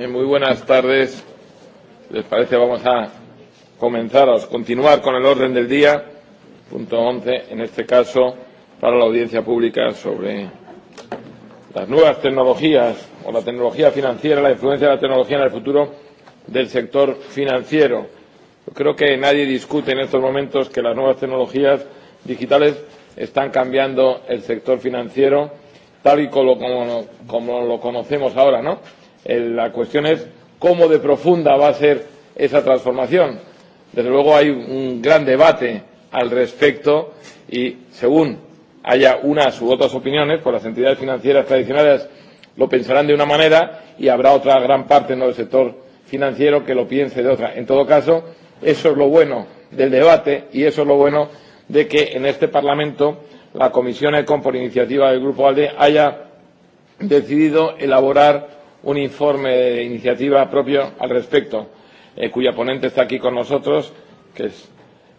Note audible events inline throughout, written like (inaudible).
Eh, muy buenas tardes. Les parece, vamos a comenzar, a continuar con el orden del día, punto 11, en este caso, para la audiencia pública sobre las nuevas tecnologías o la tecnología financiera, la influencia de la tecnología en el futuro del sector financiero. Yo creo que nadie discute en estos momentos que las nuevas tecnologías digitales están cambiando el sector financiero tal y como lo, como, como lo conocemos ahora, ¿no? La cuestión es cómo de profunda va a ser esa transformación. Desde luego hay un gran debate al respecto y según haya unas u otras opiniones, pues las entidades financieras tradicionales lo pensarán de una manera y habrá otra gran parte ¿no? del sector financiero que lo piense de otra. En todo caso, eso es lo bueno del debate y eso es lo bueno de que en este Parlamento la Comisión ECON, por iniciativa del Grupo ALDE, haya decidido elaborar un informe de iniciativa propio al respecto, eh, cuya ponente está aquí con nosotros, que es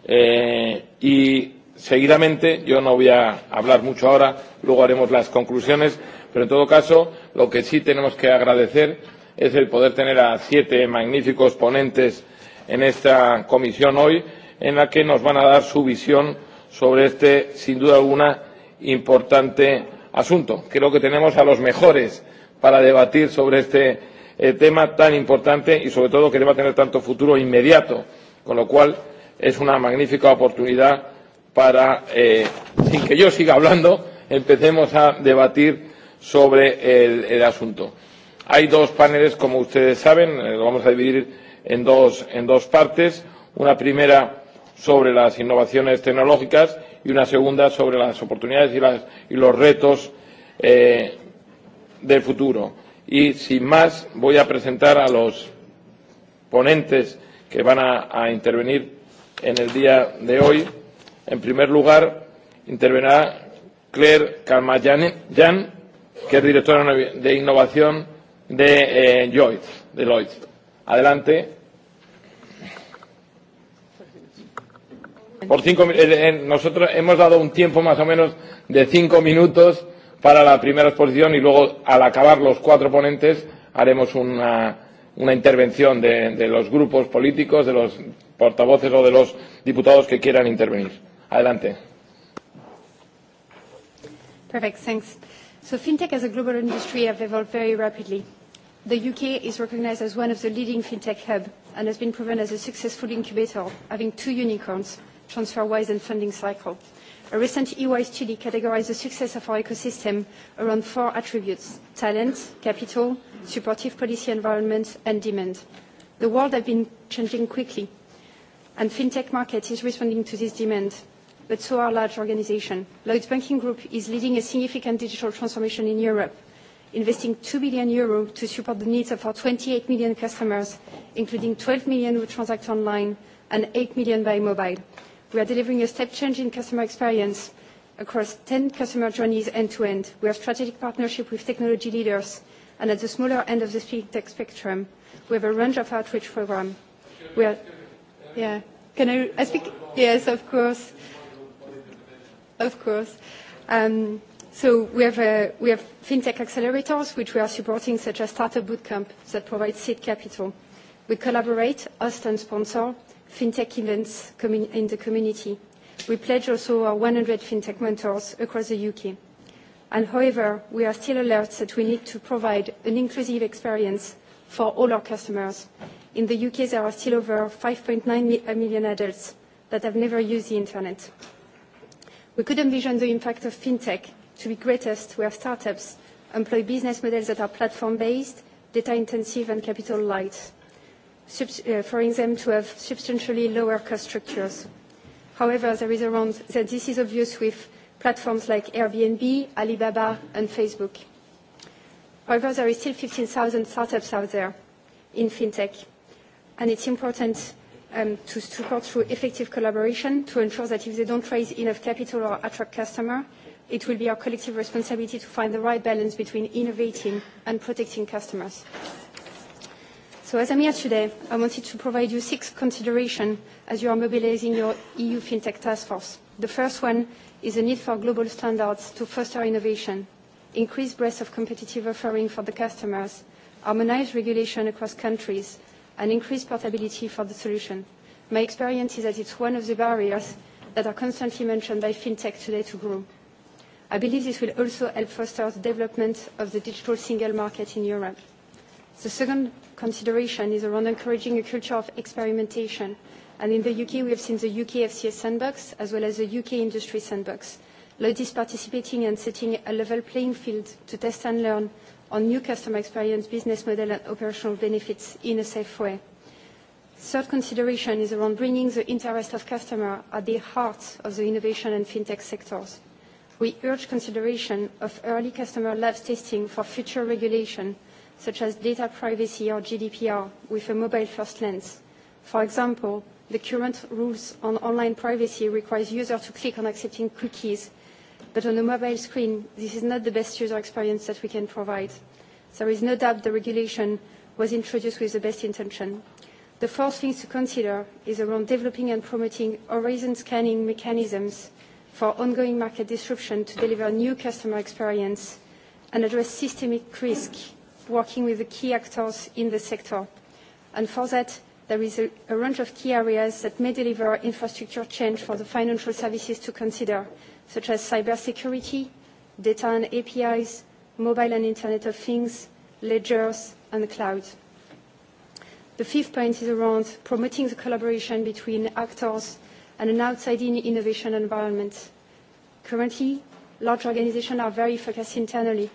eh, y seguidamente yo no voy a hablar mucho ahora, luego haremos las conclusiones, pero en todo caso lo que sí tenemos que agradecer es el poder tener a siete magníficos ponentes en esta comisión hoy, en la que nos van a dar su visión sobre este, sin duda alguna, importante asunto. Creo que tenemos a los mejores para debatir sobre este eh, tema tan importante y sobre todo que va a tener tanto futuro inmediato, con lo cual es una magnífica oportunidad para, eh, sin que yo siga hablando, empecemos a debatir sobre el, el asunto. Hay dos paneles, como ustedes saben, eh, lo vamos a dividir en dos, en dos partes. Una primera sobre las innovaciones tecnológicas y una segunda sobre las oportunidades y, las, y los retos eh, de futuro. Y sin más, voy a presentar a los ponentes que van a, a intervenir en el día de hoy. En primer lugar, intervenirá Claire Calmayan, que es directora de innovación de eh, Lloyd, de Lloyd. Adelante. Por cinco, eh, eh, nosotros hemos dado un tiempo más o menos de cinco minutos para la primera exposición y luego, al acabar los cuatro ponentes, haremos una, una intervención de, de los grupos políticos, de los portavoces o de los diputados que quieran intervenir. Adelante. Perfect, thanks. So fintech as a global industry have evolved very rapidly. The U.K. is recognized as one of the leading fintech hub and has been proven as a successful incubator, having two unicorns, TransferWise and Funding Cycle. A recent EY study categorized the success of our ecosystem around four attributes: talent, capital, supportive policy environment, and demand. The world has been changing quickly, and fintech market is responding to this demand, but so are large organizations. Lloyds Banking Group is leading a significant digital transformation in Europe, investing 2 billion euros to support the needs of our 28 million customers, including 12 million who transact online and 8 million by mobile. We are delivering a step change in customer experience across 10 customer journeys end-to-end. -end. We have strategic partnership with technology leaders, and at the smaller end of the fintech spectrum, we have a range of outreach program. We are... Yeah. Can I, I speak? Yes, of course. Of course. Um, so we have, uh, we have fintech accelerators, which we are supporting, such as Startup Bootcamp, that provides seed capital. We collaborate, host and sponsor fintech events in the community. We pledge also our 100 fintech mentors across the UK. And however, we are still alert that we need to provide an inclusive experience for all our customers. In the UK, there are still over 5.9 million adults that have never used the internet. We could envision the impact of fintech to be greatest where startups employ business models that are platform-based, data-intensive, and capital-light. Uh, for them to have substantially lower cost structures. However, there is around that this is obvious with platforms like Airbnb, Alibaba, and Facebook. However, there is still 15,000 startups out there in fintech, and it's important um, to support through effective collaboration to ensure that if they don't raise enough capital or attract customer, it will be our collective responsibility to find the right balance between innovating and protecting customers. So as I'm here today, I wanted to provide you six considerations as you are mobilizing your EU FinTech Task Force. The first one is the need for global standards to foster innovation, increase breadth of competitive offering for the customers, harmonize regulation across countries, and increase portability for the solution. My experience is that it's one of the barriers that are constantly mentioned by fintech today to grow. I believe this will also help foster the development of the digital single market in Europe. The second consideration is around encouraging a culture of experimentation. And in the UK, we have seen the UK FCS sandbox as well as the UK industry sandbox. Lloyd is participating and setting a level playing field to test and learn on new customer experience, business model, and operational benefits in a safe way. Third consideration is around bringing the interest of customer at the heart of the innovation and fintech sectors. We urge consideration of early customer lab testing for future regulation such as data privacy or GDPR, with a mobile-first lens. For example, the current rules on online privacy requires users to click on accepting cookies, but on a mobile screen, this is not the best user experience that we can provide. There is no doubt the regulation was introduced with the best intention. The fourth thing to consider is around developing and promoting horizon scanning mechanisms for ongoing market disruption to deliver new customer experience and address systemic risk working with the key actors in the sector. And for that, there is a, a range of key areas that may deliver infrastructure change for the financial services to consider, such as cybersecurity, data and APIs, mobile and Internet of Things, ledgers, and the cloud. The fifth point is around promoting the collaboration between actors and an outside-in innovation environment. Currently, large organizations are very focused internally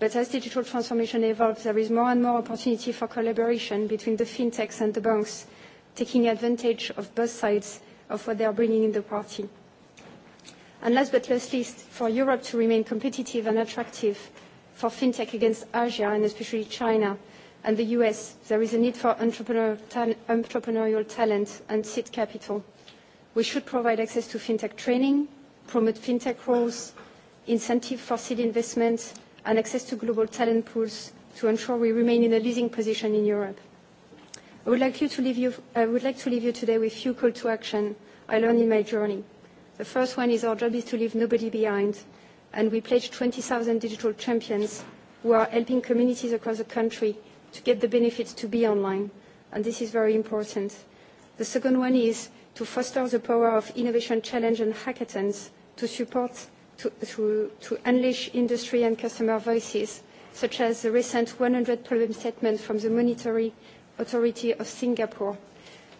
But as digital transformation evolves, there is more and more opportunity for collaboration between the fintechs and the banks, taking advantage of both sides of what they are bringing in the party. And last but not least, for Europe to remain competitive and attractive for fintech against Asia and especially China and the US, there is a need for entrepreneur ta- entrepreneurial talent and seed capital. We should provide access to fintech training, promote fintech roles, incentive for seed investment, and access to global talent pools to ensure we remain in a leading position in Europe. I would like, you to leave you, I would like to leave you today with few call to action I learned in my journey. The first one is our job is to leave nobody behind, and we pledge 20,000 digital champions who are helping communities across the country to get the benefits to be online, and this is very important. The second one is to foster the power of innovation challenge and hackathons to support to, to, to unleash industry and customer voices, such as the recent 100 problem statement from the Monetary Authority of Singapore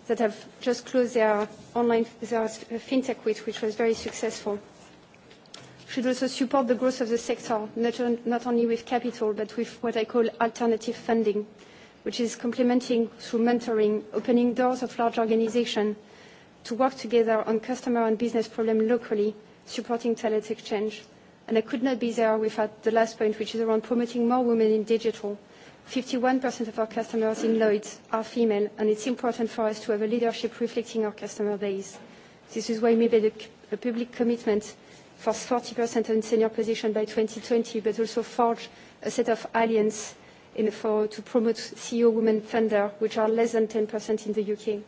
that have just closed their online their fintech week, which was very successful. Should also support the growth of the sector, not, on, not only with capital, but with what I call alternative funding, which is complementing through mentoring, opening doors of large organizations to work together on customer and business problems locally supporting talent exchange. And I could not be there without the last point, which is around promoting more women in digital. 51% of our customers in Lloyds are female, and it's important for us to have a leadership reflecting our customer base. This is why we made a, a public commitment for 40% in senior position by 2020, but also forge a set of alliance in for, to promote CEO women funder, which are less than 10% in the U.K.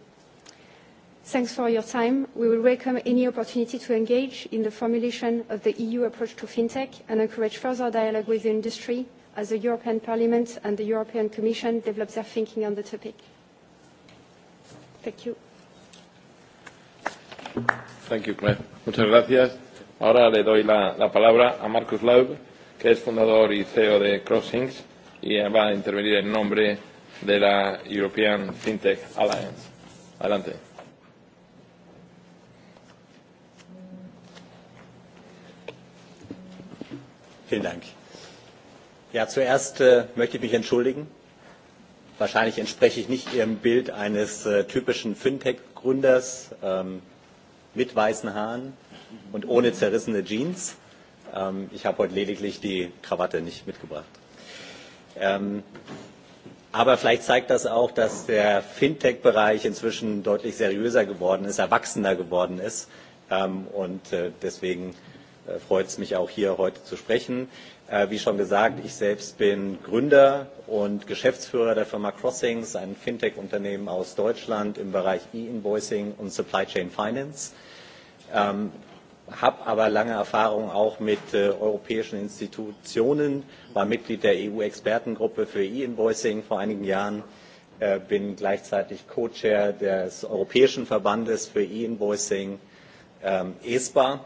Thanks for your time. We will welcome any opportunity to engage in the formulation of the EU approach to fintech and encourage further dialogue with the industry as the European Parliament and the European Commission develop their thinking on the topic. Thank you. Thank you, Claire. Muchas gracias. Ahora le doy la, la palabra a Marcus Laub, que es fundador y CEO de Crossings y va a intervenir en nombre de la European Fintech Alliance. Adelante. Vielen Dank. Ja, zuerst äh, möchte ich mich entschuldigen. Wahrscheinlich entspreche ich nicht Ihrem Bild eines äh, typischen Fintech-Gründers ähm, mit weißen Haaren und ohne zerrissene Jeans. Ähm, ich habe heute lediglich die Krawatte nicht mitgebracht. Ähm, aber vielleicht zeigt das auch, dass der Fintech-Bereich inzwischen deutlich seriöser geworden ist, erwachsener geworden ist. Ähm, und äh, deswegen äh, äh, freut es mich auch hier heute zu sprechen. Äh, wie schon gesagt, ich selbst bin Gründer und Geschäftsführer der Firma Crossings, ein Fintech-Unternehmen aus Deutschland im Bereich E-Invoicing und Supply Chain Finance. Ähm, habe aber lange Erfahrung auch mit äh, europäischen Institutionen, war Mitglied der EU-Expertengruppe für E-Invoicing vor einigen Jahren, äh, bin gleichzeitig Co-Chair des Europäischen Verbandes für E-Invoicing, ähm, ESPA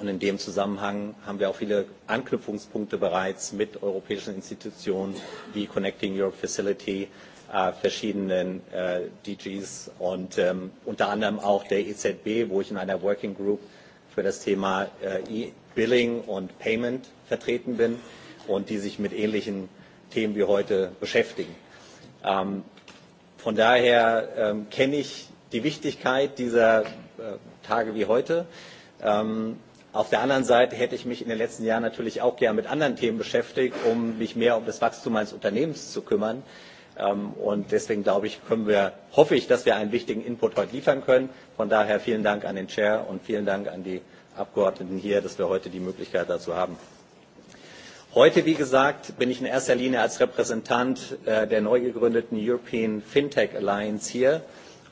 Und in dem Zusammenhang haben wir auch viele Anknüpfungspunkte bereits mit europäischen Institutionen wie Connecting Europe Facility, äh, verschiedenen äh, DGs und ähm, unter anderem auch der EZB, wo ich in einer Working Group für das Thema äh, E-Billing und Payment vertreten bin und die sich mit ähnlichen Themen wie heute beschäftigen. Ähm, von daher ähm, kenne ich die Wichtigkeit dieser äh, Tage wie heute. Ähm, Auf der anderen Seite hätte ich mich in den letzten Jahren natürlich auch gern mit anderen Themen beschäftigt, um mich mehr um das Wachstum meines Unternehmens zu kümmern. Ähm, und deswegen glaube ich, können wir, hoffe ich, dass wir einen wichtigen Input heute liefern können. Von daher vielen Dank an den Chair und vielen Dank an die Abgeordneten hier, dass wir heute die Möglichkeit dazu haben. Heute, wie gesagt, bin ich in erster Linie als Repräsentant äh, der neu gegründeten European Fintech Alliance hier,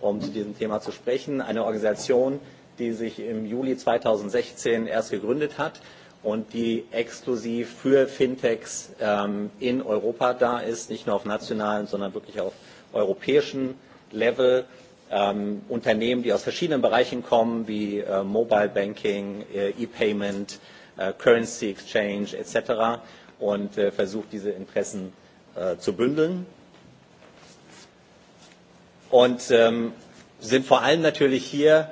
um zu diesem Thema zu sprechen. Eine Organisation, die sich im Juli 2016 erst gegründet hat und die exklusiv für Fintechs ähm, in Europa da ist, nicht nur auf nationalen, sondern wirklich auf europäischen Level. Ähm, Unternehmen, die aus verschiedenen Bereichen kommen, wie äh, Mobile Banking, äh, E-Payment, äh, Currency Exchange etc. und äh, versucht, diese Interessen äh, zu bündeln. Und ähm, sind vor allem natürlich hier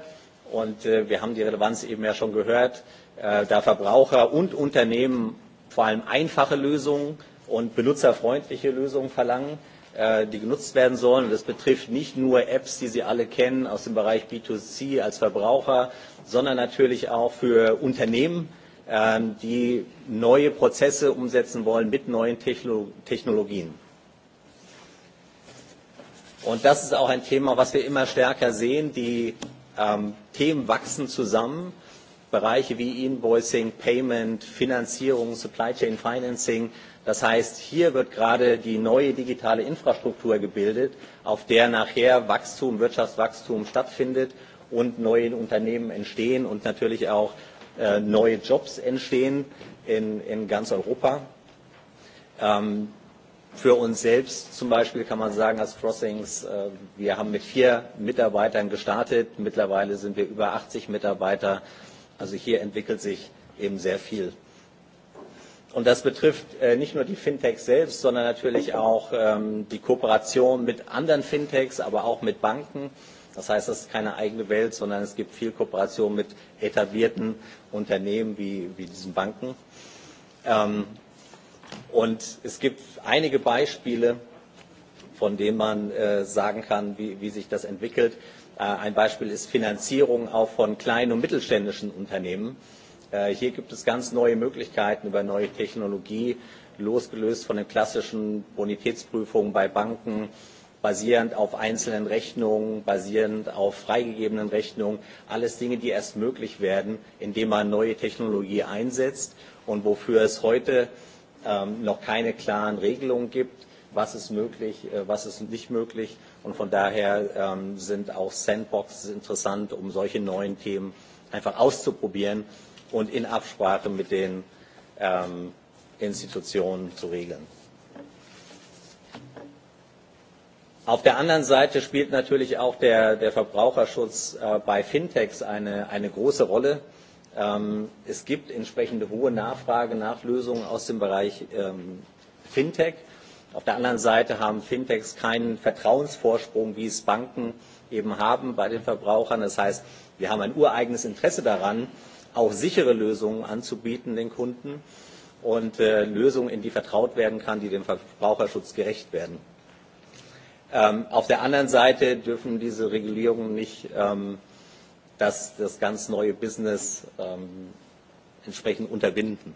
Und äh, wir haben die Relevanz eben ja schon gehört, äh, da Verbraucher und Unternehmen vor allem einfache Lösungen und benutzerfreundliche Lösungen verlangen, äh, die genutzt werden sollen. Und das betrifft nicht nur Apps, die Sie alle kennen aus dem Bereich B2C als Verbraucher, sondern natürlich auch für Unternehmen, äh, die neue Prozesse umsetzen wollen mit neuen Techno Technologien. Und das ist auch ein Thema, was wir immer stärker sehen. Die Ähm, Themen wachsen zusammen. Bereiche wie Invoicing, Payment, Finanzierung, Supply Chain Financing. Das heißt, hier wird gerade die neue digitale Infrastruktur gebildet, auf der nachher Wachstum, Wirtschaftswachstum stattfindet und neue Unternehmen entstehen und natürlich auch äh, neue Jobs entstehen in, in ganz Europa. Ähm, für uns selbst zum Beispiel kann man sagen, als Crossings, äh, wir haben mit vier Mitarbeitern gestartet. Mittlerweile sind wir über 80 Mitarbeiter. Also hier entwickelt sich eben sehr viel. Und das betrifft äh, nicht nur die Fintechs selbst, sondern natürlich auch ähm, die Kooperation mit anderen Fintechs, aber auch mit Banken. Das heißt, das ist keine eigene Welt, sondern es gibt viel Kooperation mit etablierten Unternehmen wie, wie diesen Banken. Ähm, Und es gibt einige Beispiele, von denen man äh, sagen kann, wie, wie sich das entwickelt. Äh, ein Beispiel ist Finanzierung auch von kleinen und mittelständischen Unternehmen. Äh, hier gibt es ganz neue Möglichkeiten über neue Technologie, losgelöst von den klassischen Bonitätsprüfungen bei Banken, basierend auf einzelnen Rechnungen, basierend auf freigegebenen Rechnungen. Alles Dinge, die erst möglich werden, indem man neue Technologie einsetzt und wofür es heute äh, ähm, noch keine klaren Regelungen gibt, was ist möglich, äh, was ist nicht möglich. Und von daher ähm, sind auch Sandboxes interessant, um solche neuen Themen einfach auszuprobieren und in Absprache mit den ähm, Institutionen zu regeln. Auf der anderen Seite spielt natürlich auch der, der Verbraucherschutz äh, bei Fintechs eine, eine große Rolle. Ähm, es gibt entsprechende hohe Nachfrage nach Lösungen aus dem Bereich ähm, Fintech. Auf der anderen Seite haben Fintechs keinen Vertrauensvorsprung, wie es Banken eben haben bei den Verbrauchern. Das heißt, wir haben ein ureigenes Interesse daran, auch sichere Lösungen anzubieten den Kunden und äh, Lösungen, in die vertraut werden kann, die dem Verbraucherschutz gerecht werden. Ähm, auf der anderen Seite dürfen diese Regulierungen nicht ähm, dass das ganz neue Business ähm, entsprechend unterbinden.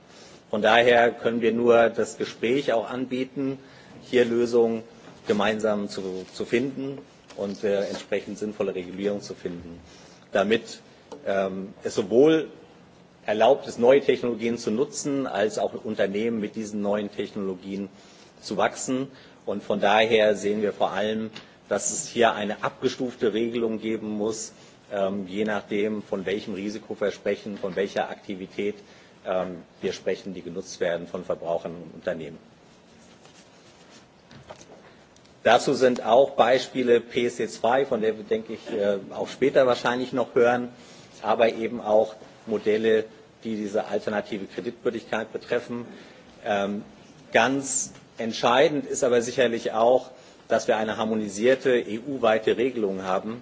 Von daher können wir nur das Gespräch auch anbieten, hier Lösungen gemeinsam zu, zu finden und äh, entsprechend sinnvolle Regulierung zu finden, damit ähm, es sowohl erlaubt ist, neue Technologien zu nutzen, als auch Unternehmen mit diesen neuen Technologien zu wachsen. Und von daher sehen wir vor allem, dass es hier eine abgestufte Regelung geben muss, äh, ähm, je nachdem, von welchem Risiko wir sprechen, von welcher Aktivität ähm, wir sprechen, die genutzt werden von Verbrauchern und Unternehmen. Dazu sind auch Beispiele PSC2, e von der wir, denke ich, äh, auch später wahrscheinlich noch hören, aber eben auch Modelle, die diese alternative Kreditwürdigkeit betreffen. Ähm, ganz entscheidend ist aber sicherlich auch, dass wir eine harmonisierte EU-weite Regelung haben,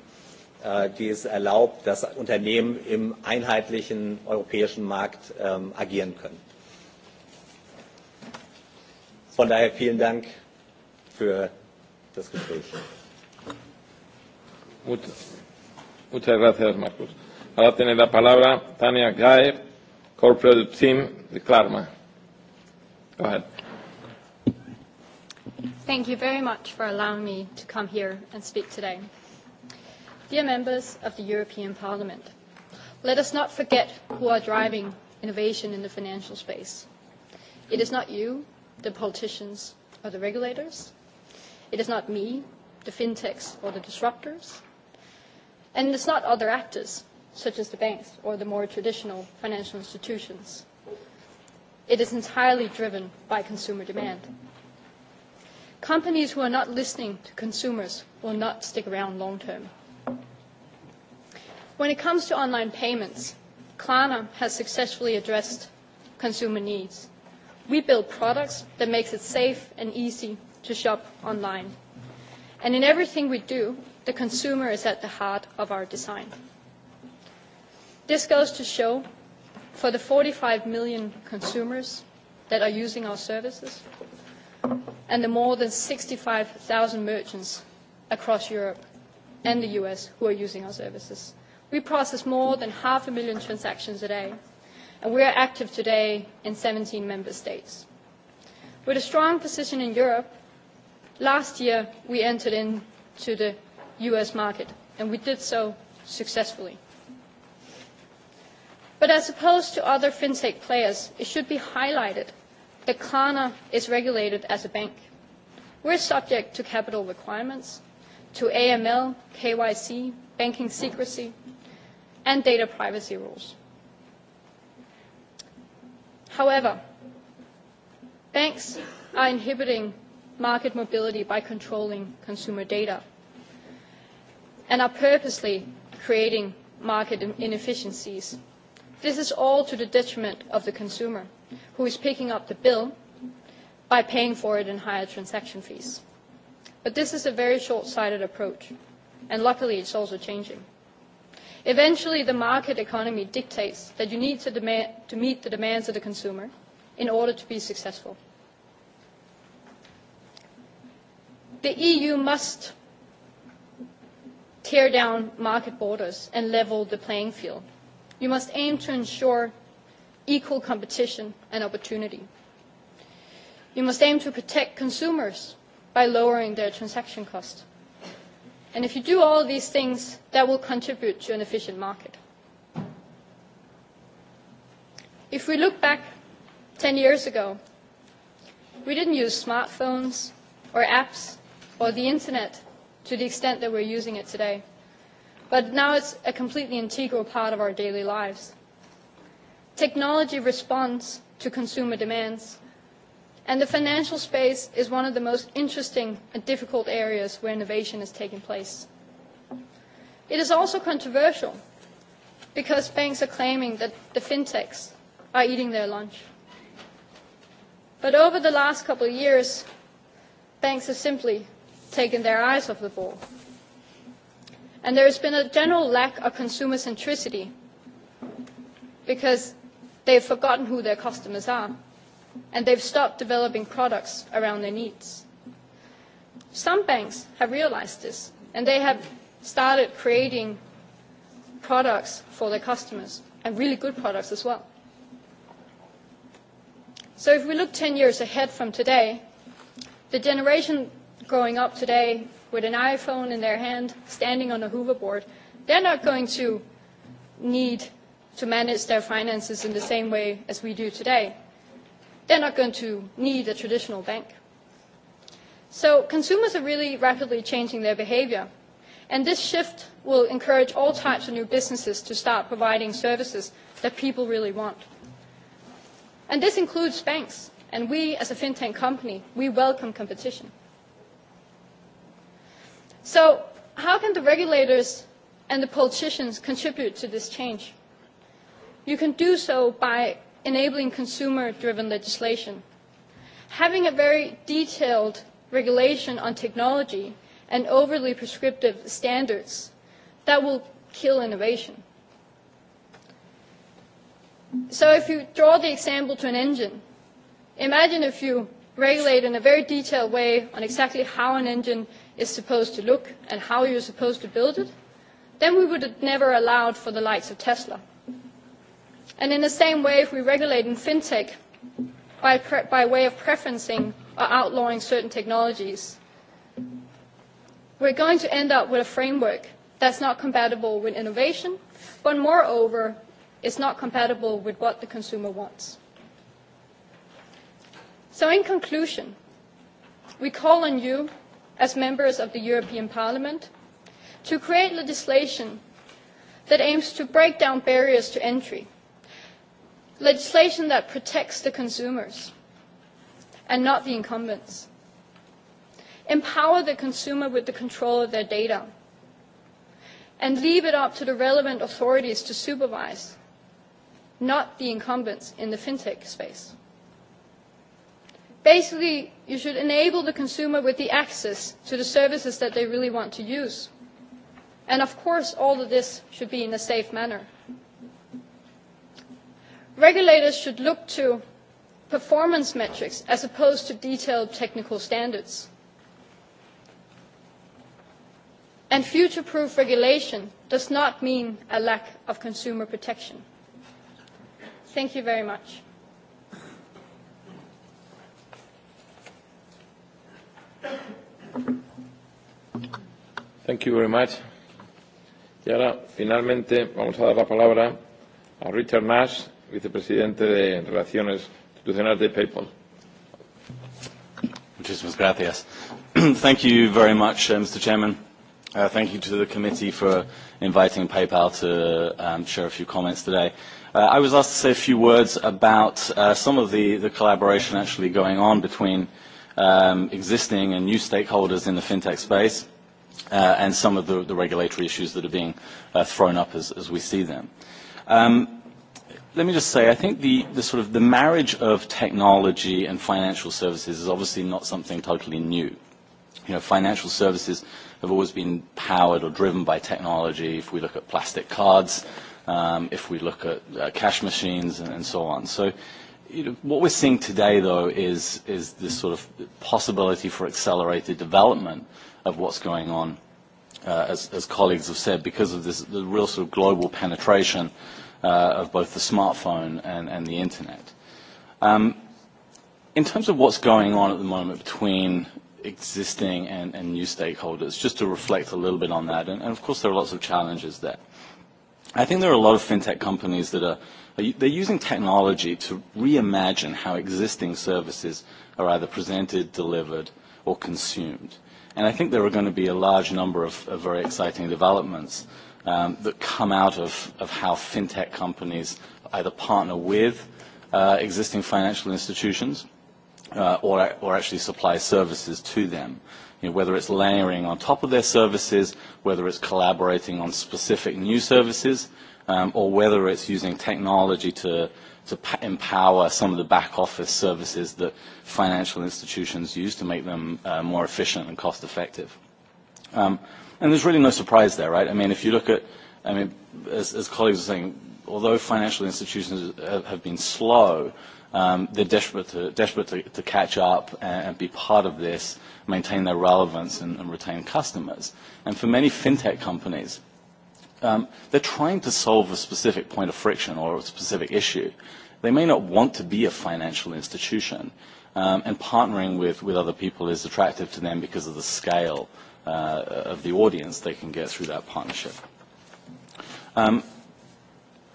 Äh, die es erlaubt, dass Unternehmen im einheitlichen europäischen Markt ähm, agieren können. Von daher vielen Dank für das Gespräch. Muchas, muchas gracias, Marcos. Ahora tiene la palabra Tania Gaer, Corporate Team de Klarma. Go ahead. Thank you very much for allowing me to come here and speak today. Dear members of the European Parliament, let us not forget who are driving innovation in the financial space. It is not you, the politicians or the regulators. It is not me, the fintechs or the disruptors. And it's not other actors, such as the banks or the more traditional financial institutions. It is entirely driven by consumer demand. Companies who are not listening to consumers will not stick around long term. When it comes to online payments, Klarna has successfully addressed consumer needs. We build products that makes it safe and easy to shop online. And in everything we do, the consumer is at the heart of our design. This goes to show for the 45 million consumers that are using our services and the more than 65,000 merchants across Europe and the US who are using our services. We process more than half a million transactions a day, and we are active today in 17 member states. With a strong position in Europe, last year we entered into the U.S. market, and we did so successfully. But as opposed to other fintech players, it should be highlighted that Klarna is regulated as a bank. We're subject to capital requirements, to AML, KYC, banking secrecy, and data privacy rules. However, banks are inhibiting market mobility by controlling consumer data and are purposely creating market inefficiencies. This is all to the detriment of the consumer, who is picking up the bill by paying for it in higher transaction fees. But this is a very short-sighted approach, and luckily it's also changing. Eventually, the market economy dictates that you need to, demand, to meet the demands of the consumer in order to be successful. The EU must tear down market borders and level the playing field. You must aim to ensure equal competition and opportunity. You must aim to protect consumers by lowering their transaction costs. And if you do all these things, that will contribute to an efficient market. If we look back 10 years ago, we didn't use smartphones or apps or the internet to the extent that we're using it today. But now it's a completely integral part of our daily lives. Technology responds to consumer demands And the financial space is one of the most interesting and uh, difficult areas where innovation is taking place. It is also controversial because banks are claiming that the fintechs are eating their lunch. But over the last couple of years, banks have simply taken their eyes off the ball. And there has been a general lack of consumer centricity because they've forgotten who their customers are and they've stopped developing products around their needs. Some banks have realized this, and they have started creating products for their customers, and really good products as well. So if we look 10 years ahead from today, the generation growing up today with an iPhone in their hand, standing on a hoverboard, they're not going to need to manage their finances in the same way as we do today they're not going to need a traditional bank. So consumers are really rapidly changing their behavior. And this shift will encourage all types of new businesses to start providing services that people really want. And this includes banks. And we, as a fintech company, we welcome competition. So how can the regulators and the politicians contribute to this change? You can do so by enabling consumer-driven legislation. Having a very detailed regulation on technology and overly prescriptive standards that will kill innovation. So if you draw the example to an engine, imagine if you regulate in a very detailed way on exactly how an engine is supposed to look and how you're supposed to build it, then we would have never allowed for the likes of Tesla. And in the same way, if we regulate in fintech by, pre- by way of preferencing or outlawing certain technologies, we're going to end up with a framework that's not compatible with innovation, but moreover, is not compatible with what the consumer wants. So in conclusion, we call on you as members of the European Parliament to create legislation that aims to break down barriers to entry – legislation that protects the consumers and not the incumbents. Empower the consumer with the control of their data and leave it up to the relevant authorities to supervise, not the incumbents in the fintech space. Basically, you should enable the consumer with the access to the services that they really want to use. And of course, all of this should be in a safe manner. Regulators should look to performance metrics as opposed to detailed technical standards. And future-proof regulation does not mean a lack of consumer protection. Thank you very much. Thank you very much. Y ahora, finalmente, vamos a dar la palabra a Richard Nash, vicepresidente de Relaciones Institucionales de PayPal. Muchísimas gracias. (clears throat) thank you very much, uh, Mr. Chairman. Uh, thank you to the committee for inviting PayPal to um, share a few comments today. Uh, I was asked to say a few words about uh, some of the, the collaboration actually going on between um, existing and new stakeholders in the fintech space uh, and some of the, the regulatory issues that are being uh, thrown up as, as we see them. Um, let me just say, I think the, the sort of the marriage of technology and financial services is obviously not something totally new. You know, financial services have always been powered or driven by technology. If we look at plastic cards, um, if we look at uh, cash machines, and, and so on. So, you know, what we're seeing today, though, is is this sort of possibility for accelerated development of what's going on, uh, as, as colleagues have said, because of this the real sort of global penetration uh, of both the smartphone and, and the internet. Um, in terms of what's going on at the moment between existing and, and new stakeholders, just to reflect a little bit on that, and, and of course there are lots of challenges there. I think there are a lot of fintech companies that are they're using technology to reimagine how existing services are either presented, delivered, or consumed. And I think there are going to be a large number of, of very exciting developments um, that come out of, of how fintech companies either partner with uh, existing financial institutions uh, or, or actually supply services to them. You know, whether it's layering on top of their services, whether it's collaborating on specific new services, um, or whether it's using technology to, to pa- empower some of the back office services that financial institutions use to make them uh, more efficient and cost effective. Um, uh, And there's really no surprise there, right? I mean, if you look at, I mean, as, as colleagues are saying, although financial institutions have been slow, um, they're desperate to, desperate to, to catch up and, and be part of this, maintain their relevance and, and retain customers. And for many fintech companies, um, they're trying to solve a specific point of friction or a specific issue. They may not want to be a financial institution, um, and partnering with, with other people is attractive to them because of the scale uh, of the audience they can get through that partnership. Um,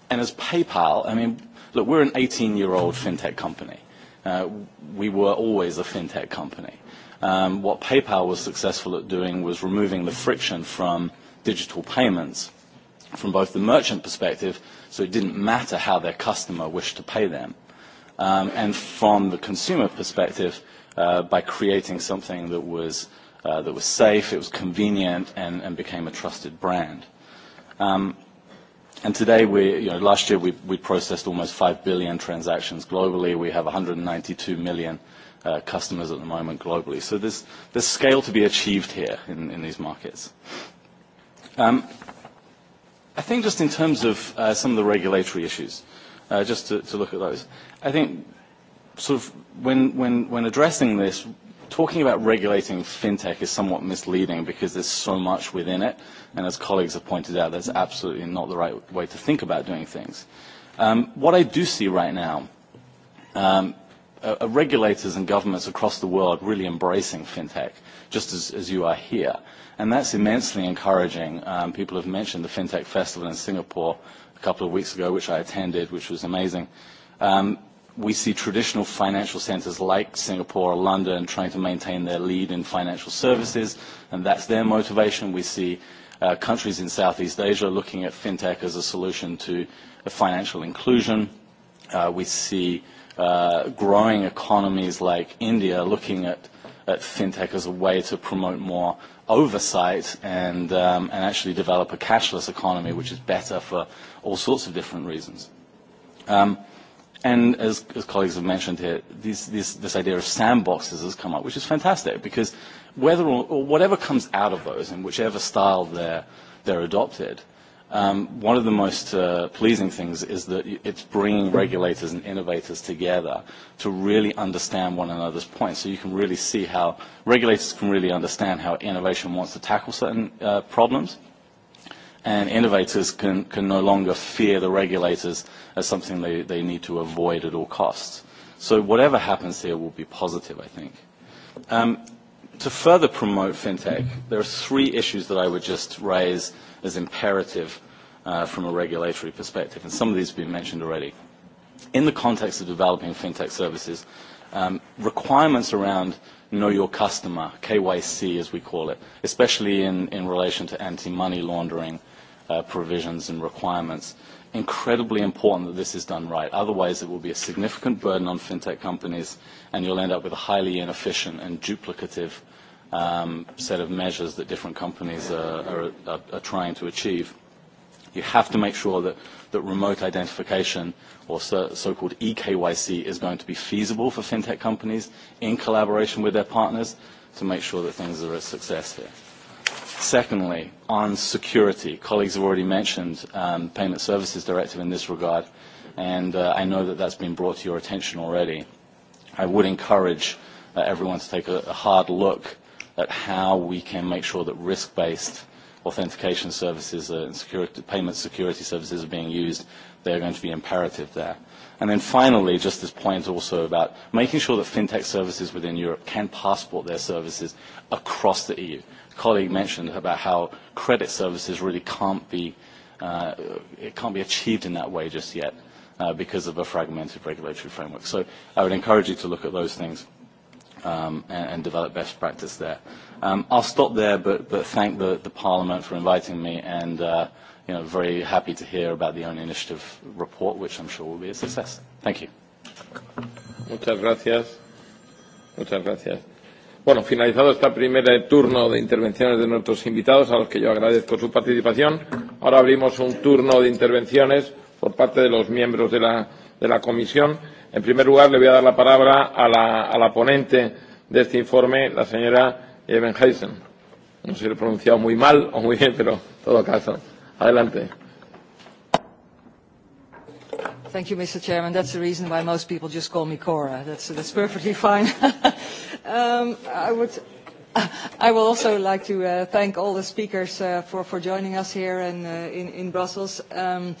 and as PayPal, I mean, look, we're an 18-year-old fintech company. Uh, we were always a fintech company. Um, what PayPal was successful at doing was removing the friction from digital payments from both the merchant perspective, so it didn't matter how their customer wished to pay them, um, and from the consumer perspective, uh, by creating something that was uh, uh, that was safe, it was convenient, and, and became a trusted brand. Um, and today, we, you know, last year we, we processed almost 5 billion transactions globally. We have 192 million uh, customers at the moment globally. So there's, there's scale to be achieved here in, in these markets. Um, I think just in terms of uh, some of the regulatory issues, uh, just to, to look at those, I think sort of when, when, when addressing this, talking about regulating fintech is somewhat misleading because there's so much within it, and as colleagues have pointed out, that's absolutely not the right way to think about doing things. Um, what I do see right now, um, uh, are regulators and governments across the world really embracing fintech, just as, as you are here, and that's immensely encouraging. Um, people have mentioned the fintech festival in Singapore a couple of weeks ago, which I attended, which was amazing. Um, we see traditional financial centers like Singapore or London trying to maintain their lead in financial services, and that's their motivation. We see uh, countries in Southeast Asia looking at fintech as a solution to uh, financial inclusion. Uh, we see uh, growing economies like India looking at, at fintech as a way to promote more oversight and, um, and actually develop a cashless economy, which is better for all sorts of different reasons. Um, And as, as colleagues have mentioned here, these, these, this idea of sandboxes has come up, which is fantastic because whether or, or whatever comes out of those in whichever style they're, they're adopted, um, one of the most uh, pleasing things is that it's bringing regulators and innovators together to really understand one another's points. So you can really see how regulators can really understand how innovation wants to tackle certain uh, problems, and innovators can, can no longer fear the regulators as something they, they need to avoid at all costs. So whatever happens here will be positive, I think. Um, to further promote fintech, there are three issues that I would just raise as imperative uh, from a regulatory perspective, and some of these have been mentioned already. In the context of developing fintech services, um, requirements around know your customer, KYC as we call it, especially in, in relation to anti-money laundering uh, uh, provisions and requirements. Incredibly important that this is done right. Otherwise, it will be a significant burden on fintech companies, and you'll end up with a highly inefficient and duplicative um, set of measures that different companies are, are, are trying to achieve. You have to make sure that, that remote identification or so, so-called eKYC is going to be feasible for fintech companies in collaboration with their partners to make sure that things are a success here. Secondly, on security, colleagues have already mentioned um, Payment Services Directive in this regard, and uh, I know that that's been brought to your attention already. I would encourage uh, everyone to take a, a hard look at how we can make sure that risk-based authentication services uh, and security, payment security services are being used. They are going to be imperative there. And then finally, just this point also about making sure that fintech services within Europe can passport their services across the EU colleague mentioned about how credit services really can't be, uh, it can't be achieved in that way just yet uh, because of a fragmented regulatory framework. So I would encourage you to look at those things um, and, and develop best practice there. Um, I'll stop there, but, but thank the, the Parliament for inviting me and uh, you know, very happy to hear about the own initiative report, which I'm sure will be a success. Thank you. Muchas gracias. Muchas gracias. Bueno, finalizado este primer eh, turno de intervenciones de nuestros invitados, a los que yo agradezco su participación, ahora abrimos un turno de intervenciones por parte de los miembros de la, de la Comisión. En primer lugar, le voy a dar la palabra a la, a la ponente de este informe, la señora Evenheisen. No sé si lo he pronunciado muy mal o muy bien, pero en todo caso. Adelante. Thank you, Mr. Chairman. That's the reason why most people just call me Cora. That's, that's perfectly (laughs) fine. um, I, would, I will also like to uh, thank all the speakers uh, for, for joining us here and, uh, in, in Brussels. Um,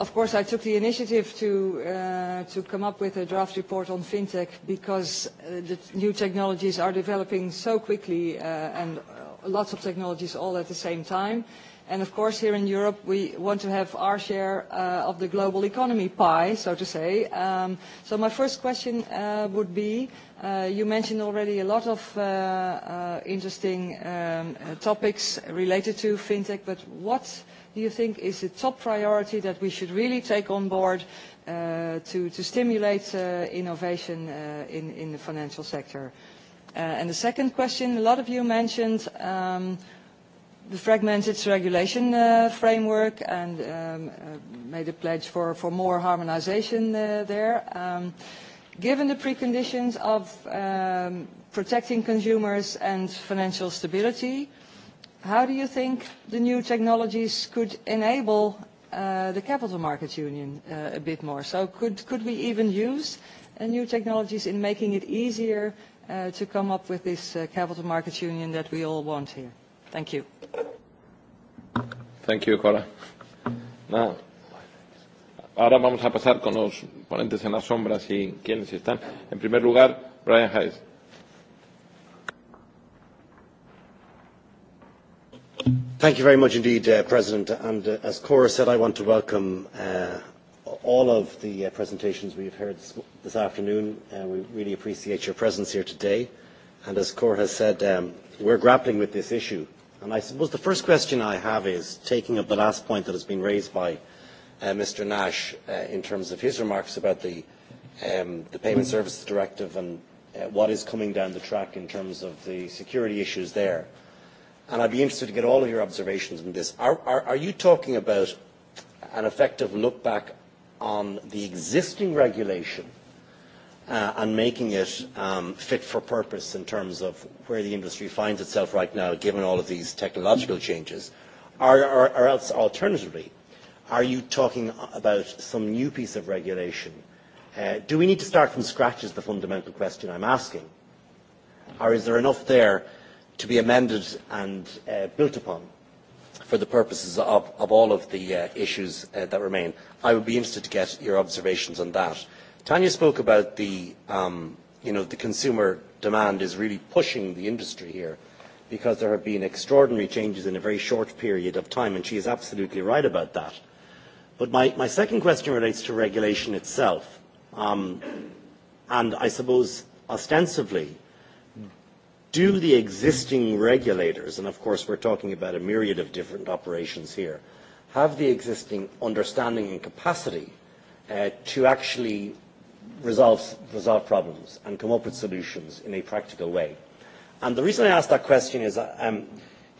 Of course, I took the initiative to, uh, to come up with a draft report on fintech because uh, the new technologies are developing so quickly uh, and uh, lots of technologies all at the same time. Uh, And of course, here in Europe, we want to have our share uh, of the global economy pie, so to say. Um, so my first question uh, would be, uh, you mentioned already a lot of uh, uh, interesting um, uh, topics related to fintech, but what do you think is the top priority that we should really take on board uh, to, to stimulate uh, innovation uh, in, in the financial sector? Uh, and the second question, a lot of you mentioned um, uh, fragments its regulation uh, framework and um, uh, made a pledge for, for more harmonization uh, there. Um, given the preconditions of um, protecting consumers and financial stability, how do you think the new technologies could enable uh, the capital markets union uh, a bit more? So could, could we even use uh, new technologies in making it easier uh, to come up with this uh, capital markets union that we all want here? Thank you. Thank you, Cora. Nada. Ahora vamos a pasar con los ponentes en las sombras y quienes están. En primer lugar, Brian Hayes. Thank you very much indeed, uh, President. And uh, as Cora said, I want to welcome uh, all of the uh, presentations we've heard this, this afternoon. Uh, we really appreciate your presence here today. And as Cora has said, um, we're grappling with this issue uh, And I suppose the first question I have is taking up the last point that has been raised by uh, Mr. Nash uh, in terms of his remarks about the, um, the Payment Services Directive and uh, what is coming down the track in terms of the security issues there. And I'd be interested to get all of your observations on this. Are, are, are you talking about an effective look back on the existing regulation – uh, and making it um, fit for purpose in terms of where the industry finds itself right now, given all of these technological changes? Or, or, or else, alternatively, are you talking about some new piece of regulation? Uh, do we need to start from scratch is the fundamental question I'm asking. Or is there enough there to be amended and uh, built upon for the purposes of, of all of the uh, issues uh, that remain? I would be interested to get your observations on that. Tanya spoke about the, um, you know, the consumer demand is really pushing the industry here because there have been extraordinary changes in a very short period of time, and she is absolutely right about that. But my, my second question relates to regulation itself. Um, and I suppose ostensibly, do the existing regulators, and of course we're talking about a myriad of different operations here, have the existing understanding and capacity uh, to actually resolve, resolve problems and come up with solutions in a practical way. And the reason I ask that question is um,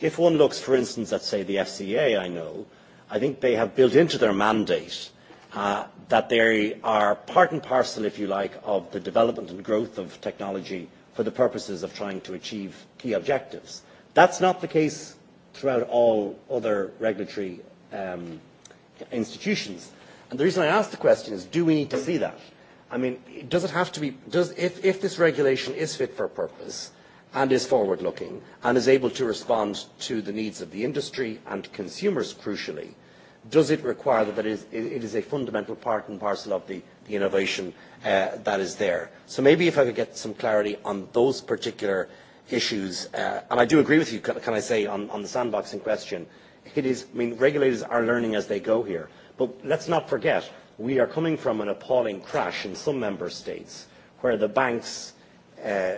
if one looks, for instance, at, say, the FCA, I know, I think they have built into their mandate uh, that they are part and parcel, if you like, of the development and growth of technology for the purposes of trying to achieve key objectives. That's not the case throughout all other regulatory um, institutions. And the reason I ask the question is, do we need to see that? I mean, does it have to be, does, if, if this regulation is fit for purpose and is forward-looking and is able to respond to the needs of the industry and consumers, crucially, does it require that it is, it is a fundamental part and parcel of the, the innovation uh, that is there? So maybe if I could get some clarity on those particular issues, uh, and I do agree with you, can, can I say, on, on the sandboxing question, it is, I mean, regulators are learning as they go here, but let's not forget we are coming from an appalling crash in some member states where the banks uh,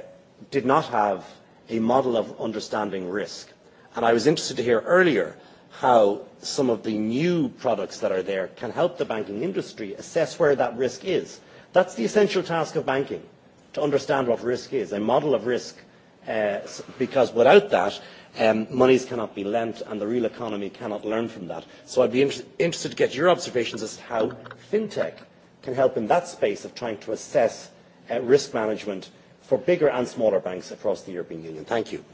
did not have a model of understanding risk. And I was interested to hear earlier how some of the new products that are there can help the banking industry assess where that risk is. That's the essential task of banking, to understand what risk is, a model of risk, uh, because without that, um, monies cannot be lent and the real economy cannot learn from that. So I'd be inter- interested to get your observations as to how fintech can help in that space of trying to assess uh, risk management for bigger and smaller banks across the European Union. Thank you.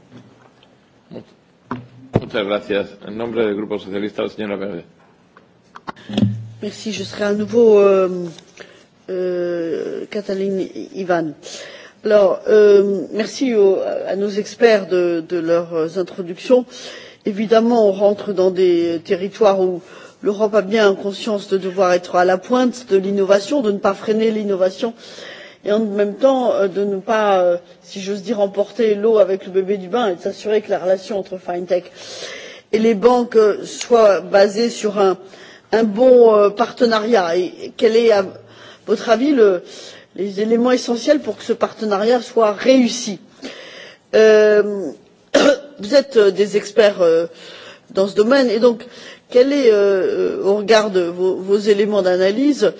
Muchas gracias. En nombre del Grupo Socialista, la señora Verde. Merci. Je serai à nouveau euh, euh, Cataline Ivan. Euh, Alors, euh, merci au, à nos experts de, de leurs introductions. Évidemment, on rentre dans des territoires où l'Europe a bien conscience de devoir être à la pointe de l'innovation, de ne pas freiner l'innovation et en même temps euh, de ne pas, euh, si j'ose dire, emporter l'eau avec le bébé du bain et de s'assurer que la relation entre FinTech et les banques euh, soit basée sur un, un bon partenariat. Et quel est, à votre avis, le, euh, les éléments essentiels pour que ce partenariat soit réussi. Euh, (coughs) vous êtes euh, des experts euh, dans ce domaine et donc quels sont euh, au regard de vos, vos éléments d'analyse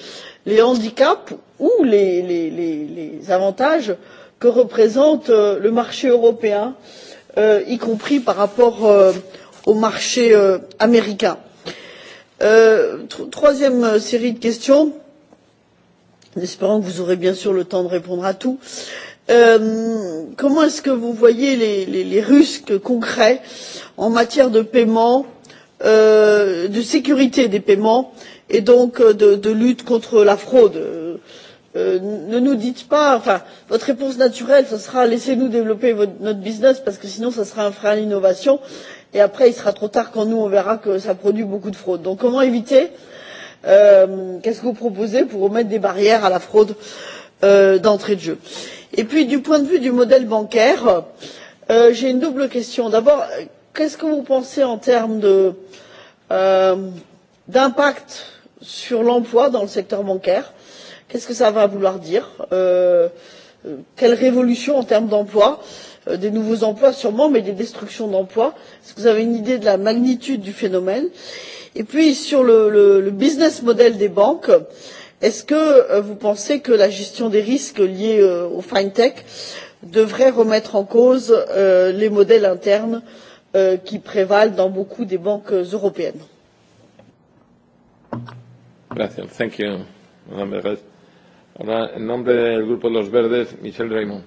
les handicaps ou les, les, les, les avantages que représente euh, le marché européen euh, y compris par rapport au marché américain? troisième série de questions en espérant que vous aurez bien sûr le temps de répondre à tout. Euh, comment est ce que vous voyez les, les, les risques concrets en matière de paiement euh, de sécurité des paiements et donc euh, de, de lutte contre la fraude? Euh, ne nous dites pas enfin votre réponse naturelle ce sera laissez nous développer votre, notre business parce que sinon ce sera un frein à l'innovation et après il sera trop tard quand nous on verra que ça produit beaucoup de fraude. donc comment éviter euh, euh, qu'est ce que vous proposez pour remettre des barrières à la fraude euh, d'entrée de jeu? et puis du point de vue du modèle bancaire euh, j'ai une double question d'abord qu'est ce que vous pensez en termes euh, d'impact sur l'emploi dans le secteur bancaire? qu'est ce que cela va vouloir dire? Euh, quelle révolution en termes d'emploi? Euh, des nouveaux emplois sûrement mais des destructions d'emplois. est ce que vous avez une idée de la magnitude du phénomène? et et puis sur le, le, le business model des banques est ce que euh, vous pensez que la gestion des risques liés euh, aux fintech devrait remettre en cause euh, les modèles internes euh, qui prévalent dans beaucoup des banques européennes? Gracias. Thank you, Madame Berres. Ahora, en nombre del Grupo de los Verdes, Michel Raymond.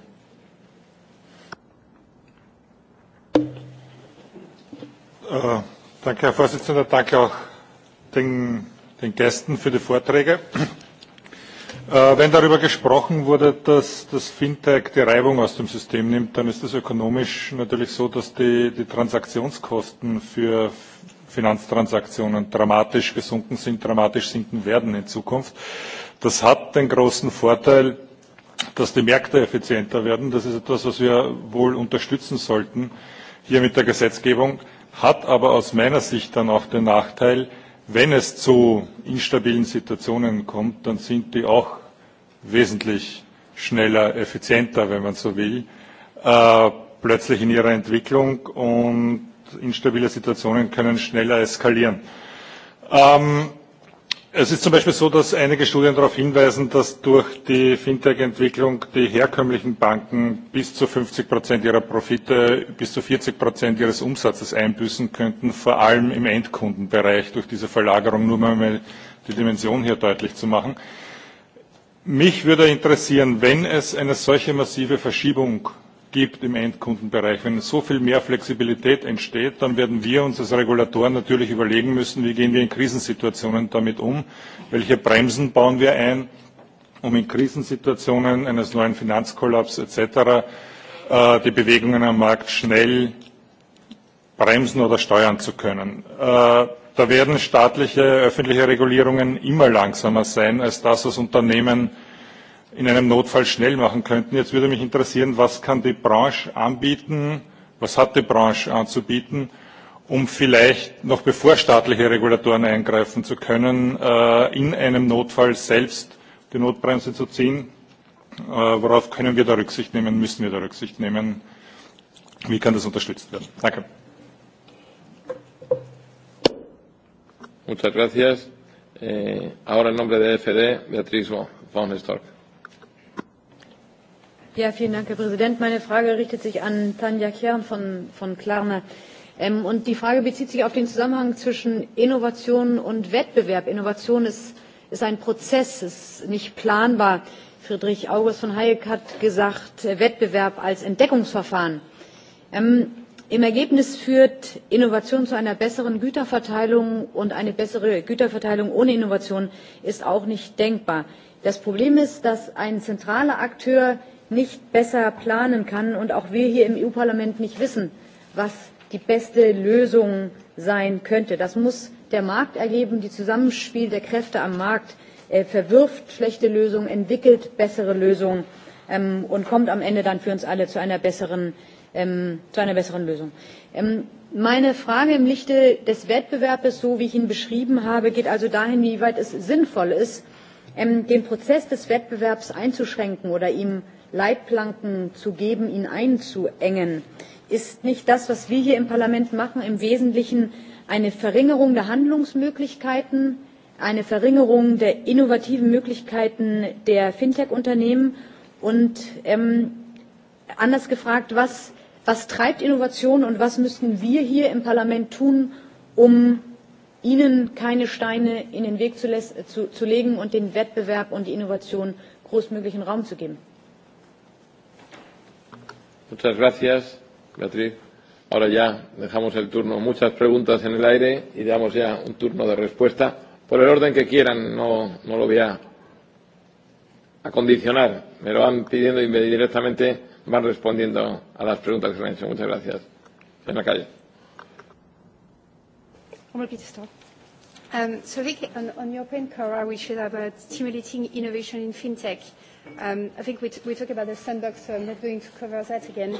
Uh, Danke, Herr Vorsitzender. Danke auch den, den Gästen für die Vorträge. Äh, wenn darüber gesprochen wurde, dass das Fintech die Reibung aus dem System nimmt, dann ist es ökonomisch natürlich so, dass die, die Transaktionskosten für Finanztransaktionen dramatisch gesunken sind, dramatisch sinken werden in Zukunft. Das hat den großen Vorteil, dass die Märkte effizienter werden. Das ist etwas, was wir wohl unterstützen sollten hier mit der Gesetzgebung hat aber aus meiner Sicht dann auch den Nachteil, wenn es zu instabilen Situationen kommt, dann sind die auch wesentlich schneller, effizienter, wenn man so will, äh, plötzlich in ihrer Entwicklung und instabile Situationen können schneller eskalieren. Ähm, Es ist zum Beispiel so, dass einige Studien darauf hinweisen, dass durch die Fintech-Entwicklung die herkömmlichen Banken bis zu 50 Prozent ihrer Profite, bis zu 40 Prozent ihres Umsatzes einbüßen könnten, vor allem im Endkundenbereich durch diese Verlagerung, nur mal um die Dimension hier deutlich zu machen. Mich würde interessieren, wenn es eine solche massive Verschiebung gibt im Endkundenbereich. Wenn so viel mehr Flexibilität entsteht, dann werden wir uns als Regulatoren natürlich überlegen müssen, wie gehen wir in Krisensituationen damit um, welche Bremsen bauen wir ein, um in Krisensituationen eines neuen Finanzkollaps etc. Äh, die Bewegungen am Markt schnell bremsen oder steuern zu können. Äh, da werden staatliche, öffentliche Regulierungen immer langsamer sein als das, was Unternehmen in einem Notfall schnell machen könnten. Jetzt würde mich interessieren, was kann die Branche anbieten, was hat die Branche anzubieten, um vielleicht noch bevor staatliche Regulatoren eingreifen zu können, äh, in einem Notfall selbst die Notbremse zu ziehen? Äh, worauf können wir da Rücksicht nehmen, müssen wir da Rücksicht nehmen? Wie kann das unterstützt werden? Danke. Muchas gracias. Eh, ahora en nombre de FD, Beatriz von Storck. Ja, vielen Dank, Herr Präsident. Meine Frage richtet sich an Tanja Kern von, von Klarna. Ähm, und die Frage bezieht sich auf den Zusammenhang zwischen Innovation und Wettbewerb. Innovation ist, ist ein Prozess, ist nicht planbar. Friedrich August von Hayek hat gesagt, äh, Wettbewerb als Entdeckungsverfahren. Ähm, Im Ergebnis führt Innovation zu einer besseren Güterverteilung und eine bessere Güterverteilung ohne Innovation ist auch nicht denkbar. Das Problem ist, dass ein zentraler Akteur nicht besser planen kann und auch wir hier im EU-Parlament nicht wissen, was die beste Lösung sein könnte. Das muss der Markt ergeben, die Zusammenspiel der Kräfte am Markt äh, verwirft schlechte Lösungen, entwickelt bessere Lösungen ähm, und kommt am Ende dann für uns alle zu einer besseren, ähm, zu einer besseren Lösung. Ähm, meine Frage im Lichte des Wettbewerbs, so wie ich ihn beschrieben habe, geht also dahin, wie weit es sinnvoll ist, ähm, den Prozess des Wettbewerbs einzuschränken oder ihm Leitplanken zu geben, ihn einzuengen. Ist nicht das, was wir hier im Parlament machen, im Wesentlichen eine Verringerung der Handlungsmöglichkeiten, eine Verringerung der innovativen Möglichkeiten der Fintech-Unternehmen? Und ähm, anders gefragt, was, was treibt Innovation und was müssten wir hier im Parlament tun, um Ihnen keine Steine in den Weg zu, zu, zu legen und den Wettbewerb und die Innovation großmöglichen Raum zu geben? Muchas gracias, Beatriz. Ahora ya dejamos el turno. Muchas preguntas en el aire y damos ya un turno de respuesta. Por el orden que quieran, no, no lo voy a acondicionar. Me lo van pidiendo y directamente van respondiendo a las preguntas que se han hecho. Muchas gracias. En la calle. Um, so Vic, on, on your paper, we should have uh, stimulating innovation in fintech. Uh, Um, I think we, t- we talked about the sandbox, so I'm not going to cover that again.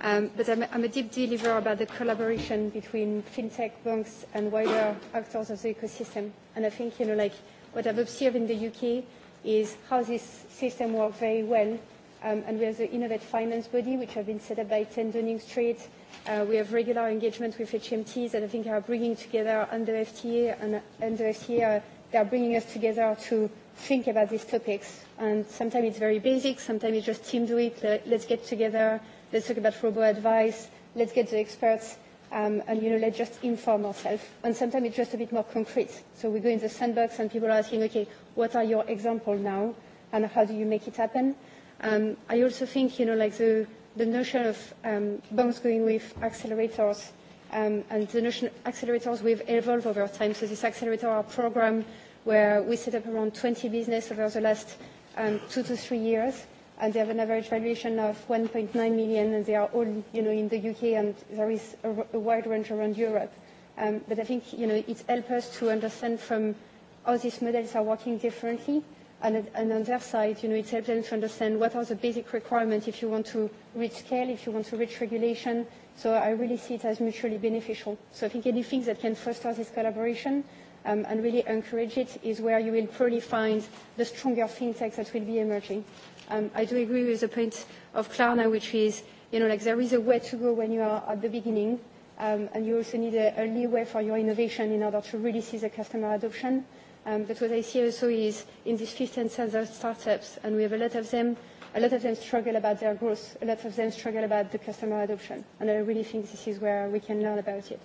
Um, but I'm, I'm a deep believer about the collaboration between fintech banks and wider actors of the ecosystem. And I think, you know, like what I've observed in the UK is how this system works very well. Um, and we have the Innovate Finance Body, which have been set up by 10 Downing Street. Uh, we have regular engagement with HMTs that I think are bringing together under FTA and under FTA they are bringing us together to think about these topics. And sometimes it's very basic, sometimes it's just team do it, let's get together, let's talk about robo-advice, let's get the experts, um, and you know, let's just inform ourselves. And sometimes it's just a bit more concrete. So we go in the sandbox and people are asking, okay, what are your examples now, and how do you make it happen? Um, I also think, you know, like the, the notion of um, banks going with accelerators um, and the notion accelerators we've evolved over time. So this accelerator our program where we set up around 20 business over the last um, two to three years, and they have an average valuation of 1.9 million, and they are all, you know, in the UK, and there is a, a wide range around Europe. Um, but I think, you know, it helps us to understand from how these models are working differently, and, and on their side, you know, it helps them to understand what are the basic requirements if you want to reach scale, if you want to reach regulation, So I really see it as mutually beneficial. So I think anything that can foster this collaboration um, and really encourage it is where you will probably find the stronger fintech that will be emerging. Um, I do agree with the point of Klarna, which is, you know, like there is a way to go when you are at the beginning, um, and you also need a, a leeway for your innovation in order to really see the customer adoption. Um, but what I see also is in these 15,000 startups, and we have a lot of them a lot of them struggle about their growth. A lot of them struggle about the customer adoption. And I really think this is where we can learn about it.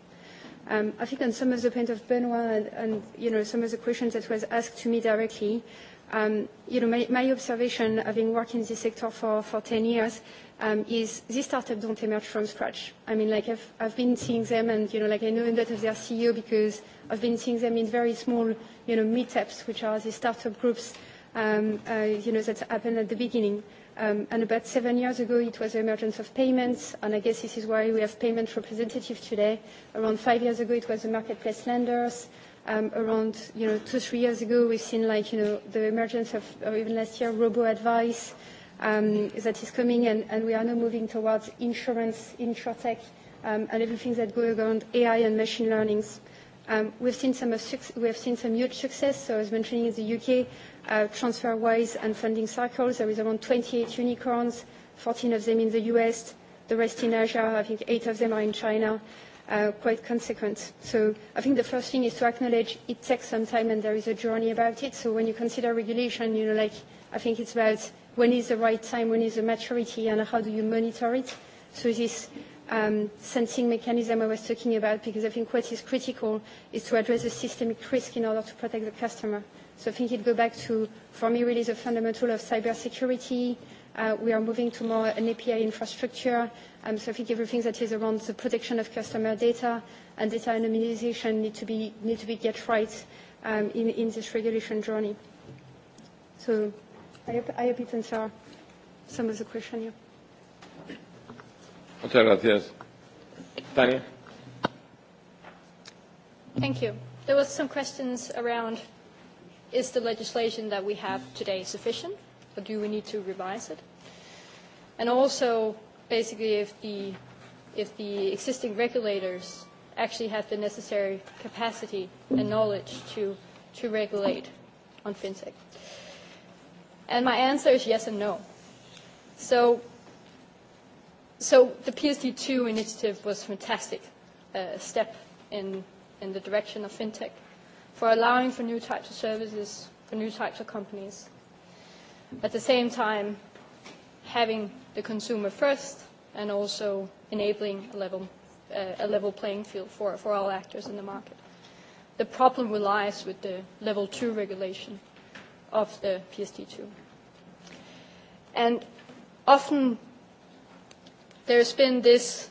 Um, I think on some of the point of Benoit and, and you know, some of the questions that was asked to me directly, um, you know, my, my observation, having worked in this sector for, for 10 years, um, is these startups don't emerge from scratch. I mean, like I've, I've been seeing them, and you know, like I know a lot of their CEO because I've been seeing them in very small, you know, meetups, which are these startup groups um, uh, you know, that happened at the beginning. Um, and about seven years ago, it was the emergence of payments, and I guess this is why we have payment representatives today. Around five years ago, it was the marketplace lenders. Um, around, you know, two, three years ago, we've seen, like, you know, the emergence of, or even last year, robo-advice um, that is coming, and, and we are now moving towards insurance, insurtech, um, and everything that goes around AI and machine learnings. Um, we've seen some of, we have seen some huge success. So I was mentioning in the U.K., uh, transfer wise and funding cycles. There is around 28 unicorns, 14 of them in the US, the rest in Asia. I think eight of them are in China. Uh, quite consequent. So I think the first thing is to acknowledge it takes some time and there is a journey about it. So when you consider regulation, you know, like I think it's about when is the right time, when is the maturity, and how do you monitor it. So this um, sensing mechanism I was talking about, because I think what is critical is to address the systemic risk in order to protect the customer. Uh, So I think it goes back to, for me, really the fundamental of cybersecurity. Uh, we are moving to more an API infrastructure. Um, so I think everything that is around the protection of customer data and data anonymization need to be, need to be get right um, in, in this regulation journey. So I hope, I hope it answers some of the question here. Muchas gracias. Tania? Thank you. There was some questions around Is the legislation that we have today sufficient, or do we need to revise it? And also, basically, if the, if the existing regulators actually have the necessary capacity and knowledge to, to regulate on fintech. And my answer is yes and no. So, so the PSD2 initiative was a fantastic uh, step in, in the direction of fintech. Uh, for allowing for new types of services, for new types of companies. At the same time, having the consumer first and also enabling a level, uh, a level playing field for, for all actors in the market. The problem lies with the level 2 regulation of the PSD2. And often there's been this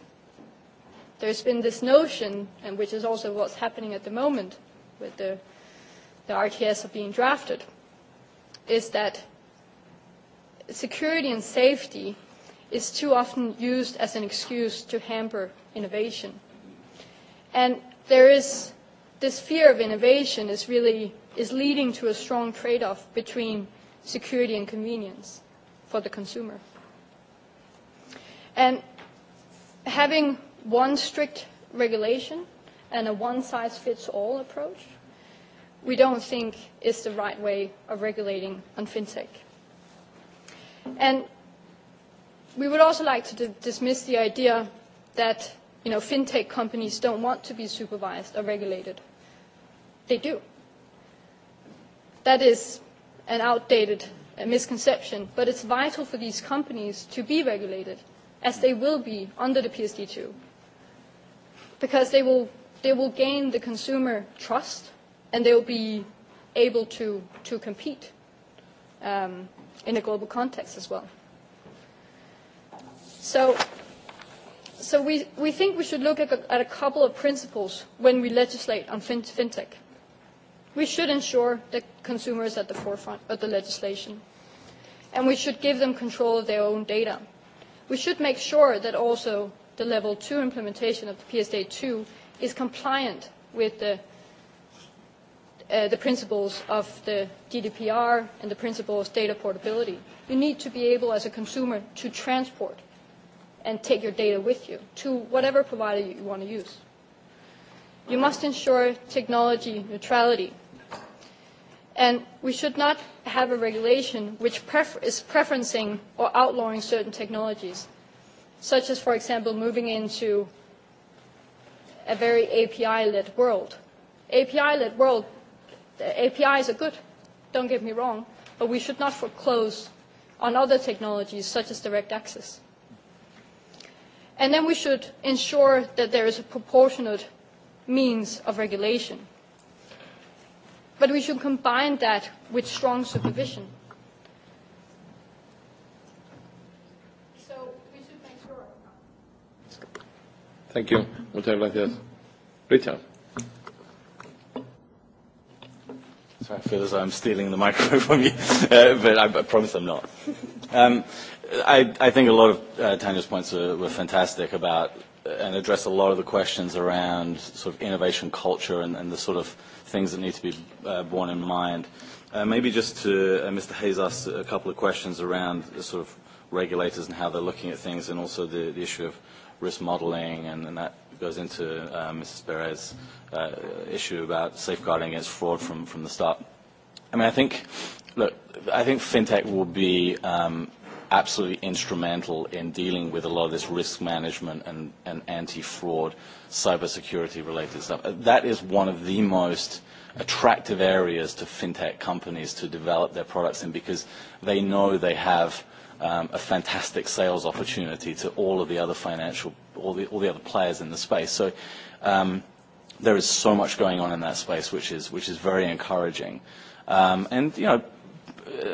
there's been this notion, and which is also what's happening at the moment, with the, the RTS are being drafted, is that security and safety is too often used as an excuse to hamper innovation. And there is this fear of innovation is really is leading to a strong trade-off between security and convenience for the consumer. And having one strict regulation and a one-size-fits-all approach we don't think is the right way of regulating on fintech. And we would also like to d- dismiss the idea that you know, fintech companies don't want to be supervised or regulated. They do. That is an outdated uh, misconception, but it's vital for these companies to be regulated, as they will be under the PSD2, because they will, they will gain the consumer trust – and they'll be able to, to compete um, in a global context as well. So, so we, we think we should look at a, at a couple of principles when we legislate on fin- fintech. We should ensure that consumers at the forefront of the legislation, and we should give them control of their own data. We should make sure that also the level 2 implementation of the PSD2 is compliant with the uh, the principles of the GDPR and the principles of data portability. You need to be able, as a consumer, to transport and take your data with you to whatever provider you want to use. You must ensure technology neutrality. And we should not have a regulation which prefer- is preferencing or outlawing certain technologies, such as, for example, moving into a very API-led world. API-led world APIs are good, don't get me wrong, but we should not foreclose on other technologies such as direct access. And then we should ensure that there is a proportionate means of regulation. But we should combine that with strong supervision. So we should make sure. Thank you. Muchas gracias. Richard. I feel as though I'm stealing the microphone from you, (laughs) uh, but I, I promise I'm not. Um, I, I think a lot of uh, Tanya's points were, were fantastic about uh, and address a lot of the questions around sort of innovation culture and, and the sort of things that need to be uh, borne in mind. Uh, maybe just to uh, Mr. Hayes asked a couple of questions around the sort of regulators and how they're looking at things and also the, the issue of risk modeling and, and that goes into uh, Mrs. Perez's uh, issue about safeguarding against fraud from, from the start. I mean, I think, look, I think fintech will be um, absolutely instrumental in dealing with a lot of this risk management and, and anti-fraud, cybersecurity related stuff. That is one of the most attractive areas to fintech companies to develop their products in because they know they have um, a fantastic sales opportunity to all of the other financial all the all the other players in the space. So um, there is so much going on in that space, which is which is very encouraging. Um, and you know,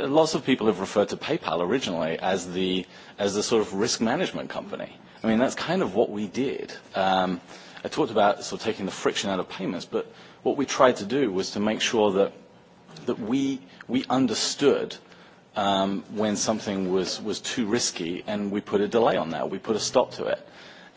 lots of people have referred to PayPal originally as the as the sort of risk management company. I mean, that's kind of what we did. Um, I talked about sort of taking the friction out of payments, but what we tried to do was to make sure that that we we understood um, when something was was too risky, and we put a delay on that. We put a stop to it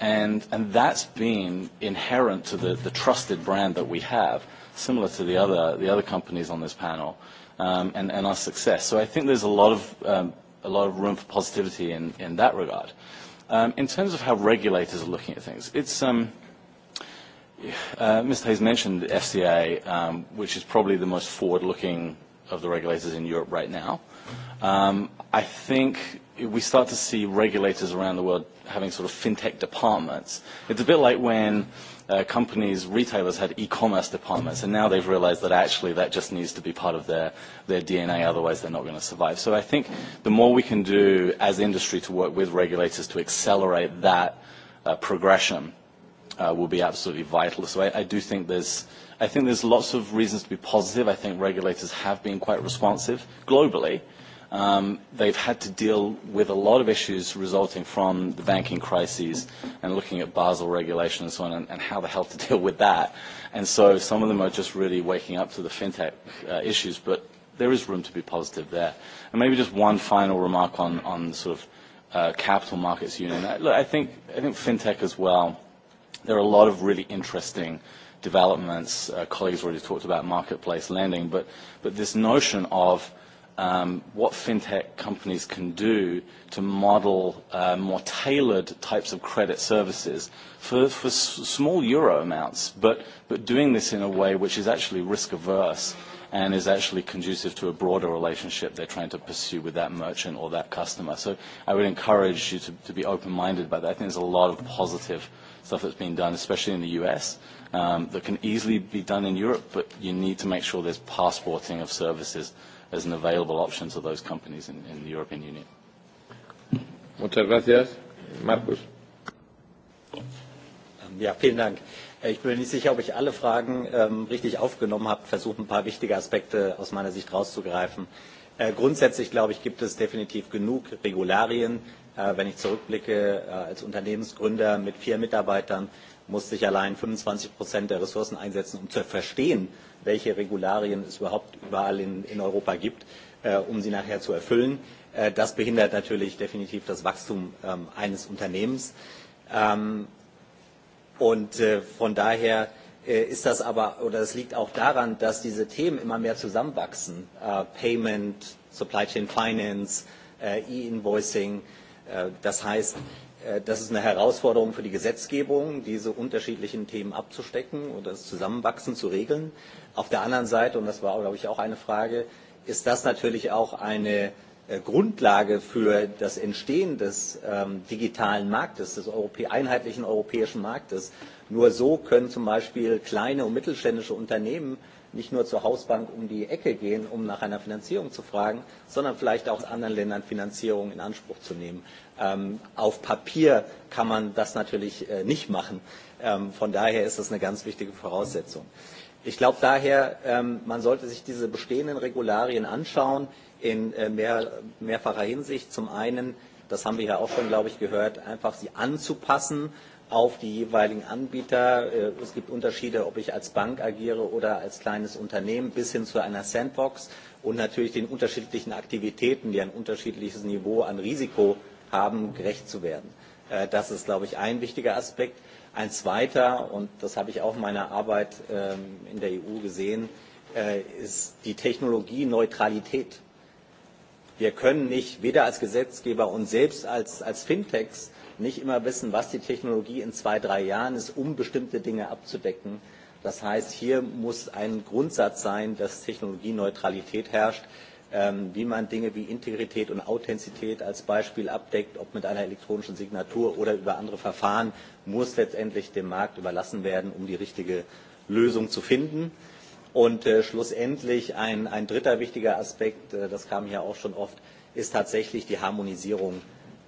and and that's been inherent to the, the trusted brand that we have, similar to the other the other companies on this panel, um, and and our success. So I think there's a lot of um, a lot of room for positivity in in that regard. Um, in terms of how regulators are looking at things, it's um, uh, Mr. Hayes mentioned the FCA, um, which is probably the most forward-looking of the regulators in Europe right now. Um, I think we start to see regulators around the world having sort of fintech departments. It's a bit like when uh, companies, retailers had e-commerce departments, and now they've realized that actually that just needs to be part of their, their DNA, otherwise they're not going to survive. So I think the more we can do as industry to work with regulators to accelerate that uh, progression uh, will be absolutely vital. So I, I do think there's, I think there's lots of reasons to be positive. I think regulators have been quite responsive globally. Uh, um, they've had to deal with a lot of issues resulting from the banking crises and looking at Basel regulation and so on and, and how the hell to (laughs) deal with that. And so some of them are just really waking up to the fintech uh, issues, but there is room to be positive there. And maybe just one final remark on, on sort of uh, capital markets union. I, look, I think, I think fintech as well, there are a lot of really interesting developments. Uh, colleagues already talked about marketplace lending, but, but this notion of – um, what fintech companies can do to model uh, more tailored types of credit services for, for s- small euro amounts, but, but doing this in a way which is actually risk averse and is actually conducive to a broader relationship they're trying to pursue with that merchant or that customer. So I would encourage you to, to be open-minded about that. I think there's a lot of positive stuff that's being done, especially in the US, um, that can easily be done in Europe, but you need to make sure there's passporting of services as an available option to those companies in, in the European Union. Muchas gracias. Markus. Ähm, ja, vielen Dank. Äh, ich bin mir nicht sicher, ob ich alle Fragen ähm, richtig aufgenommen habe. Versuche ein paar wichtige Aspekte aus meiner Sicht rauszugreifen. Äh, grundsätzlich, glaube ich, gibt es definitiv genug Regularien. Äh, wenn ich zurückblicke, äh, als Unternehmensgründer mit vier Mitarbeitern musste ich allein 25 Prozent der Ressourcen einsetzen, um zu verstehen, äh, welche Regularien es überhaupt überall in, in Europa gibt, äh, um sie nachher zu erfüllen. Äh, das behindert natürlich definitiv das Wachstum ähm, eines Unternehmens. Ähm, und äh, von daher äh, ist das aber, oder es liegt auch daran, dass diese Themen immer mehr zusammenwachsen. Äh, Payment, Supply Chain Finance, äh, E-Invoicing. Äh, das heißt, äh, das ist eine Herausforderung für die Gesetzgebung, diese unterschiedlichen Themen abzustecken und das Zusammenwachsen zu regeln. Auf der anderen Seite, und das war, glaube ich, auch eine Frage, ist das natürlich auch eine äh, Grundlage für das Entstehen des ähm, digitalen Marktes, des Europä einheitlichen europäischen Marktes. Nur so können zum Beispiel kleine und mittelständische Unternehmen nicht nur zur Hausbank um die Ecke gehen, um nach einer Finanzierung zu fragen, sondern vielleicht auch aus anderen Ländern Finanzierung in Anspruch zu nehmen. Ähm, auf Papier kann man das natürlich äh, nicht machen. Ähm, von daher ist das eine ganz wichtige Voraussetzung. Mhm. Ich glaube daher, ähm, man sollte sich diese bestehenden Regularien anschauen in äh, mehr, mehrfacher Hinsicht. Zum einen, das haben wir ja auch schon, glaube ich, gehört, einfach sie anzupassen auf die jeweiligen Anbieter. Äh, es gibt Unterschiede, ob ich als Bank agiere oder als kleines Unternehmen bis hin zu einer Sandbox und natürlich den unterschiedlichen Aktivitäten, die ein unterschiedliches Niveau an Risiko haben, gerecht zu werden. Äh, das ist, glaube ich, ein wichtiger Aspekt. Ein zweiter, und das habe ich auch in meiner Arbeit ähm, in der EU gesehen, äh, ist die Technologieneutralität. Wir können nicht, weder als Gesetzgeber und selbst als, als Fintechs, nicht immer wissen, was die Technologie in zwei, drei Jahren ist, um bestimmte Dinge abzudecken. Das heißt, hier muss ein Grundsatz sein, dass Technologieneutralität herrscht ähm, wie man Dinge wie Integrität und Authentizität als Beispiel abdeckt, ob mit einer elektronischen Signatur oder über andere Verfahren, muss letztendlich dem Markt überlassen werden, um die richtige Lösung zu finden. Und äh, schlussendlich ein, ein dritter wichtiger Aspekt, äh, das kam hier auch schon oft, ist tatsächlich die Harmonisierung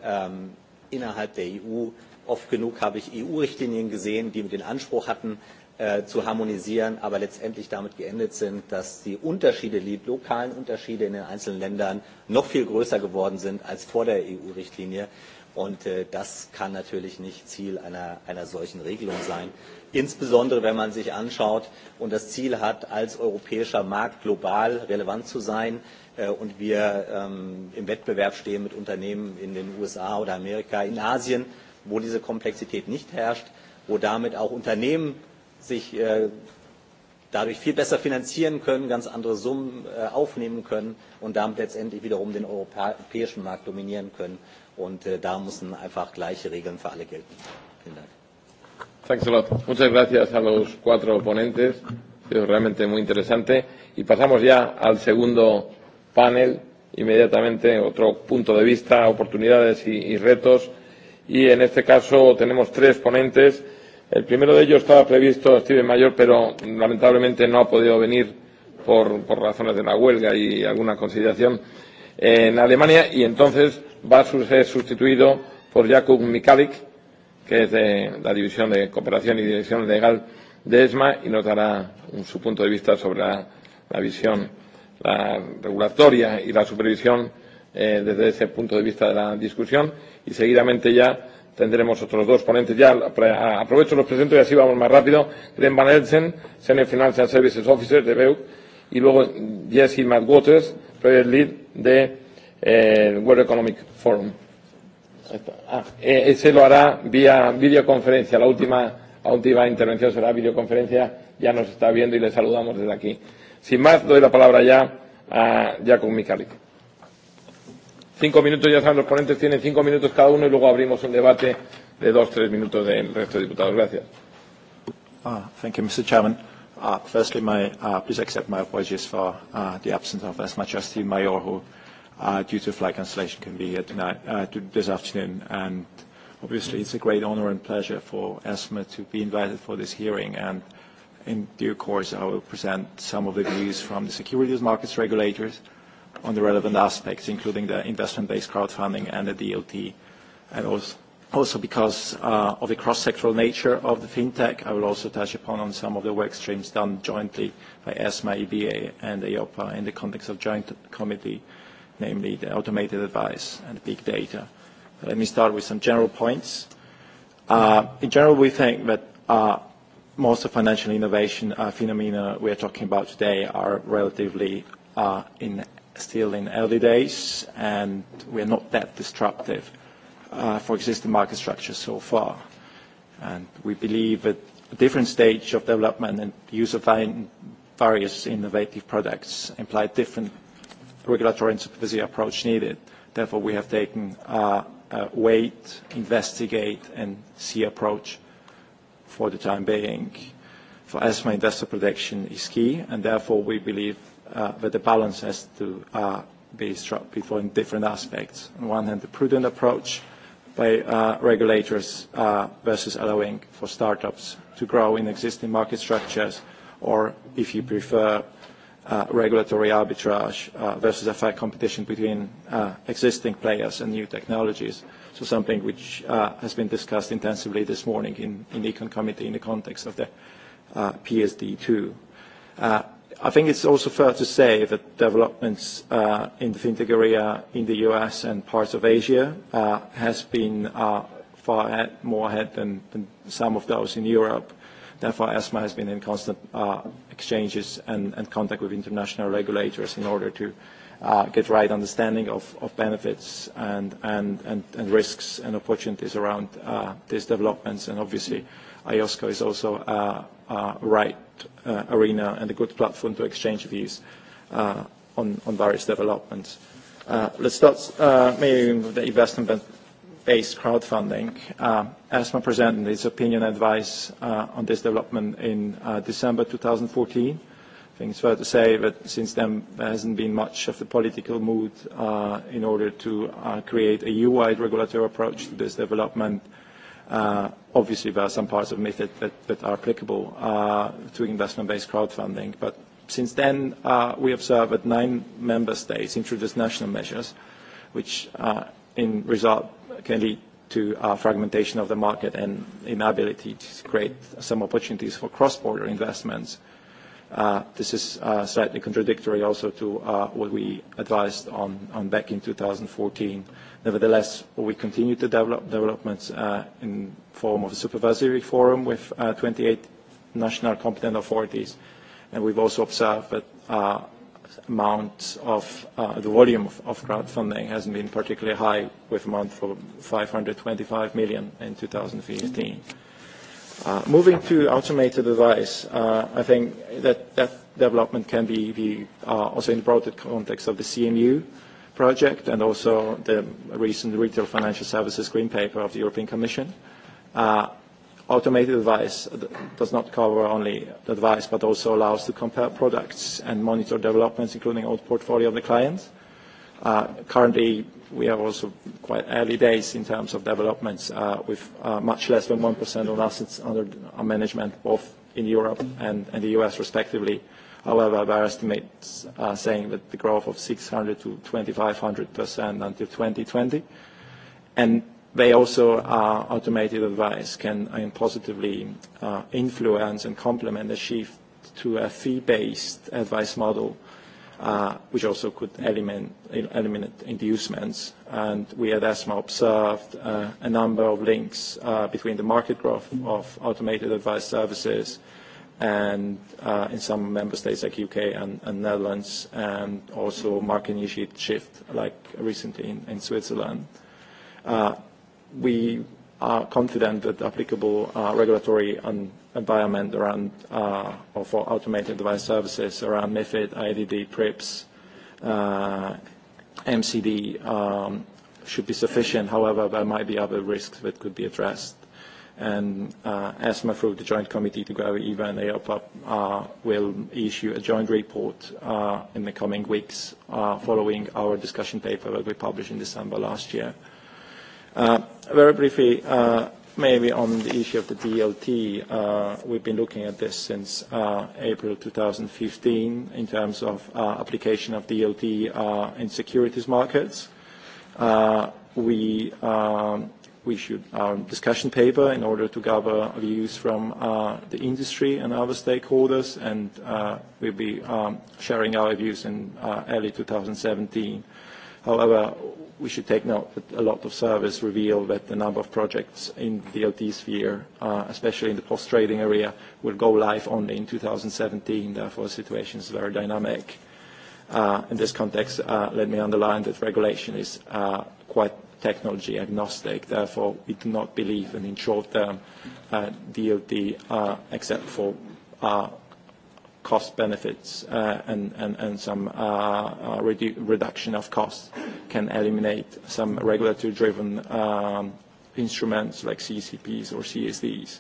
ähm, innerhalb der EU. Oft genug habe ich EU-Richtlinien gesehen, die den Anspruch hatten, äh, zu harmonisieren, aber letztendlich damit geendet sind, dass die Unterschiede, die lokalen Unterschiede in den einzelnen Ländern noch viel größer geworden sind als vor der EU-Richtlinie. Und äh, das kann natürlich nicht Ziel einer, einer solchen Regelung sein. Insbesondere wenn man sich anschaut und das Ziel hat, als europäischer Markt global relevant zu sein äh, und wir ähm, im Wettbewerb stehen mit Unternehmen in den USA oder Amerika, in Asien, wo diese Komplexität nicht herrscht, wo damit auch Unternehmen sich äh, dadurch viel besser finanzieren können, ganz andere Summen äh, aufnehmen können und damit letztendlich wiederum den europäischen Markt dominieren können. Und äh, da müssen einfach gleiche Regeln für alle gelten. Vielen Dank. Thanks a lot. Muchas gracias a los cuatro ponentes. Ha sido realmente muy interesante. Y pasamos ya al segundo panel. Inmediatamente otro punto de vista, oportunidades y, y retos. Y en este caso tenemos tres ponentes El primero de ellos estaba previsto Steven Mayor, pero lamentablemente no ha podido venir por, por razones de la huelga y alguna consideración en Alemania y entonces va a ser sustituido por Jakub Mikalik, que es de la División de Cooperación y Dirección Legal de ESMA y nos dará su punto de vista sobre la, la visión la regulatoria y la supervisión eh, desde ese punto de vista de la discusión y seguidamente ya tendremos otros dos ponentes ya. Ah, aprovecho los presentes y así vamos más rápido. Glenn Van Elsen, Senior Financial Services Officer de BEUC, y luego Jesse Matt Waters, Project Lead de eh, World Economic Forum. Ah, eh, ese lo hará vía videoconferencia. La última, la última intervención será videoconferencia. Ya nos está viendo y le saludamos desde aquí. Sin más, doy la palabra ya a Jacob Mikalik cinco minutos, ya saben, los ponentes tienen cinco minutos cada uno y luego abrimos un debate de dos, tres minutos del resto de diputados. Gracias. Uh, thank you, Mr. Chairman. Uh, firstly, my, uh, ah, please accept my apologies for uh, the absence of as much as Steve Mayor, who, uh, due to flight cancellation, can be here tonight, uh, to this afternoon. And obviously, it's a great honor and pleasure for ESMA to be invited for this hearing. And in due course, I will present some of the views from the securities markets regulators, uh, on the relevant aspects, including the investment-based crowdfunding and the DLT. And also, also because uh, of the cross-sectoral nature of the fintech, I will also touch upon on some of the work streams done jointly by ESMA, EBA, and EIOPA in the context of joint committee, namely the automated advice and big data. But let me start with some general points. Uh, in general, we think that uh, most of financial innovation uh, phenomena we are talking about today are relatively uh, in still in early days, and we're not that disruptive uh, for existing market structures so far. And we believe at a different stage of development and use of various innovative products imply different regulatory and supervisory approach needed. Therefore, we have taken uh, a wait, investigate, and see approach for the time being. For asthma, investor protection is key, and therefore, we believe uh, but the balance has to uh, be struck before in different aspects. On one hand, the prudent approach by uh, regulators uh, versus allowing for startups to grow in existing market structures, or if you prefer, uh, regulatory arbitrage uh, versus a fair competition between uh, existing players and new technologies. So something which uh, has been discussed intensively this morning in, in Econ Committee in the context of the uh, PSD2. Uh, I think it's also fair to say that developments uh, in the fintech area in the U.S. and parts of Asia uh, has been uh, far ahead, more ahead than, than some of those in Europe. Therefore, ESMA has been in constant uh, exchanges and, and contact with international regulators in order to uh, get right understanding of, of benefits and, and, and risks and opportunities around uh, these developments. Obviously, IOSCO is also uh, right uh, arena and a good platform to exchange views uh, on, on various developments. Uh, let's start uh, maybe with the investment-based crowdfunding. Uh, ESMA presented its opinion advice uh, on this development in uh, December 2014. I think it's fair to say that since then there hasn't been much of the political mood uh, in order to uh, create a EU-wide regulatory approach to this development uh, Uh, obviously, there are some parts of MiFID that, that are applicable uh, to investment-based crowdfunding. But since then, uh, we observe that nine member states introduced national measures, which uh, in result can lead to uh, fragmentation of the market and inability to create some opportunities for cross-border investments. Uh, Uh, this is uh, slightly contradictory also to uh, what we advised on, on back in 2014. Nevertheless, we continue to develop developments uh, in form of a supervisory forum with 28 uh, national competent authorities. And we've also observed that uh, amount of uh, the volume of, of crowdfunding hasn't been particularly high with amount for 525 million in 2015. Mm-hmm. Uh, moving to automated advice, uh, I think that, that development can be viewed uh, also in the broader context of the CMU project and also the recent Retail Financial Services Green Paper of the European Commission. Uh, automated advice does not cover only advice but also allows to compare products and monitor developments including all the portfolio of the clients. Uh, Uh, currently, we are also quite early days in terms of developments, uh, with uh, much less than 1% of assets under uh, management, both in Europe and, and the U.S. respectively. However, there are estimates uh, saying that the growth of 600%-2,500% until 2020. And they also, automated advice can positively uh, influence and complement the shift to a fee-based advice model, uh, which also could eliminate, eliminate inducements. And we at ESMA observed uh, a number of links uh, between the market growth of automated advice services and uh, in some member states like UK and, and Netherlands, and also market-initiated shift like recently in, in Switzerland. Uh, we are confident that applicable uh, regulatory and environment around uh, or for automated device services around MIFID, IDD, PRIPS, uh, MCD um, should be sufficient. However, there might be other risks that could be addressed. And uh, ESMA, through the Joint Committee together, EVA and EOPA, uh, will issue a joint report uh, in the coming weeks uh, following our discussion paper that we published in December last year. Uh, very briefly, uh, Maybe on the issue of the DLT, uh, we've been looking at this since uh, April 2015 in terms of uh, application of DLT uh, in securities markets. Uh, we um, issued our discussion paper in order to gather views from uh, the industry and other stakeholders, and we'll be um, sharing our views in early 2017. However, we should take note that a lot of surveys reveal that the number of projects in the LT sphere, uh, especially in the post-trading area, will go live only in 2017. Therefore, the situation is very dynamic. Uh, in this context, uh, let me underline that regulation is uh, quite technology agnostic. Therefore, we do not believe that in short term, uh, DLT, uh, except for uh, cost benefits uh, and, and, and some uh, uh, redu reduction of costs can eliminate some regulatory-driven um, instruments like CCPs or CSDs.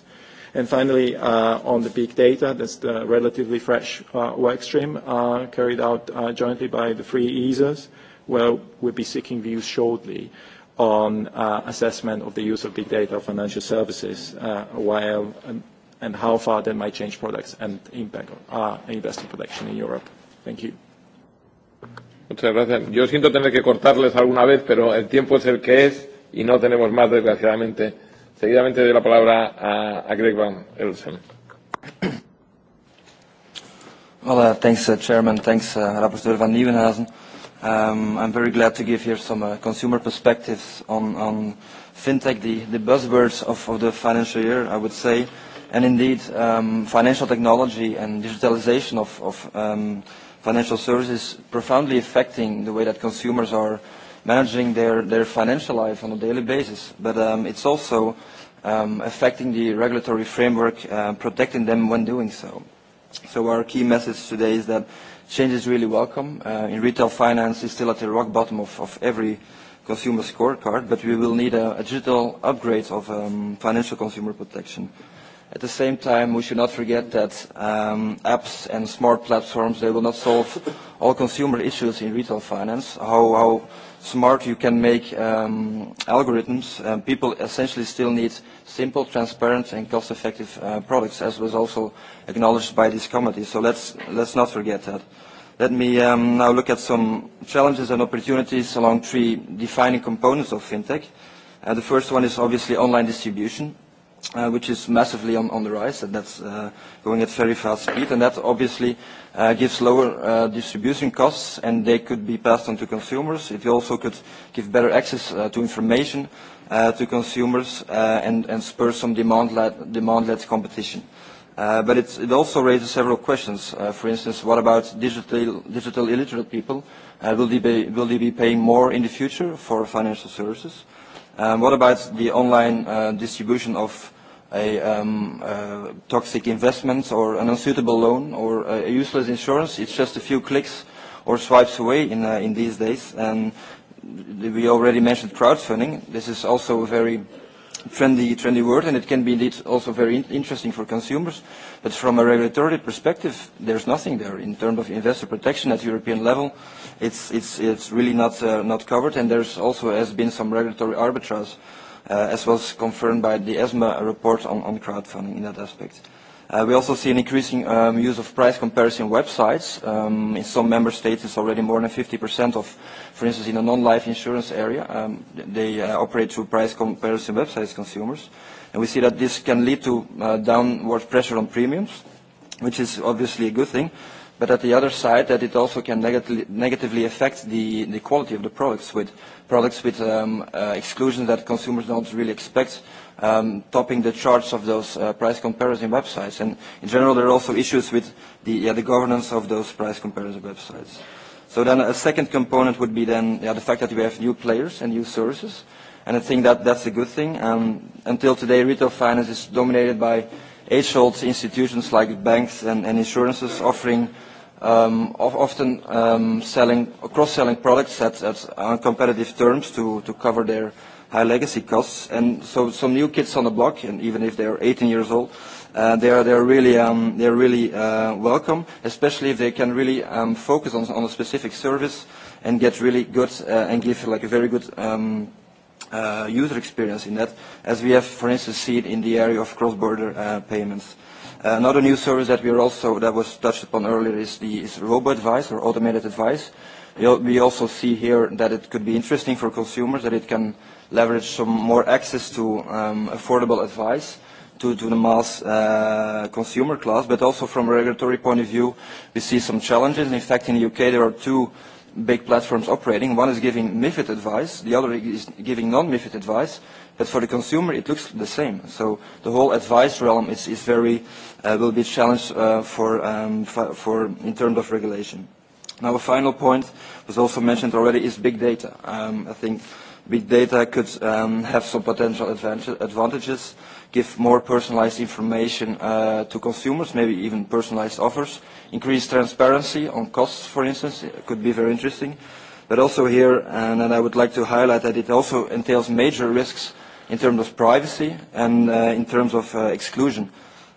And finally, uh, on the big data, that's the relatively fresh uh, work stream uh, carried out jointly by the three ESAs, where we'll be seeking views shortly on assessment of the use of big data financial services, while um, and how far that might change products and impact on uh, investor protection in Europe. Thank you. Muchas gracias. Yo siento tener que cortarles alguna vez, pero el tiempo es el que es y no tenemos más, desgraciadamente. Seguidamente doy la palabra a, a Greg Van Elsen. Well, uh, thanks, uh, Chairman. Thanks, uh, Rapporteur van Nieuwenhuizen. Um, I'm very glad to give here some uh, consumer perspectives on, on fintech, the, the buzzwords of, of the financial year, I would say. And indeed, um, financial technology and digitalization of, of um, financial services profoundly affecting the way that consumers are managing their, their financial life on a daily basis. But um, it's also um, affecting the regulatory framework, uh, protecting them when doing so. So our key message today is that change is really welcome. Uh, in retail finance, it's still at the rock bottom of, of every consumer scorecard, but we will need a, a digital upgrade of um, financial consumer protection. Uh, At the same time, we should not forget that um, apps and smart platforms, they will not solve all consumer issues in retail finance. How, how smart you can make um, algorithms, um, people essentially still need simple, transparent, and cost-effective uh, products, as was also acknowledged by this committee. So let's, let's not forget that. Let me um, now look at some challenges and opportunities along three defining components of fintech. Uh, the first one is obviously online distribution uh, which is massively on, on the rise, and that's uh, going at very fast speed, and that obviously uh, gives lower uh, distribution costs, and they could be passed on to consumers. It also could give better access uh, to information uh, to consumers uh, and, and spur some demand-led demand competition. Uh, but it's, it also raises several questions. Uh, for instance, what about digital, digital illiterate people? Uh, will, they be, will they be paying more in the future for financial services? Um, what about the online uh, distribution of a um, uh, toxic investment or an unsuitable loan or a useless insurance. It's just a few clicks or swipes away in, uh, in these days. And we already mentioned crowdfunding. This is also a very trendy, trendy word, and it can be indeed also very in interesting for consumers. But from a regulatory perspective, there's nothing there in terms of investor protection at European level. It's, it's, it's really not, uh, not covered, and there's also has been some regulatory arbitrage uh, as was confirmed by the ESMA report on, on crowdfunding in that aspect. Uh, we also see an increasing um, use of price comparison websites. Um, in some member states, it's already more than 50% of, for instance, in the non-life insurance area, um, they uh, operate through price comparison websites consumers. And we see that this can lead to uh, downward pressure on premiums, which is obviously a good thing, but at the other side that it also can negatively, negatively affect the, the quality of the products with products with um, uh, exclusions that consumers don't really expect um, topping the charts of those uh, price comparison websites. And in general, there are also issues with the, yeah, the governance of those price comparison websites. So then a second component would be then yeah, the fact that we have new players and new services. And I think that that's a good thing. Um, until today, retail finance is dominated by age-old institutions like banks and, and insurances offering um, of often um, selling cross-selling products at, at uncompetitive terms to, to cover their high legacy costs. And so some new kids on the block, and even if they're 18 years old, uh, they are they're really um, they're really uh, welcome, especially if they can really um, focus on, on a specific service and get really good uh, and give like a very good. Um, uh, user experience in that, as we have, for instance, seen in the area of cross-border uh, payments. Uh, another new service that we are also that was touched upon earlier is the is robo advice or automated advice. We also see here that it could be interesting for consumers that it can leverage some more access to um, affordable advice to, to the mass uh, consumer class, but also from a regulatory point of view, we see some challenges. In fact, in the UK, there are two big platforms operating. One is giving MIFID advice, the other is giving non-MIFID advice, But for the consumer, it looks the same. So the whole advice realm is, is very, uh, will be challenged uh, for, um, for, for in terms of regulation. Now, a final point was also mentioned already is big data. Um, I think big data could um, have some potential advantage, advantages, give more personalized information uh, to consumers, maybe even personalized offers, increase transparency on costs, for instance, it could be very interesting. But also here, and, uh, and I would like to highlight that it also entails major risks in terms of privacy and uh, in terms of uh, exclusion.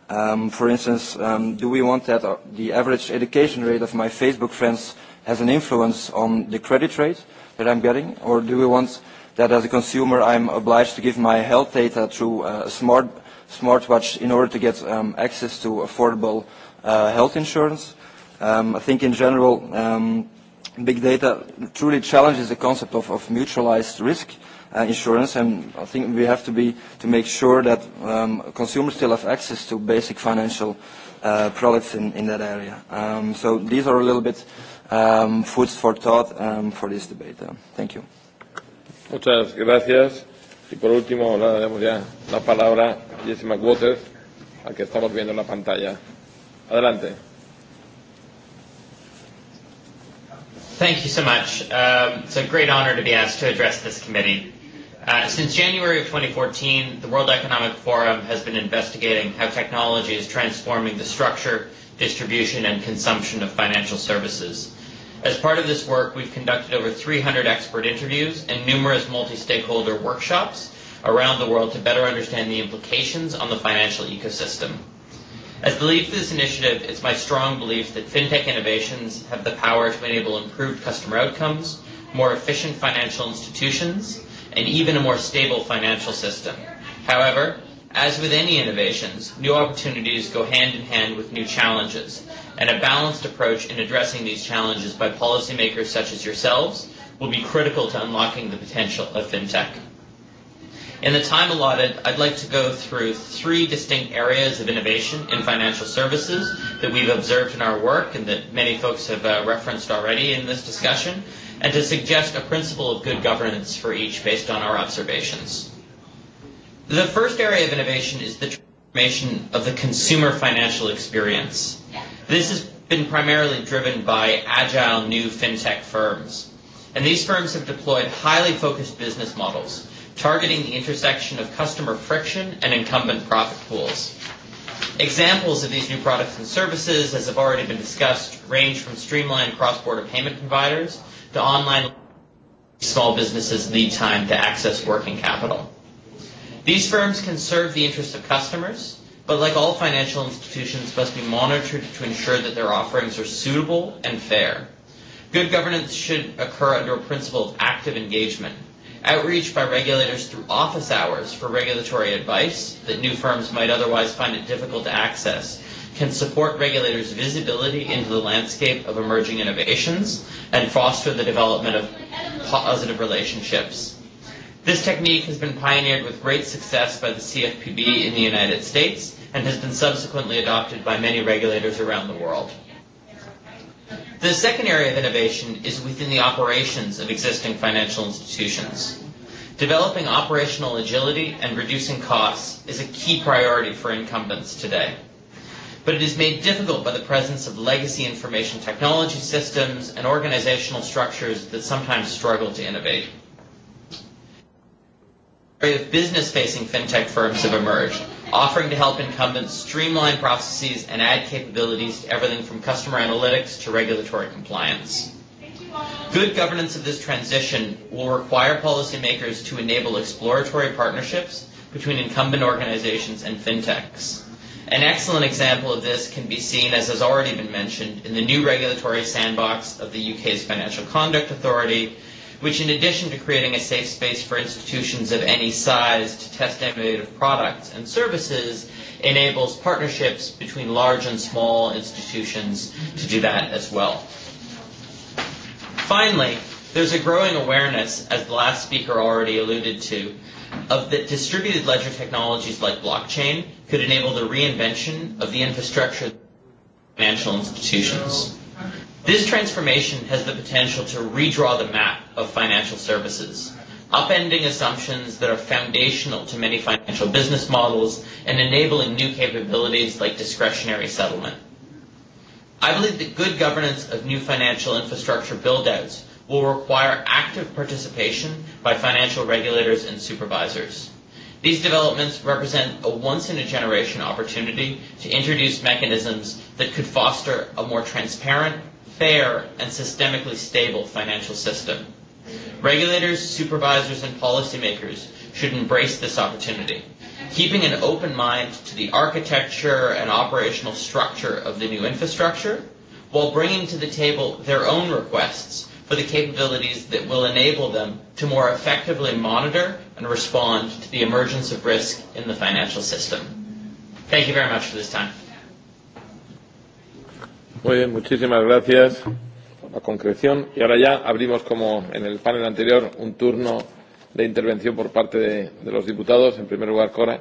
Um, for instance, um, do we want that uh, the average education rate of my Facebook friends has an influence on the credit rate that I'm getting? Or do we want that as a consumer I'm obliged to give my health data through uh, a smart, smartwatch in order to get um, access to affordable uh, health insurance? Um, I think in general, um, big data truly challenges the concept of, of mutualized risk. Uh, uh, insurance, and I think we have to be to make sure that um, consumers still have access to basic financial uh, products in, in that area. Um, so these are a little bit um, foods for thought um, for this debate. Uh, thank you. Muchas gracias. Y por último, le daremos ya la palabra a Jesse McWaters, al que estamos viendo en la pantalla. Adelante. Thank you so much. Um, it's a great honor to be asked to address this committee. Uh, since January of 2014, the World Economic Forum has been investigating how technology is transforming the structure, distribution, and consumption of financial services. As part of this work, we've conducted over 300 expert interviews and numerous multi-stakeholder workshops around the world to better understand the implications on the financial ecosystem. As the lead for this initiative, it's my strong belief that fintech innovations have the power to enable improved customer outcomes, more efficient financial institutions, and even a more stable financial system. However, as with any innovations, new opportunities go hand in hand with new challenges, and a balanced approach in addressing these challenges by policymakers such as yourselves will be critical to unlocking the potential of fintech. In the time allotted, I'd like to go through three distinct areas of innovation in financial services that we've observed in our work and that many folks have uh, referenced already in this discussion, and to suggest a principle of good governance for each based on our observations. The first area of innovation is the transformation of the consumer financial experience. This has been primarily driven by agile new fintech firms. And these firms have deployed highly focused business models, targeting the intersection of customer friction and incumbent profit pools. Examples of these new products and services, as have already been discussed, range from streamlined cross-border payment providers to online small businesses' lead time to access working capital. These firms can serve the interests of customers, but like all financial institutions, must be monitored to ensure that their offerings are suitable and fair. Good governance should occur under a principle of active engagement. Outreach by regulators through office hours for regulatory advice that new firms might otherwise find it difficult to access can support regulators' visibility into the landscape of emerging innovations and foster the development of positive relationships. This technique has been pioneered with great success by the CFPB in the United States and has been subsequently adopted by many regulators around the world. The second area of innovation is within the operations of existing financial institutions. Developing operational agility and reducing costs is a key priority for incumbents today but it is made difficult by the presence of legacy information technology systems and organizational structures that sometimes struggle to innovate. Of business-facing fintech firms have emerged, offering to help incumbents streamline processes and add capabilities to everything from customer analytics to regulatory compliance. Good governance of this transition will require policymakers to enable exploratory partnerships between incumbent organizations and fintechs. An excellent example of this can be seen, as has already been mentioned, in the new regulatory sandbox of the UK's Financial Conduct Authority, which in addition to creating a safe space for institutions of any size to test innovative products and services, enables partnerships between large and small institutions to do that as well. Finally, there's a growing awareness, as the last speaker already alluded to, of that distributed ledger technologies like blockchain could enable the reinvention of the infrastructure of financial institutions. This transformation has the potential to redraw the map of financial services, upending assumptions that are foundational to many financial business models and enabling new capabilities like discretionary settlement. I believe that good governance of new financial infrastructure build-outs will require active participation by financial regulators and supervisors. These developments represent a once-in-a-generation opportunity to introduce mechanisms that could foster a more transparent, fair, and systemically stable financial system. Regulators, supervisors, and policymakers should embrace this opportunity, keeping an open mind to the architecture and operational structure of the new infrastructure, while bringing to the table their own requests for the capabilities that will enable them to more effectively monitor and respond to the emergence of risk in the financial system. Thank you very much for this time. Muy bien, muchísimas gracias. La concreción. Y ahora ya abrimos, como en el panel anterior, un turno de intervención por parte de, de los diputados. En primer lugar, Cora.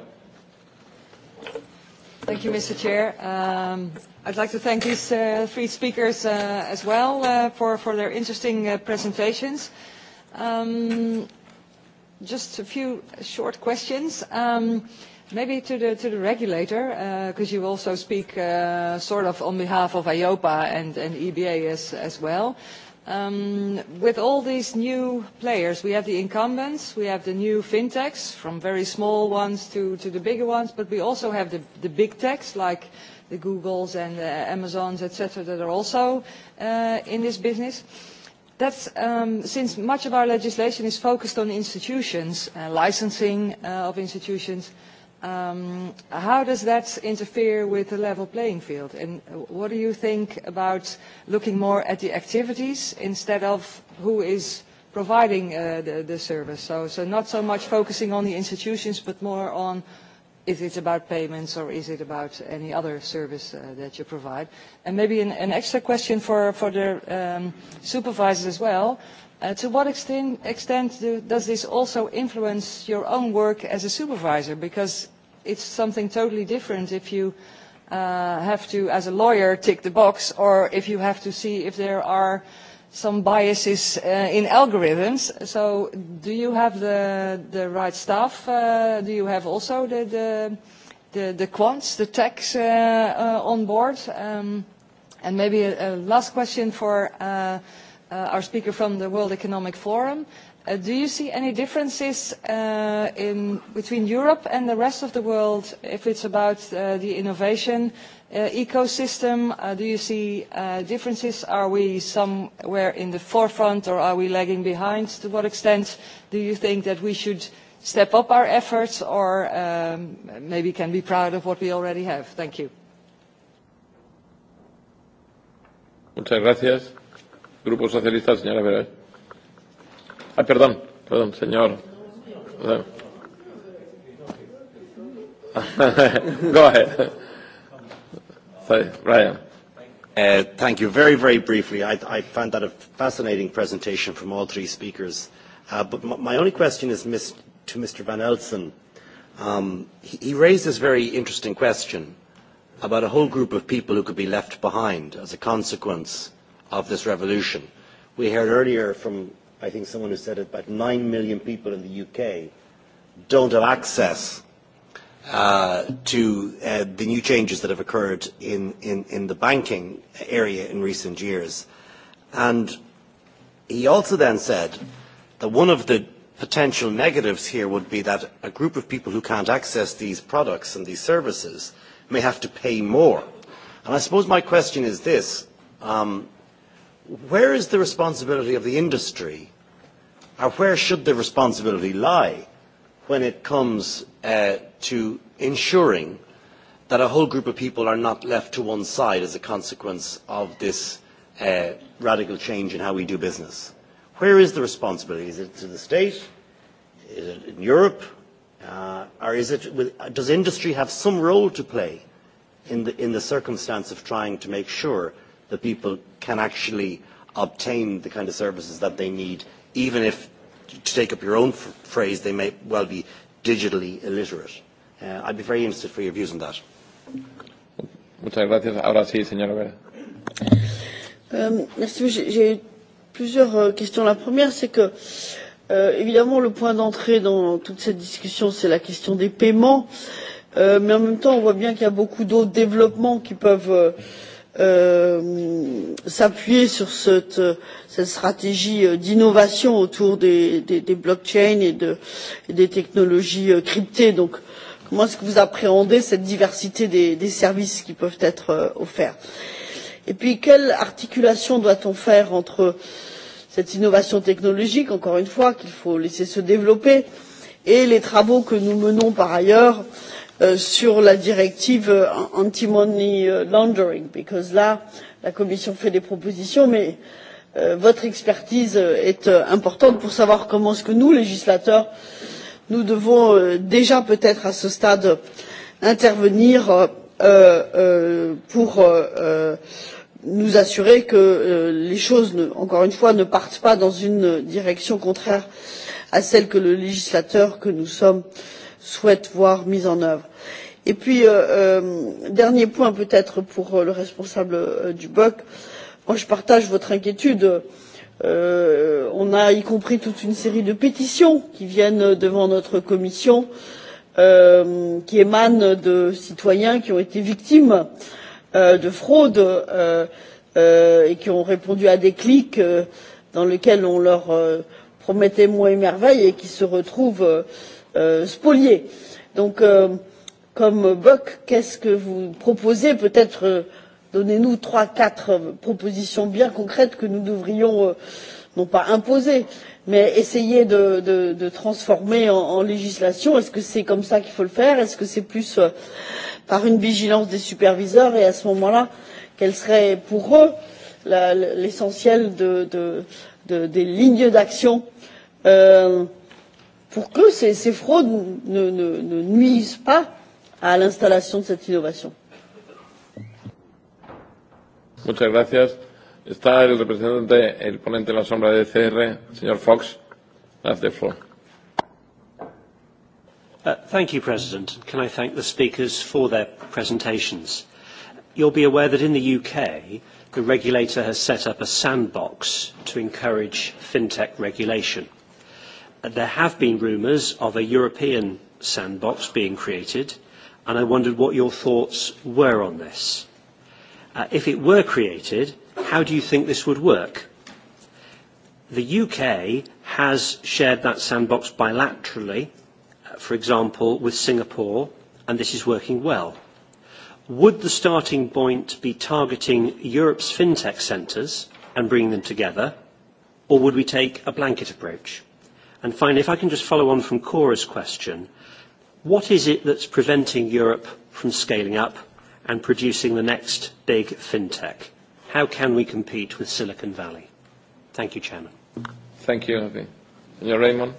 Thank you, Mr. Chair. Um, I'd like to thank these uh, three speakers uh, as well uh, for, for their interesting uh, presentations. Um, just a few short questions. Um, maybe to the, to the regulator, because uh, you also speak uh, sort of on behalf of IOPA and, and EBA as, as well. Uh, Um, with all these new players, we have the incumbents, we have the new fintechs, from very small ones to, to the bigger ones, but we also have the, the big techs like the Googles and the Amazons, et cetera, that are also uh, in this business. That's um, since much of our legislation is focused on institutions, uh, licensing uh, of institutions, uh, um, how does that interfere with the level playing field? And what do you think about looking more at the activities instead of who is providing uh, the, the service? So, so not so much focusing on the institutions, but more on is it about payments or is it about any other service uh, that you provide? And maybe an, an extra question for, for the um, supervisors as well. Uh, to what extent, extent do, does this also influence your own work as a supervisor? Because it's something totally different if you uh, have to, as a lawyer, tick the box, or if you have to see if there are some biases uh, in algorithms. So do you have the, the right staff? Uh, do you have also the, the, the, the quants, the techs uh, uh, on board? Um, and maybe a, a last question for uh, uh, our speaker from the World Economic Forum. Uh, do you see any differences uh, in, between Europe and the rest of the world if it's about uh, the innovation uh, ecosystem? Uh, do you see uh, differences? Are we somewhere in the forefront or are we lagging behind? To what extent do you think that we should step up our efforts or um, maybe can be proud of what we already have? Thank you. Muchas gracias. Grupo Socialista, señora Veras. Ah, perdón, perdón, señor. (laughs) Go ahead. Sorry, Ryan. Uh, thank you. Very, very briefly, I, I found that a fascinating presentation from all three speakers. Uh, but m- my only question is mis- to Mr. Van Elsen. Um, he, he raised this very interesting question about a whole group of people who could be left behind as a consequence of this revolution. We heard earlier from I think someone who said it, about 9 million people in the UK don't have access uh, to uh, the new changes that have occurred in, in, in the banking area in recent years. And he also then said that one of the potential negatives here would be that a group of people who can't access these products and these services may have to pay more. And I suppose my question is this. Um, where is the responsibility of the industry, or where should the responsibility lie when it comes uh, to ensuring that a whole group of people are not left to one side as a consequence of this uh, radical change in how we do business? Where is the responsibility? Is it to the state? Is it in Europe? Uh, or is it with, does industry have some role to play in the, in the circumstance of trying to make sure that people can actually obtain the kind of services that they need, even if, to take up your own f- phrase, they may well be digitally illiterate. Uh, I'd be very interested for your views on that. Muchas gracias. Ahora sí, señora Vera. Euh, merci. J'ai plusieurs euh, questions. La première, c'est que, euh, évidemment, le point d'entrée dans toute cette discussion, c'est la question des paiements. Euh, mais en même temps, on voit bien qu'il y a beaucoup d'autres développements qui peuvent euh, euh, s'appuyer sur cette, cette stratégie euh, d'innovation autour des, des, des blockchains et, de, et des technologies euh, cryptées. Donc, comment est-ce que vous appréhendez cette diversité des, des services qui peuvent être euh, offerts Et puis, quelle articulation doit-on faire entre cette innovation technologique, encore une fois, qu'il faut laisser se développer, et les travaux que nous menons par ailleurs euh, Euh, sur la directive euh, anti money euh, laundering because là la commission fait des propositions mais votre expertise est importante pour savoir comment nous législateurs nous devons déjà peut être à ce stade intervenir pour nous assurer que les choses encore une fois ne partent pas dans une direction contraire à celle que le législateur que nous sommes a souhaite voir mise en œuvre. et puis euh, euh dernier point peut être pour euh, le responsable euh, du boc moi je partage votre inquiétude euh, on a y compris toute une série de pétitions qui viennent devant notre commission euh, qui émanent de citoyens qui ont été victimes euh, de fraudes euh, euh, et qui ont répondu à des clics euh, dans lesquels on leur euh, promettait monts et merveilles et qui se retrouvent euh, euh, spoliés. donc euh, comme bock qu'est ce que vous proposez peut être euh, donnez nous trois quatre euh, propositions bien concrètes que nous devrions euh, non pas imposer mais essayer de, de, de transformer en, en législation. est ce que c'est comme ça qu'il faut le faire? est ce que c'est plus euh, par une vigilance des superviseurs et à ce moment là quel serait pour eux l'essentiel de, de, de, des lignes d'action euh, pour que ces, ces fraudes ne, ne, ne nuisent pas à l'installation de cette innovation. Muchas gracias. Está el representante, el ponente de la sombra de CR, señor Fox. That's the floor. Uh, thank you, President. Can I thank the speakers for their presentations? You'll be aware that in the UK, the regulator has set up a sandbox to encourage fintech regulation. Uh, there have been rumours of a European sandbox being created, and I wondered what your thoughts were on this. Uh, if it were created, how do you think this would work? The UK has shared that sandbox bilaterally, uh, for example, with Singapore, and this is working well. Would the starting point be targeting Europe's fintech centres and bringing them together, or would we take a blanket approach? And finally, if I can just follow on from Cora's question, what is it that's preventing Europe from scaling up and producing the next big fintech? How can we compete with Silicon Valley? Thank you, Chairman. Thank you, Avi. Yeah, Raymond?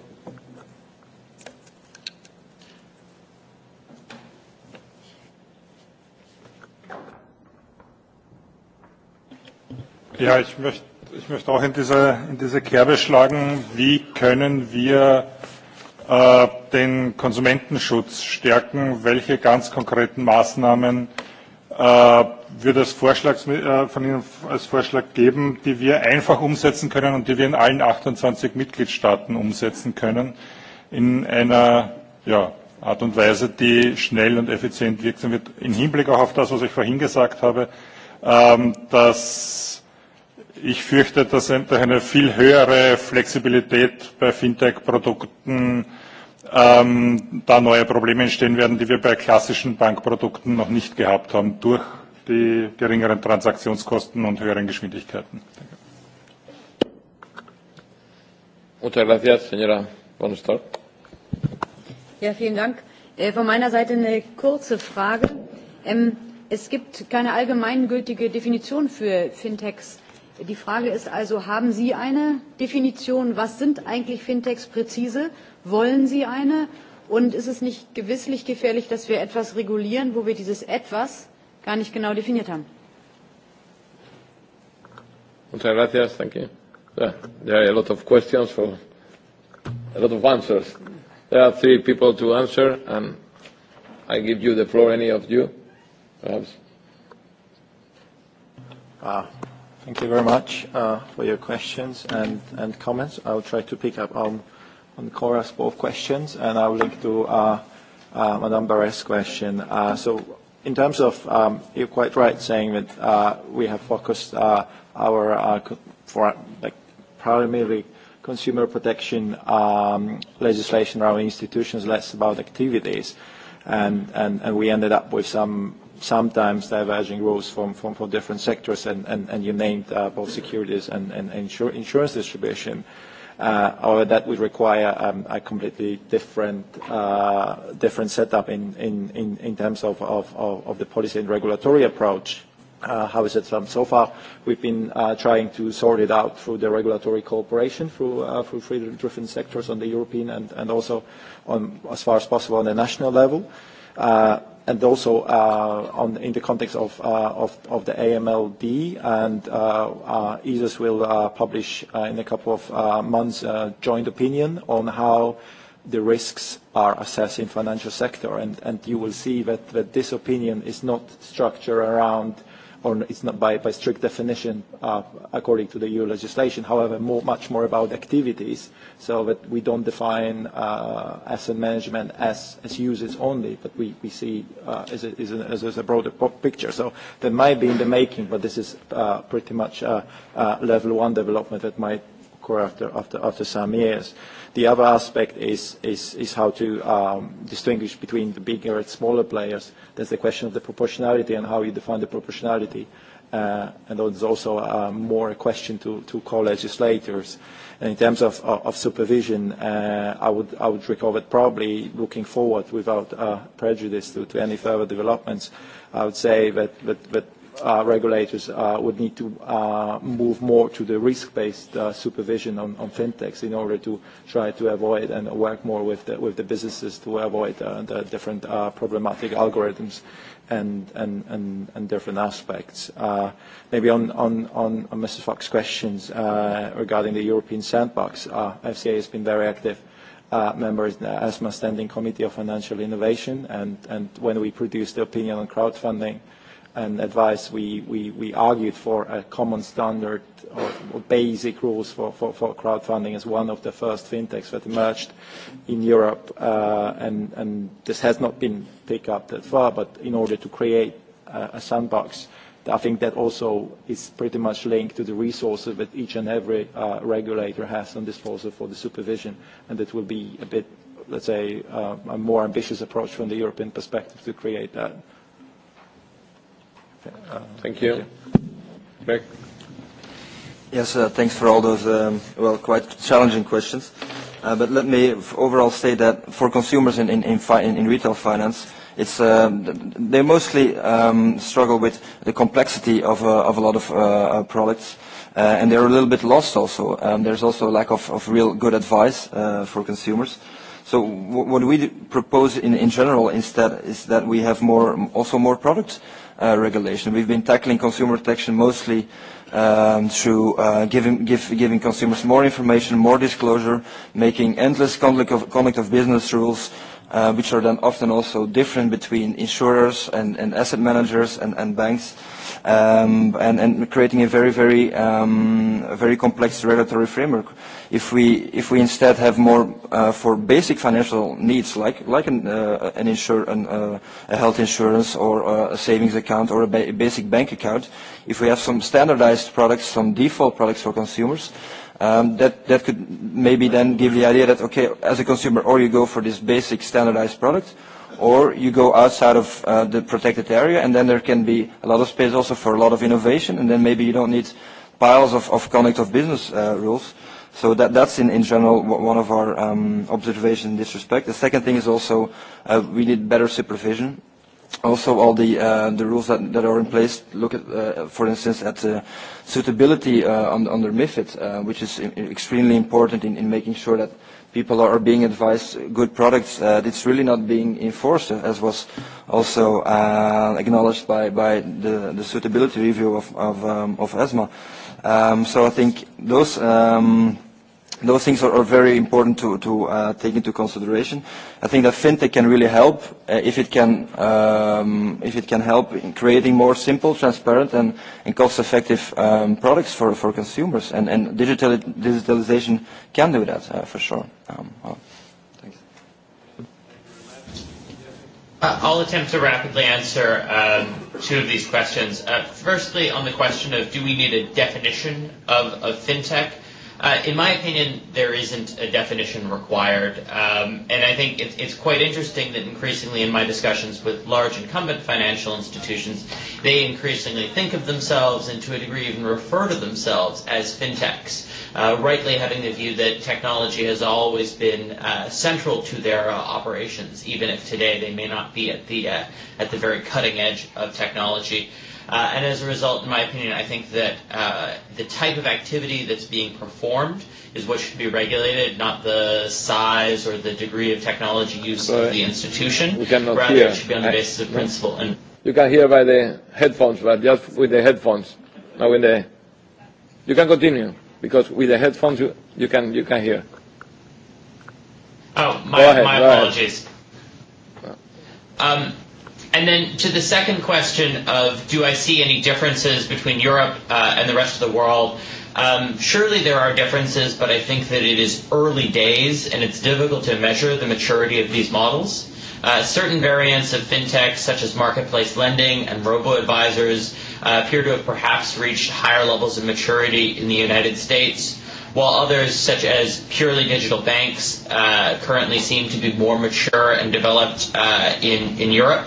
Ja, ich möchte ich möchte auch in diese, in diese Kerbe schlagen, wie können wir äh, den Konsumentenschutz stärken? Welche ganz konkreten Maßnahmen äh, würde es Vorschlags, äh, von Ihnen als Vorschlag geben, die wir einfach umsetzen können und die wir in allen 28 Mitgliedstaaten umsetzen können, in einer ja, Art und Weise, die schnell und effizient wirksam wird, im Hinblick auch auf das, was ich vorhin gesagt habe, ähm, dass Ich fürchte, dass eine viel höhere Flexibilität bei Fintech-Produkten ähm, da neue Probleme entstehen werden, die wir bei klassischen Bankprodukten noch nicht gehabt haben, durch die geringeren Transaktionskosten und höheren Geschwindigkeiten. Danke. Muchas gracias, señora von Stork. Ja, vielen Dank. Äh, von meiner Seite eine kurze Frage. Ähm, es gibt keine allgemeingültige Definition für Fintechs. Die Frage ist also, haben Sie eine Definition? Was sind eigentlich Fintechs präzise? Wollen Sie eine? Und ist es nicht gewisslich gefährlich, dass wir etwas regulieren, wo wir dieses etwas gar nicht genau definiert haben? Muchas gracias. Thank you. Yeah, there are a lot of questions for a lot of answers. There are three people to answer, and I give you the floor, any of you, perhaps. Uh, Thank you very much uh, for your questions and, and comments. I'll try to pick up on, on Cora's both questions, and I'll link to uh, uh, Madame Barrett's question. Uh, so in terms of, um, you're quite right saying that uh, we have focused uh, our, uh, for, like, primarily consumer protection um, legislation around institutions, less about activities. And, and, and we ended up with some sometimes diverging rules from, from, from different sectors, and, and, and you named uh, both securities and, and insur insurance distribution. Uh, or that would require um, a completely different, uh, different setup in, in, in, in terms of, of, of the policy and regulatory approach. Uh, how is it done? So far, we've been uh, trying to sort it out through the regulatory cooperation, through, uh, through three different sectors on the European and, and also on, as far as possible, on the national level. Uh, and also uh, on, in the context of, uh, of, of the AMLD, and uh, ESAS uh, will uh, publish uh, in a couple of months a joint opinion on how the risks are assessed in financial sector. And, and you will see that, that this opinion is not structured around or it's not by, by strict definition uh, according to the EU legislation, however, more, much more about activities, so that we don't define uh, asset management as, as uses only, but we, we see uh, as, a, as, a, as a broader picture. So that might be in the making, but this is uh, pretty much uh, uh, level one development that might core after, after, after some years. The other aspect is, is, is how to um, distinguish between the bigger and smaller players. There's the question of the proportionality and how you define the proportionality. Uh, and it's also uh, more a question to, to co-legislators. And in terms of, of, of supervision, uh, I, would, I would recall that probably looking forward without uh, prejudice to, to any further developments, I would say that, that, that uh, regulators uh, would need to uh, move more to the risk-based uh, supervision on, on fintechs in order to try to avoid and work more with the, with the businesses to avoid uh, the different uh, problematic algorithms and, and, and, and different aspects. Uh, maybe on, on, on Mrs. Fox's questions uh, regarding the European sandbox, uh, FCA has been very active uh, members in the ESMA Standing Committee of Financial Innovation, and, and when we produced the opinion on crowdfunding, uh, and advice, we, we, we argued for a common standard or, or basic rules for, for, for crowdfunding as one of the first fintechs that emerged in Europe. Uh, and, and this has not been picked up that far, but in order to create a, a sandbox, I think that also is pretty much linked to the resources that each and every uh, regulator has on disposal for the supervision, and that will be a bit, let's say, uh, a more ambitious approach from the European perspective to create that. Uh, thank you. Back. Yes, uh, thanks for all those, um, well, quite challenging questions. Uh, but let me overall say that for consumers in, in, in, fi in, in retail finance, it's, um, they mostly um, struggle with the complexity of, uh, of a lot of uh, uh, products. Uh, and they're a little bit lost also. Um, there's also a lack of, of real good advice uh, for consumers. So what we propose in, in general instead is that we have more, also more products uh, regulation. We've been tackling consumer protection mostly um, through uh, giving, give, giving consumers more information, more disclosure, making endless conduct of, conduct of business rules, uh, which are then often also different between insurers and, and asset managers and, and banks. Uh, um, and, and creating a very, very, um, a very complex regulatory framework. If we, if we instead have more uh, for basic financial needs, like, like an, uh, an insur an, uh, a health insurance or uh, a savings account or a ba basic bank account, if we have some standardized products, some default products for consumers, um, that, that could maybe then give the idea that, okay, as a consumer, or you go for this basic standardized product, or you go outside of uh, the protected area, and then there can be a lot of space also for a lot of innovation, and then maybe you don't need piles of, of conduct of business uh, rules. So that, that's in, in general one of our um, observations in this respect. The second thing is also uh, we need better supervision. Also, all the uh, the rules that, that are in place look at, uh, for instance, at uh, suitability uh, on, under MIFID, uh, which is uh, extremely important in, in making sure that uh, people are being advised good products. Uh, it's really not being enforced, as was also uh, acknowledged by, by the, the suitability review of, of, um, of ESMA. Um, so I think those um, those things are, are very important to, to uh, take into consideration. I think that fintech can really help uh, if it can um, if it can help in creating more simple, transparent, and, and cost-effective um, products for, for consumers. And, and digital digitalization can do that uh, for sure. Um, well, thanks. Uh, I'll attempt to rapidly answer um, two of these questions. Uh, firstly, on the question of do we need a definition of, of fintech? Uh, in my opinion, there isn't a definition required, um, and I think it, it's quite interesting that increasingly in my discussions with large incumbent financial institutions, they increasingly think of themselves and to a degree even refer to themselves as fintechs uh, rightly having the view that technology has always been uh, central to their uh, operations, even if today they may not be at the uh, at the very cutting edge of technology. Uh, and as a result, in my opinion, I think that uh, the type of activity that's being performed is what should be regulated, not the size or the degree of technology use so of the institution. You cannot Rather, hear. it should be on the basis of principle. And you can hear by the headphones, but just with the headphones, not with the. You can continue because with the headphones you, you can you can hear. Oh, my, go ahead, my go apologies. Ahead. Um, and then to the second question of do I see any differences between Europe uh, and the rest of the world? Um, surely there are differences, but I think that it is early days and it's difficult to measure the maturity of these models. Uh, certain variants of fintech, such as marketplace lending and robo advisors, uh, appear to have perhaps reached higher levels of maturity in the United States, while others, such as purely digital banks, uh, currently seem to be more mature and developed uh, in, in Europe.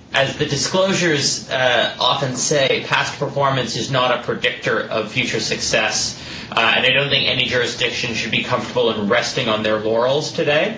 as the disclosures uh, often say, past performance is not a predictor of future success. Uh, and I don't think any jurisdiction should be comfortable in resting on their laurels today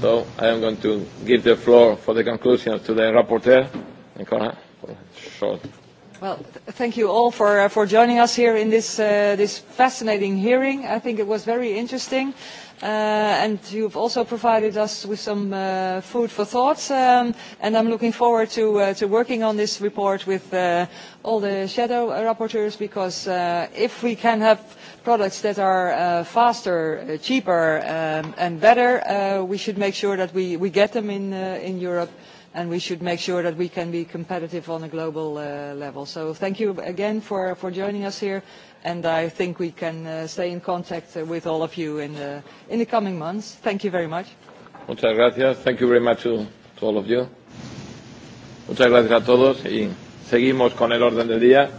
So I am going to give the floor for the conclusion to the rapporteur, Nicola, for short. Well, th thank you all for, uh, for joining us here in this, uh, this fascinating hearing. I think it was very interesting. Uh, and you've also provided us with some uh, food for thought. Um, and I'm looking forward to, uh, to working on this report with uh, all the shadow uh, rapporteurs because uh, if we can have products that are uh, faster, uh, cheaper um, and better, uh, we should make sure that we, we get them in, uh, in Europe and we should make sure that we can be competitive on a global uh, level. So thank you again for, for joining us here and I think we can uh, stay in contact uh, with all of you in the, in the coming months. Thank you very much. Muchas gracias. Thank you very much to, to all of you. Muchas gracias a todos y seguimos con el orden del día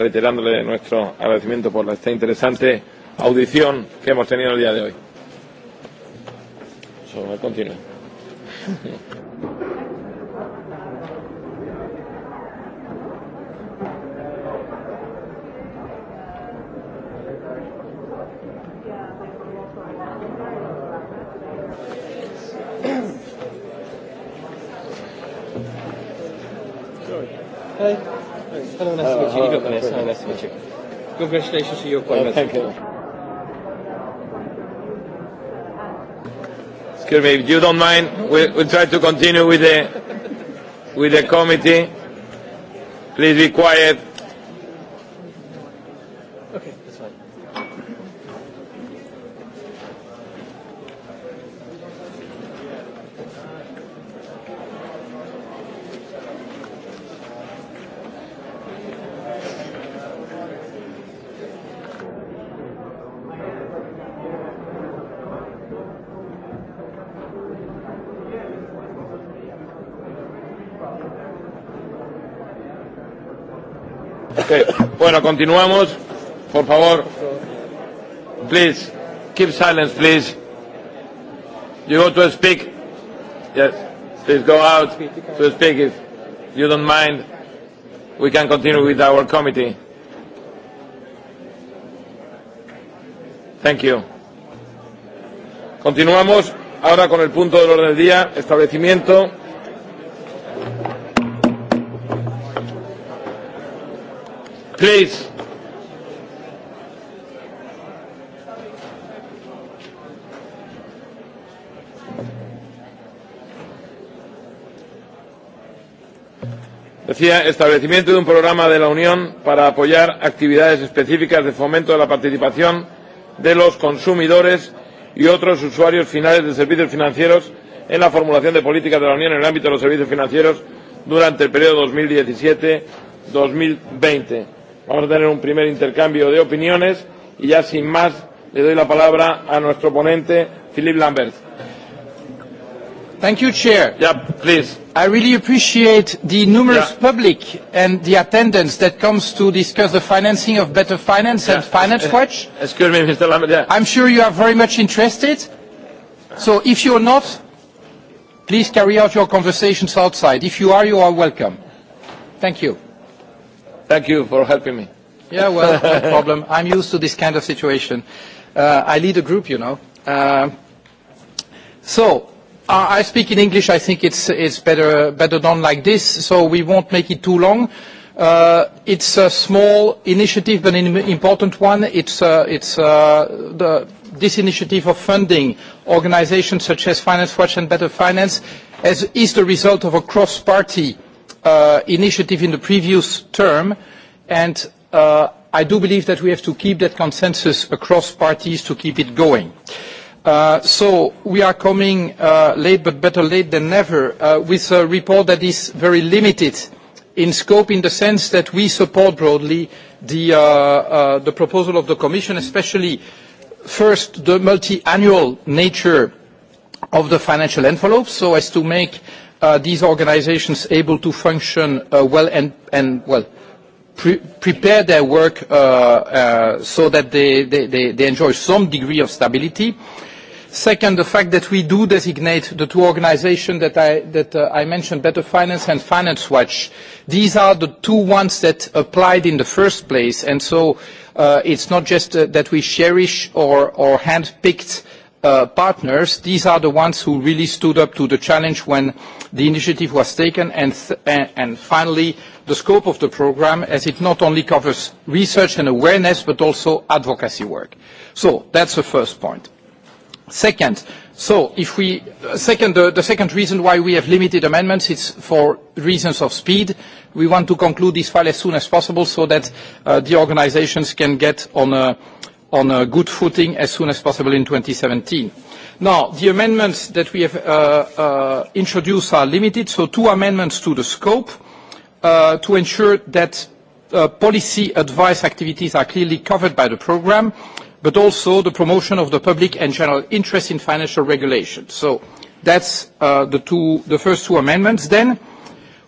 reiterándole nuestro agradecimiento por esta interesante audición que hemos tenido el día de hoy. Sobre continúe. Congratulations to your appointment. Uh, thank you. Excuse me, if you don't mind, we, we'll try to continue with the, with the committee. Please be quiet. Bueno, continuamos. Por favor. Please, keep silence, please. You want to speak? Yes. Please go out to speak if you don't mind. We can continue with our committee. Thank you. Continuamos ahora con el punto del orden del día, establecimiento Please. Decía, establecimiento de un programa de la Unión para apoyar actividades específicas de fomento de la participación de los consumidores y otros usuarios finales de servicios financieros en la formulación de políticas de la Unión en el ámbito de los servicios financieros durante el periodo 2017-2020. Vamos a tener un primer intercambio de opiniones y ya sin más le doy la palabra a nuestro ponente, Philip Lambert. Thank you, Chair. Yeah, please. I really appreciate the numerous yeah. public and the attendance that comes to discuss the financing of Better Finance yeah. and Finance es eh, Watch. Excuse me, Mr. Lambert. Yeah. I'm sure you are very much interested. So if you're not, please carry out your conversations outside. If you are, you are welcome. Thank you. Thank you for helping me. Yeah, well, no (laughs) problem. I'm used to this kind of situation. Uh, I lead a group, you know. Uh, so, uh, I speak in English. I think it's, it's better, better done like this, so we won't make it too long. Uh, it's a small initiative, but an important one. It's, uh, it's uh, the, this initiative of funding organizations such as Finance Watch and Better Finance as, is the result of a cross-party uh, uh, initiative in the previous term, and uh, I do believe that we have to keep that consensus across parties to keep it going. Uh, so we are coming uh, late, but better late than never, uh, with a report that is very limited in scope in the sense that we support broadly the, uh, uh, the proposal of the Commission, especially first the multi-annual nature of the financial envelope so as to make uh, these organizations able to function uh, well and, and well, pre prepare their work uh, uh, so that they, they, they, they enjoy some degree of stability. Second, the fact that we do designate the two organizations that I, that, uh, I mentioned, Better Finance and Finance Watch. These are the two ones that applied in the first place, and so uh, it's not just uh, that we cherish or, or handpicked uh, uh, partners, these are the ones who really stood up to the challenge when the initiative was taken. And, and, and finally, the scope of the program, as it not only covers research and awareness, but also advocacy work. So that's the first point. Second, so if we, second, the, the second reason why we have limited amendments is for reasons of speed. We want to conclude this file as soon as possible so that uh, the organizations can get on a, on a good footing as soon as possible in 2017. Now, the amendments that we have uh, uh, introduced are limited, so two amendments to the scope uh, to ensure that uh, policy advice activities are clearly covered by the programme, but also the promotion of the public and general interest in financial regulation. So that's uh, the, two, the first two amendments. Then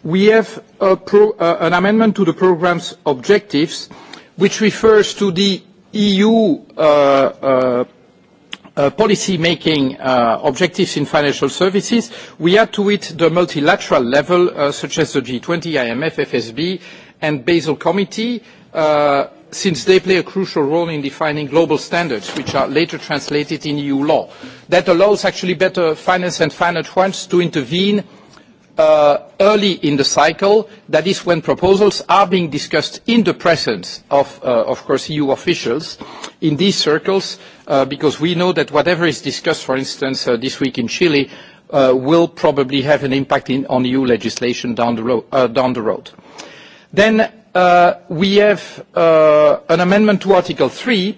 we have a pro, uh, an amendment to the programme's objectives, which refers to the EU uh, uh, uh, policy-making uh, objectives in financial services, we add to it the multilateral level, uh, such as the G20, IMF, FSB, and Basel Committee, uh, since they play a crucial role in defining global standards, which are later translated in EU law. That allows actually better finance and finance funds to intervene uh, uh, early in the cycle, that is when proposals are being discussed in the presence of, uh, of course, EU officials in these circles, uh, because we know that whatever is discussed, for instance, uh, this week in Chile, uh, will probably have an impact in, on EU legislation down the, ro uh, down the road. Then uh, we have uh, an amendment to Article 3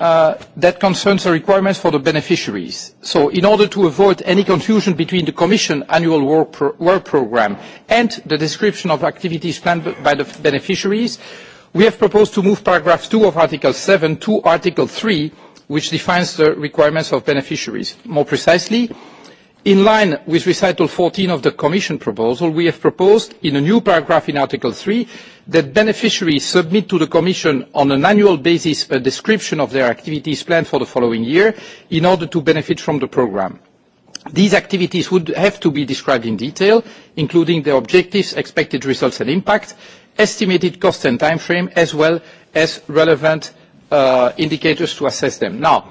uh, that concerns the requirements for the beneficiaries. So in order to avoid any confusion between the Commission annual work, pro work programme and the description of activities planned by the beneficiaries, we have proposed to move paragraph 2 of Article 7 to Article 3, which defines the requirements of beneficiaries. More precisely, In line with recital 14 of the Commission proposal, we have proposed in a new paragraph in Article 3 that beneficiaries submit to the Commission on an annual basis a description of their activities planned for the following year in order to benefit from the programme. These activities would have to be described in detail, including their objectives, expected results and impact, estimated cost and timeframe, as well as relevant uh, indicators to assess them. Now,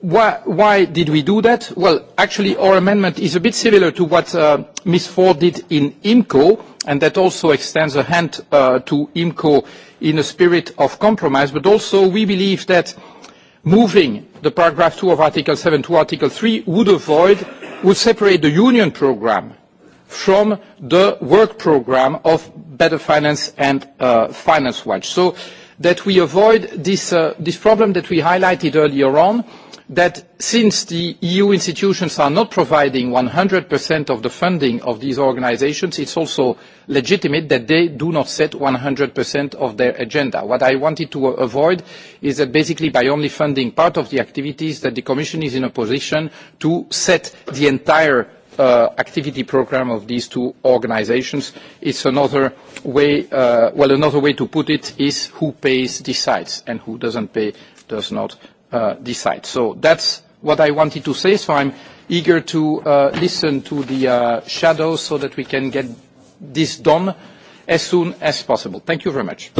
Why, why did we do that? Well, actually, our amendment is a bit similar to what uh, Ms. Ford did in IMCO, and that also extends a hand uh, to IMCO in a spirit of compromise. But also, we believe that moving the paragraph 2 of Article 7 to Article 3 would avoid, would separate the union program from the work program of Better Finance and uh, Finance Watch. So that we avoid this, uh, this problem that we highlighted earlier on, that since the EU institutions are not providing 100% of the funding of these organizations, it's also legitimate that they do not set 100% of their agenda. What I wanted to avoid is that basically by only funding part of the activities, that the Commission is in a position to set the entire uh, activity program of these two organizations. It's another way, uh, well, another way to put it is who pays decides, and who doesn't pay does not uh, decide. So that's what I wanted to say. So I'm eager to uh, listen to the uh, shadows so that we can get this done as soon as possible. Thank you very much.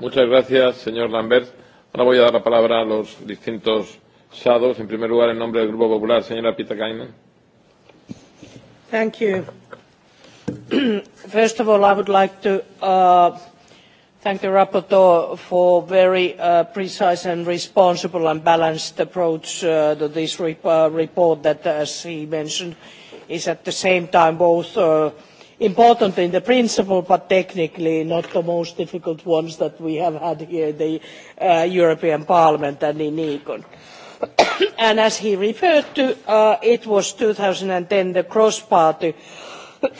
Muchas gracias, señor Lambert. Ahora voy a dar la palabra a los distintos shadows. En primer lugar, en nombre del Grupo Popular, señora Pitakainen. Thank you. (clears throat) First of all, I would like to uh, thank the rapporteur for very uh, precise and responsible and balanced approach uh, to this re uh, report that, as he mentioned, is at the same time both uh, important in the principle but technically not the most difficult ones that we have had here in the uh, European Parliament and in Econ. (coughs) and as he referred to, uh, it was 2010 the cross-party uh, (coughs)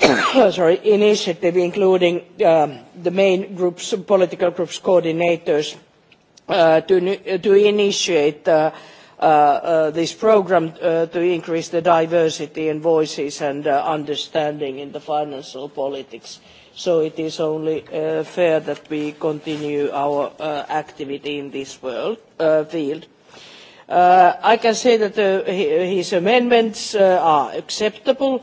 sorry, initiative including um, the main groups, political groups coordinators uh, to, to initiate uh, uh, uh, this program uh, to increase the diversity in voices and uh, understanding in the financial politics. So it is only uh, fair that we continue our uh, activity in this world, uh, field. Uh, I can say that uh, his amendments uh, are acceptable. Uh,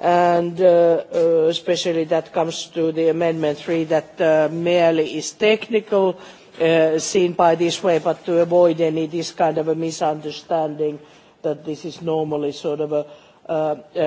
and uh, uh, especially that comes to the amendment 3 that uh, merely is technical uh, seen by this way but to avoid any this kind of a misunderstanding that this is normally sort of a uh, uh, uh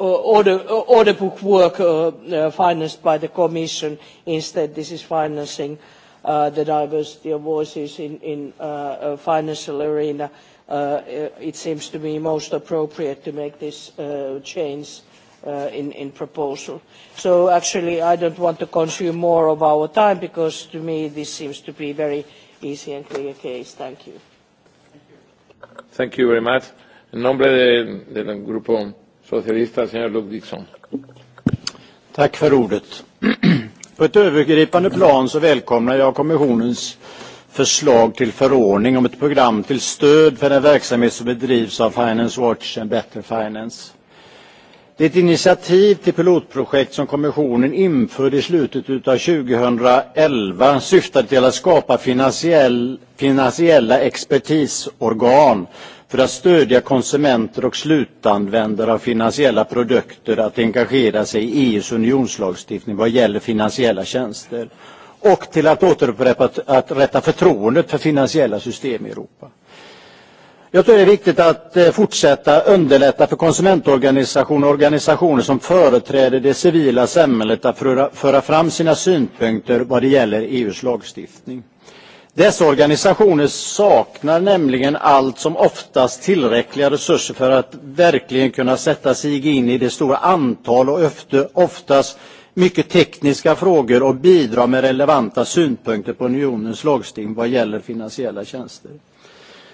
order, order book work uh, uh, financed by the Commission. Instead, this is financing uh, the diversity of voices in, in uh, financial arena. Uh, uh, it seems to me most appropriate to make this uh, change uh, in, in proposal. So actually I don't want to consume more of our time because to me this seems to be very easy and clear case. Thank you. Thank you very much. En nombre del de, de Grupo Socialista, señor Luke Dixon. Tack för ordet. (clears throat) På ett övergripande plan så välkomnar jag kommissionens eh, förslag till förordning om ett program till stöd för den verksamhet som bedrivs av Finance Watch and Better Finance. Det är ett initiativ till pilotprojekt som Kommissionen införde i slutet av 2011 syftade till att skapa finansiell, finansiella expertisorgan för att stödja konsumenter och slutanvändare av finansiella produkter att engagera sig i EUs unionslagstiftning vad gäller finansiella tjänster och till att återupprätta förtroendet för finansiella system i Europa. Jag tror det är viktigt att eh, fortsätta underlätta för konsumentorganisationer och organisationer som företräder det civila samhället att föra fram sina synpunkter vad det gäller EUs lagstiftning. Dessa organisationer saknar nämligen allt som oftast tillräckliga resurser för att verkligen kunna sätta sig in i det stora antal och oftast mycket tekniska frågor och bidra med relevanta synpunkter på unionens lagstiftning vad gäller finansiella tjänster.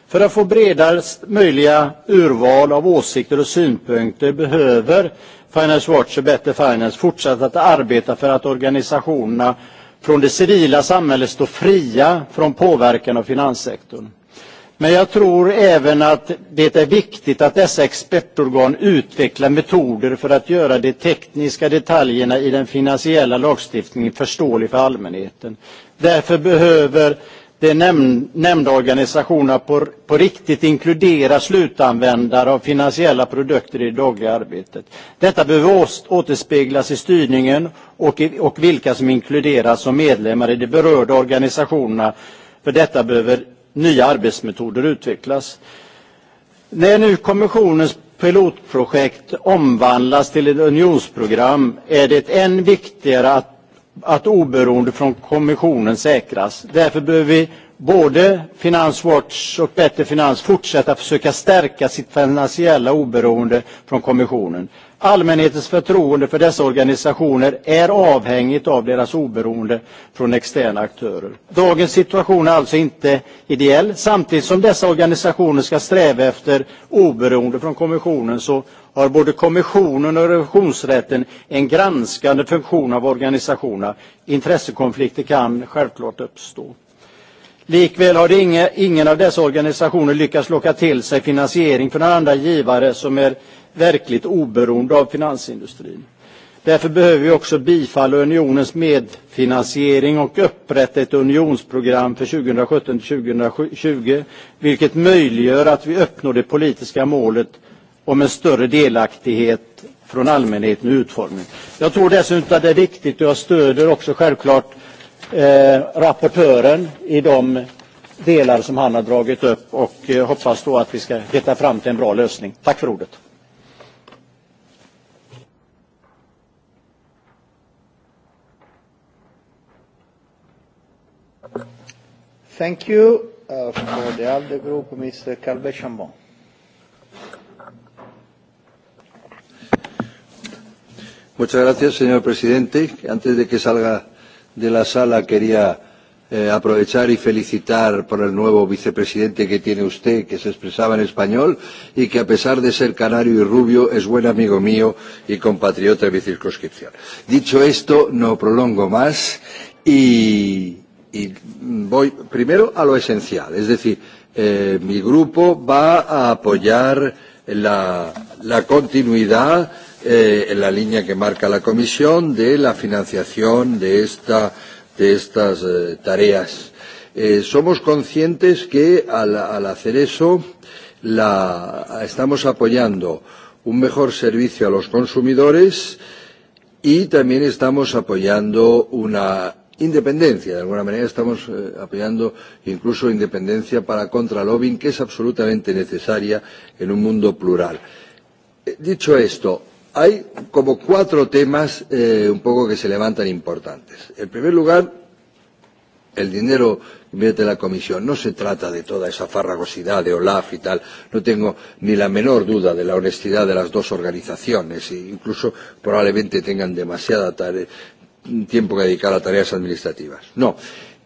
För att få bredast möjliga urval av åsikter och synpunkter behöver Finance Watch och Better Finance fortsätta att arbeta för att organisationerna från det civila samhället står fria från påverkan av finanssektorn. Men jag tror även att det är viktigt att dessa expertorgan utvecklar metoder för att göra de tekniska detaljerna i den finansiella lagstiftningen förståelig för allmänheten. Därför behöver de nämnda organisationerna på, på riktigt inkludera slutanvändare av finansiella produkter i det dagliga arbetet. Detta behöver återspeglas i styrningen och, i, och vilka som inkluderas som medlemmar i de berörda organisationerna. För detta behöver nya arbetsmetoder utvecklas. När nu kommissionens pilotprojekt omvandlas till ett unionsprogram är det än viktigare att, att oberoende från kommissionen säkras. Därför behöver vi både Finanswatch och Bättre Finans fortsätta försöka stärka sitt finansiella oberoende från kommissionen. Allmänhetens förtroende för dessa organisationer är avhängigt av deras oberoende från externa aktörer. Dagens situation är alltså inte ideell. Samtidigt som dessa organisationer ska sträva efter oberoende från kommissionen så har både kommissionen och revisionsrätten en granskande funktion av organisationerna. Intressekonflikter kan självklart uppstå. Likväl har inga, ingen av dessa organisationer lyckats locka till sig finansiering från andra givare som är verkligt oberoende av finansindustrin. Därför behöver vi också bifalla unionens medfinansiering och upprätta ett unionsprogram för 2017-2020, vilket möjliggör att vi uppnår det politiska målet om en större delaktighet från allmänheten i utformningen. Jag tror dessutom att det är viktigt, och jag stöder också självklart eh, rapportören i de delar som han har dragit upp och eh, hoppas då att vi ska hitta fram till en bra lösning. Tack för ordet. Thank you uh, for the ALDE group, Mr. Calvet Chambon. Muchas gracias, señor presidente. Antes de que salga de la sala, quería eh, aprovechar y felicitar por el nuevo vicepresidente que tiene usted, que se expresaba en español y que, a pesar de ser canario y rubio, es buen amigo mío y compatriota de mi circunscripción. Dicho esto, no prolongo más y y voy primero a lo esencial. Es decir, eh, mi grupo va a apoyar la, la continuidad eh, en la línea que marca la Comisión de la financiación de, esta, de estas eh, tareas. Eh, somos conscientes que al, al hacer eso la, estamos apoyando un mejor servicio a los consumidores y también estamos apoyando una independencia. De alguna manera estamos eh, apoyando incluso independencia para contralobbying, que es absolutamente necesaria en un mundo plural. Eh, dicho esto, hay como cuatro temas eh, un poco que se levantan importantes. En primer lugar, el dinero que mete la comisión. No se trata de toda esa farragosidad de OLAF y tal. No tengo ni la menor duda de la honestidad de las dos organizaciones. E incluso probablemente tengan demasiada tare, tiempo que dedicar a tareas administrativas. No,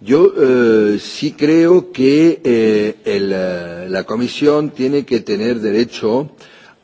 yo eh, sí creo que eh, el, eh, la Comisión tiene que tener derecho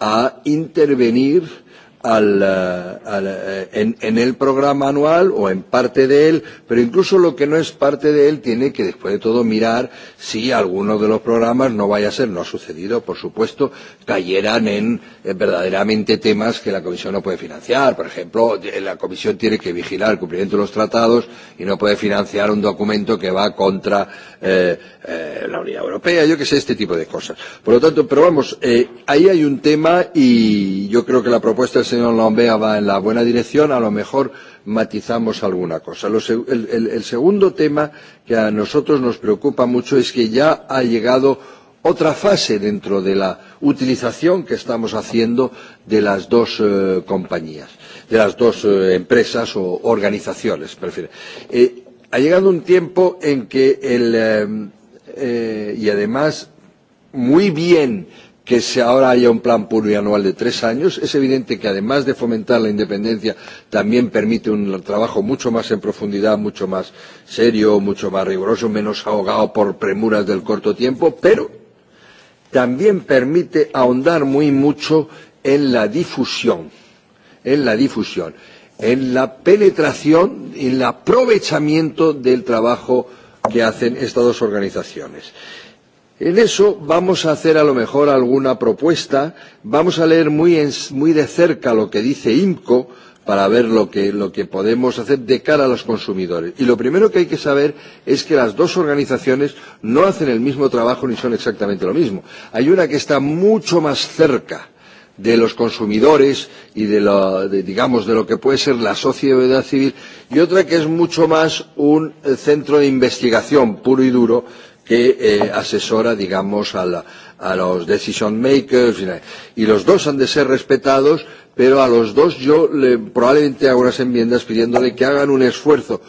a intervenir al, eh, al, eh, en, en el programa anual o en parte de él, pero incluso lo que no es parte de él tiene que, después de todo, mirar si algunos de los programas no vaya a ser, no ha sucedido, por supuesto, cayeran en eh, verdaderamente temas que la Comisión no puede financiar. Por ejemplo, eh, la Comisión tiene que vigilar el cumplimiento de los tratados y no puede financiar un documento que va contra eh, eh, la Unión Europea, yo que sé, este tipo de cosas. Por lo tanto, pero vamos, eh, ahí hay un tema y yo creo que la propuesta del señor Lombea va en la buena dirección, a lo mejor matizamos alguna cosa. Los, el, el, el segundo tema que a nosotros nos preocupa mucho es que ya ha llegado otra fase dentro de la utilización que estamos haciendo de las dos eh, compañías, de las dos eh, empresas o organizaciones, prefiero. Eh, ha llegado un tiempo en que el, eh, eh, y además muy bien eh, que se ahora haya un plan plurianual de tres años. Es evidente que además de fomentar la independencia, también permite un trabajo mucho más en profundidad, mucho más serio, mucho más riguroso, menos ahogado por premuras del corto tiempo, pero también permite ahondar muy mucho en la difusión, en la difusión, en la penetración, en el aprovechamiento del trabajo que hacen estas dos organizaciones. Eh, En eso vamos a hacer a lo mejor alguna propuesta, vamos a leer muy, en, muy de cerca lo que dice IMCO para ver lo que, lo que podemos hacer de cara a los consumidores. Y lo primero que hay que saber es que las dos organizaciones no hacen el mismo trabajo ni son exactamente lo mismo. Hay una que está mucho más cerca de los consumidores y de, la, de digamos de lo que puede ser la sociedad civil y otra que es mucho más un eh, centro de investigación puro y duro que eh, asesora, digamos, a, la, a los decision makers. Y los dos han de ser respetados, pero a los dos yo le, probablemente hago unas enmiendas pidiéndole que hagan un esfuerzo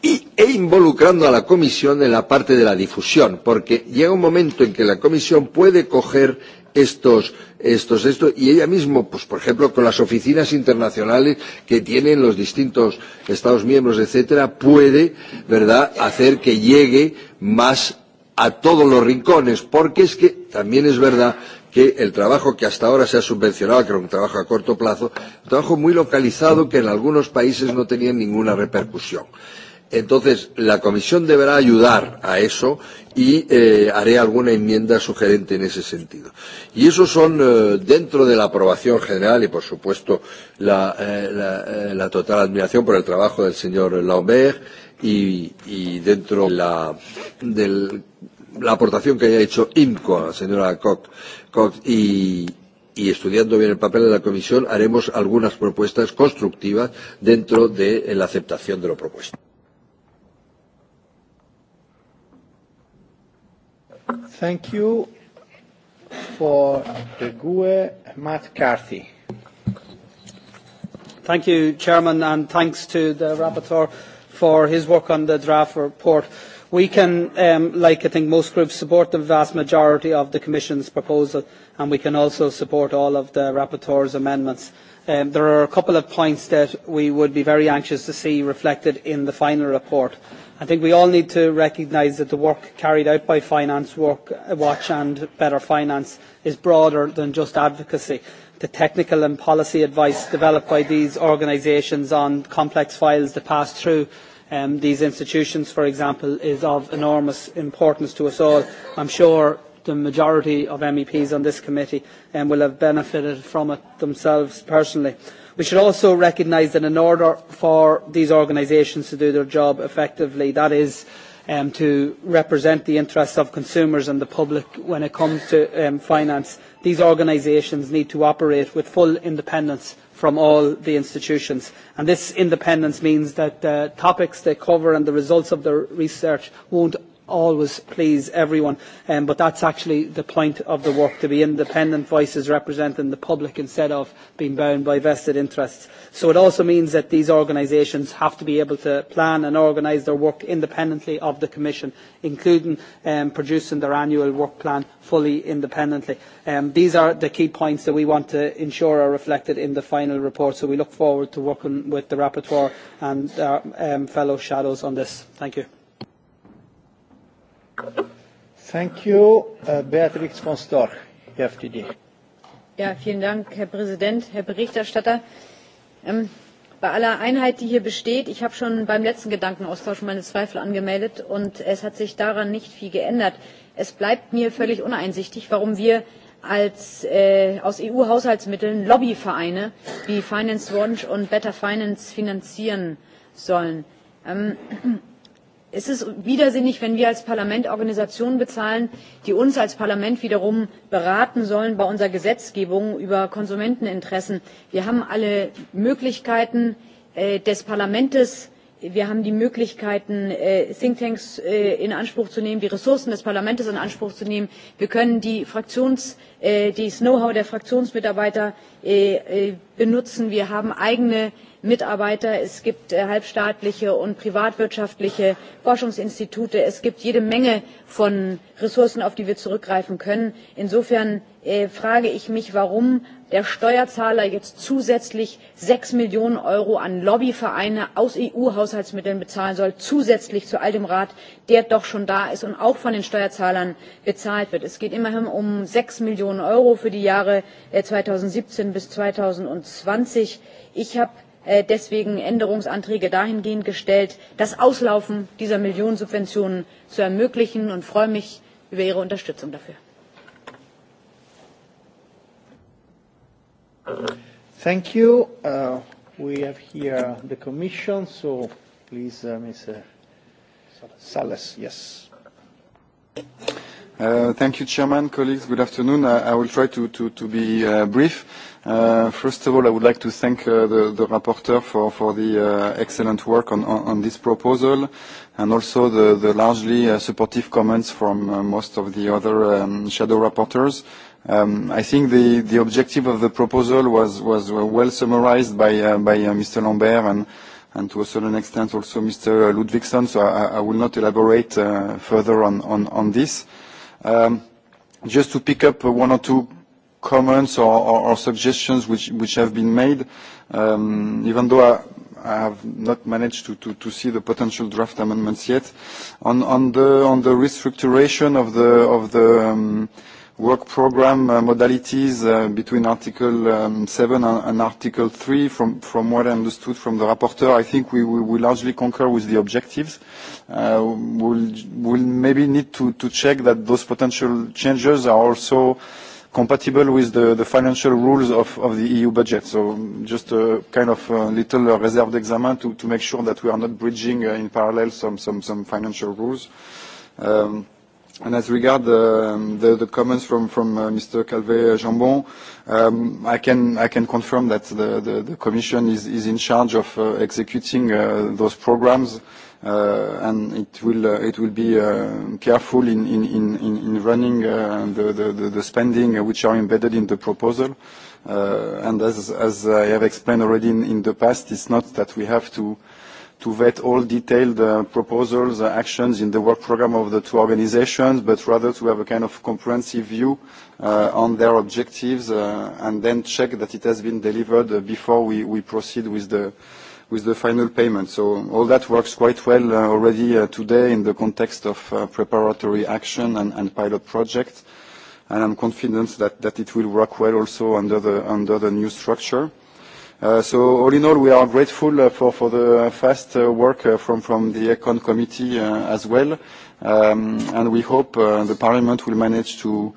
y, e involucrando a la Comisión en la parte de la difusión, porque llega un momento en que la Comisión puede coger estos estos esto y ella misma pues por ejemplo con las oficinas internacionales que tienen los distintos Estados miembros etcétera puede verdad hacer que llegue más a todos los rincones porque es que también es verdad que el trabajo que hasta ahora se ha subvencionado, que era un trabajo a corto plazo, un trabajo muy localizado que en algunos países no tenía ninguna repercusión. Eh, Entonces, la comisión deberá ayudar a eso y eh, haré alguna enmienda sugerente en ese sentido. Y esos son, eh, dentro de la aprobación general y, por supuesto, la, eh, la, eh, la total admiración por el trabajo del señor Lambert y, y dentro de la, del, la aportación que haya hecho IMCO, la señora Koch, Koch y, y estudiando bien el papel de la Comisión, haremos algunas propuestas constructivas dentro de la aceptación de lo propuesto. Thank you for the GUE, Matt Carthy. Thank you, Chairman, and thanks to the Rapporteur for his work on the draft report. We can, um, like I think most groups, support the vast majority of the Commission's proposal, and we can also support all of the Rapporteur's amendments. Um, there are a couple of points that we would be very anxious to see reflected in the final report. Uh, I think we all need to recognise that the work carried out by Finance work, uh, Watch and Better Finance is broader than just advocacy. The technical and policy advice developed by these organisations on complex files that pass through um, these institutions, for example, is of enormous importance to us all. I'm sure the majority of MEPs on this committee um, will have benefited from it themselves personally. Uh, We should also recognise that in order for these organisations to do their job effectively, that is um, to represent the interests of consumers and the public when it comes to um, finance, these organisations need to operate with full independence from all the institutions. And this independence means that the uh, topics they cover and the results of their research won't always please everyone. Um, but that's actually the point of the work, to be independent voices representing the public instead of being bound by vested interests. So it also means that these organisations have to be able to plan and organise their work independently of the Commission, including um, producing their annual work plan fully independently. Um, these are the key points that we want to ensure are reflected in the final report, so we look forward to working with the rapporteur and our um, fellow shadows on this. Thank you. Thank you, uh, Beatrix von Storch, FDD. Ja, vielen Dank, Herr Präsident, Herr Berichterstatter. Ähm, bei aller Einheit, die hier besteht, ich habe schon beim letzten Gedankenaustausch meine Zweifel angemeldet und es hat sich daran nicht viel geändert. Es bleibt mir völlig uneinsichtig, warum wir als, äh, aus EU-Haushaltsmitteln Lobbyvereine wie Finance Watch und Better Finance finanzieren sollen. Ähm, es ist widersinnig, wenn wir als Parlament Organisationen bezahlen, die uns als Parlament wiederum beraten sollen bei unserer Gesetzgebung über Konsumenteninteressen. Wir haben alle Möglichkeiten äh, des Parlamentes, wir haben die Möglichkeiten, äh, Thinktanks äh, in Anspruch zu nehmen, die Ressourcen des Parlaments in Anspruch zu nehmen. Wir können die Fraktions, äh, das Know-how der Fraktionsmitarbeiter Äh, äh, benutzen. Wir haben eigene Mitarbeiter, es gibt äh, halbstaatliche und privatwirtschaftliche Forschungsinstitute, es gibt jede Menge von Ressourcen, auf die wir zurückgreifen können. Insofern frage ich mich, warum der Steuerzahler jetzt zusätzlich sechs Millionen Euro an Lobbyvereine aus EU-Haushaltsmitteln bezahlen soll, zusätzlich zu all dem Rat, der doch schon da ist und auch von den Steuerzahlern bezahlt wird. Es geht immerhin um sechs Millionen Euro für die Jahre 2017 bis 2020. Ich habe äh, deswegen Änderungsanträge dahingehend gestellt, das Auslaufen dieser Millionensubventionen zu ermöglichen und freue mich über Ihre Unterstützung dafür. Thank you. Uh, we have here the Commission, so please, uh, Mr. Uh, Salas, yes. Uh, thank you, Chairman, colleagues. Good afternoon. I, I will try to, to, to be uh, brief. Uh, first of all, I would like to thank uh, the, the rapporteur for, for the uh, excellent work on, on, on this proposal and also the, the largely uh, supportive comments from uh, most of the other um, shadow rapporteurs. Um, I think the, the objective of the proposal was, was well summarized by, uh, by uh, Mr. Lambert and, and to a certain extent also Mr. Ludvigson, so I, I will not elaborate uh, further on, on, on this. Um, just to pick up one or two comments or, or, or suggestions which, which have been made, um, even though I, I have not managed to, to, to see the potential draft amendments yet. On, on, the, on the restructuration of the, of the um, work program uh, modalities uh, between Article um, 7 and, and Article 3, from, from what I understood from the rapporteur, I think we, we, we largely concur with the objectives. Uh, we'll, we'll maybe need to, to check that those potential changes are also uh, compatible with the, the financial rules of, of the EU budget. So just a kind of a uh, little uh, reserved examen to, to make sure that we are not bridging uh, in parallel some, some, some financial rules. Um, and as regard uh, the, the comments from, from uh, Mr. Calvet-Jambon, uh, um, I, can, I can confirm that the, the, the Commission is, is in charge of uh, executing uh, those programs. Uh, Uh, and it will, uh, it will be uh, careful in, in, in, in running uh, the, the, the spending uh, which are embedded in the proposal. Uh, and as, as I have explained already in the past, it's not that we have to, to vet all detailed proposals, actions in the work program of the two organizations, but rather to have a kind of comprehensive view on their objectives, and then check that it has been delivered before we, we proceed with the with the final payment. So all that works quite well uh, already uh, today in the context of uh, preparatory action and, and pilot project. And I'm confident that, that it will work well also under the, under the new structure. Uh, so all in all, we are grateful uh, for, for the fast uh, work uh, from, from the Econ Committee uh, as well. Um, and we hope uh, the Parliament will manage to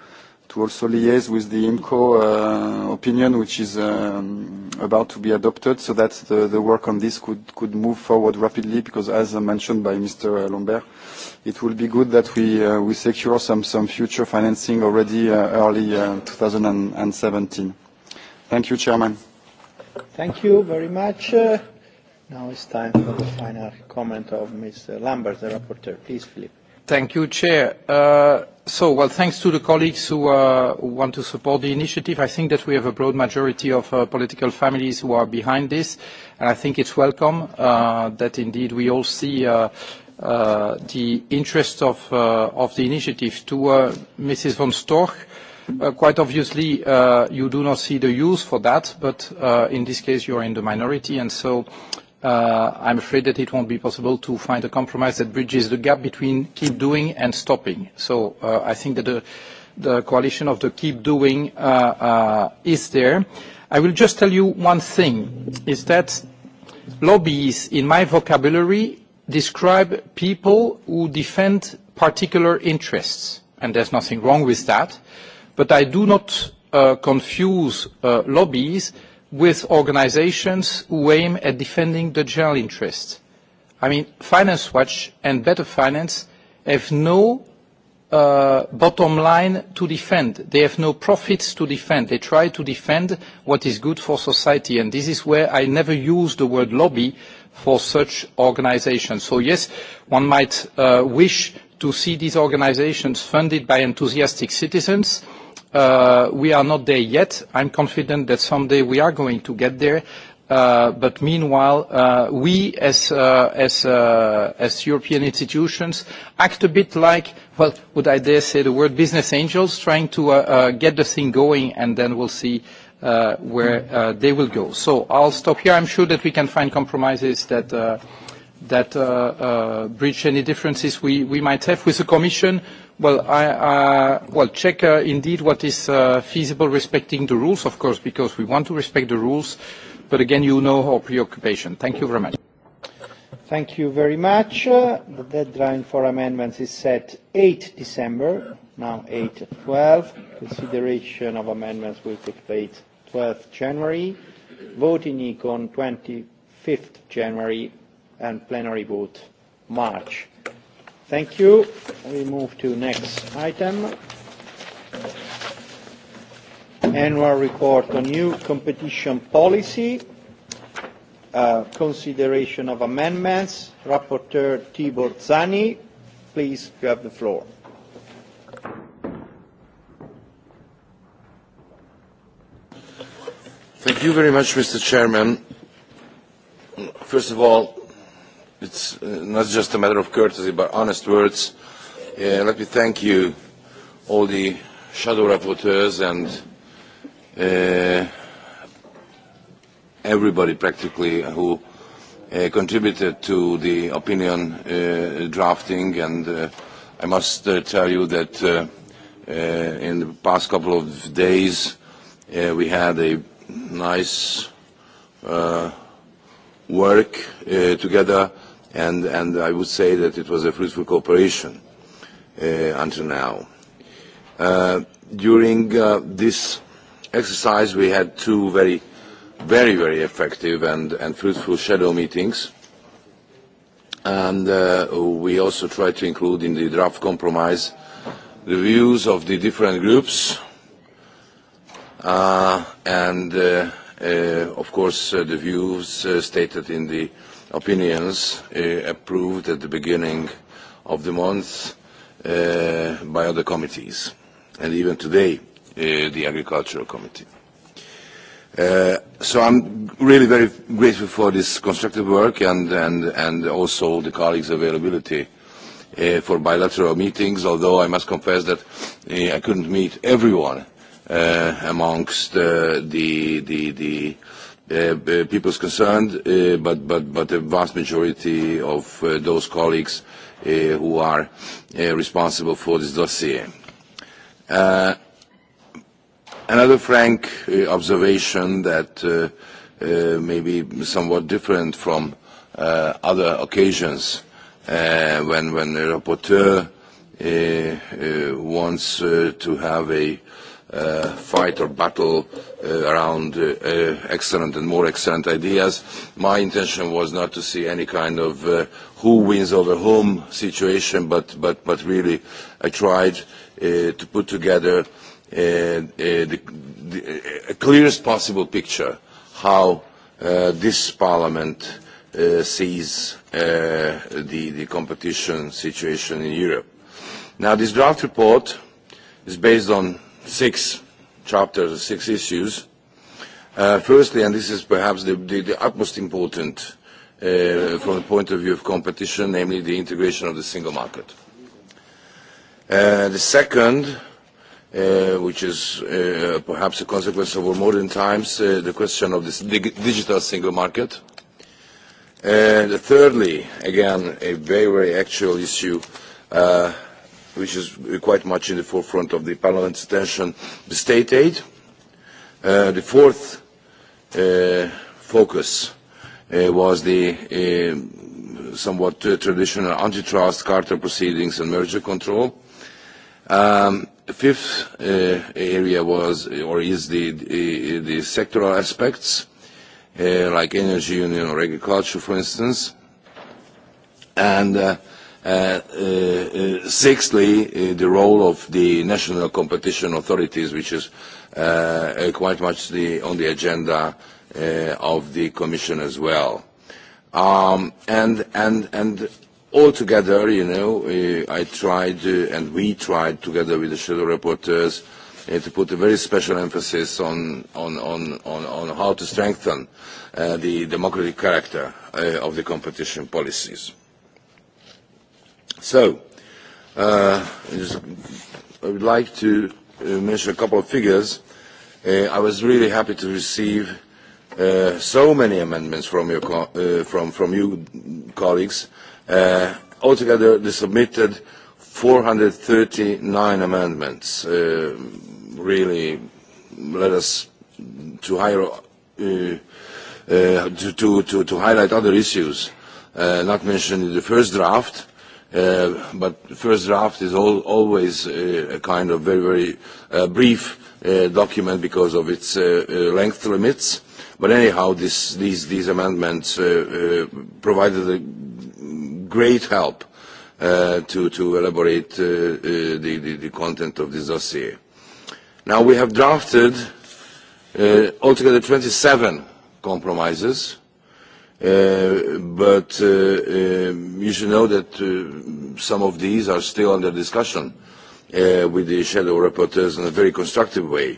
to also liaise with the IMCO uh, opinion, which is um, about to be adopted, so that the, the work on this could, could move forward rapidly, because as mentioned by Mr. Lambert, it will be good that we, uh, we secure some, some future financing already uh, early 2017. Uh, Thank you, Chairman. Thank you very much. Uh, now it's time for the final comment of Mr. Lambert, the rapporteur. Please, Philippe. Thank you, Chair. Uh, So, well, thanks to the colleagues who, uh, who want to support the initiative. I think that we have a broad majority of uh, political families who are behind this, and I think it's welcome uh, that indeed we all see uh, uh, the interest of, uh, of the initiative. To uh, Mrs. von Storch, uh, quite obviously uh, you do not see the use for that, but uh, in this case you are in the minority, and so uh, uh, I'm afraid that it won't be possible to find a compromise that bridges the gap between keep doing and stopping. So uh, I think that the, the coalition of the keep doing uh, uh, is there. I will just tell you one thing, is that lobbies, in my vocabulary, describe people who defend particular interests, and there's nothing wrong with that. But I do not uh, confuse uh, lobbies with organizations who aim at defending the general interest. I mean, Finance Watch and Better Finance have no uh, bottom line to defend. They have no profits to defend. They try to defend what is good for society. And this is where I never use the word lobby for such organizations. So yes, one might uh, wish to see these organizations funded by enthusiastic citizens, uh, Uh, we are not there yet. I'm confident that someday we are going to get there. Uh, but meanwhile, uh, we as, uh, as, uh, as European institutions act a bit like, well, would I dare say the word business angels, trying to uh, uh, get the thing going, and then we'll see where they will go. So I'll stop here. I'm sure that we can find compromises that that uh, uh, bridge any differences we, we might have with the Commission. Well, I, uh, well check uh, indeed what is uh, feasible respecting the rules, of course, because we want to respect the rules. But again, you know our preoccupation. Thank you very much. Thank you very much. Uh, the deadline for amendments is set 8 December, now 8 at 12. Consideration of amendments will take place 12th January. Voting on 25th January and plenary vote March. Thank you. We move to next item. Annual report on new competition policy. Uh, consideration of amendments. Rapporteur Tibor Zani. Please, you have the floor. Thank you very much, Mr. Chairman. First of all, It's uh, not just a matter of courtesy, but honest words. Uh, let me thank you, all the shadow rapporteurs and uh, everybody practically who uh, contributed to the opinion uh, drafting. And uh, I must uh, tell you that uh, uh, in the past couple of days, uh, we had a nice uh, work uh, together and, and I would say that it was a fruitful cooperation uh, until now. Uh, during uh, this exercise, we had two very, very, very effective and, and fruitful shadow meetings. And uh, we also tried to include in the draft compromise the views of the different groups uh, and, uh, uh, of course, uh, the views uh, stated in the uh, opinions uh, approved at the beginning of the month uh, by other committees, and even today, uh, the Agricultural Committee. Uh, so I'm really very grateful for this constructive work and, and, and also the colleagues' availability uh, for bilateral meetings, although I must confess that uh, I couldn't meet everyone uh, amongst uh, the, the, the uh, Uh, uh, peoples concerned, uh, but, but, but a vast majority of uh, those colleagues who are responsible for this dossier. Another frank observation that may be somewhat different from other occasions when, when the rapporteur wants to have a uh, fight or battle uh, around uh, uh, excellent and more excellent ideas. My intention was not to see any kind of uh, who wins over whom situation, but, but, but really I tried uh, to put together uh, uh the, the uh, clearest possible picture how uh, this parliament uh, sees uh, the, the competition situation in Europe. Now, this draft report is based on six chapters, six issues. Uh, firstly, and this is perhaps the, the, the utmost important uh, from the point of view of competition, namely the integration of the single market. Uh, the second, uh, which is uh, perhaps a consequence of our modern times, uh, the question of this dig digital single market. And uh, thirdly, again, a very, very actual issue, uh, which is quite much in the forefront of the Parliament's attention, the state aid. Uh, the fourth uh, focus uh, was the uh, somewhat uh, traditional antitrust, cartel proceedings and merger control. Um, fifth uh, area was or is the, the, the sectoral aspects, uh, like energy union or agriculture, for instance. And uh, Uh, uh, uh, sixthly, uh, the role of the national competition authorities, which is uh, uh, quite much the, on the agenda uh, of the Commission as well. Um, and, and, and altogether, you know, uh, I tried uh, and we tried together with the shadow reporters uh, to put a very special emphasis on, on, on, on, on how to strengthen uh, the democratic character uh, of the competition policies. So, uh, I would like to uh, mention a couple of figures. Uh, I was really happy to receive uh, so many amendments from, your co uh, from, from you colleagues. Uh, altogether, they submitted 439 amendments. Uh, really, let us to higher uh, uh, to, to, to, to highlight other issues uh, not mentioned in the first draft. Uh, Uh, but the first draft is all, always uh, a kind of very, very uh, brief uh, document because of its uh, uh, length limits. But anyhow, this, these, these amendments uh, uh, provided a great help uh, to, to elaborate uh, uh, the, the, the content of this dossier. Now we have drafted uh, altogether 27 compromises. Uh, Uh, but uh, um, you should know that uh, some of these are still under discussion uh, with the shadow rapporteurs in a very constructive way.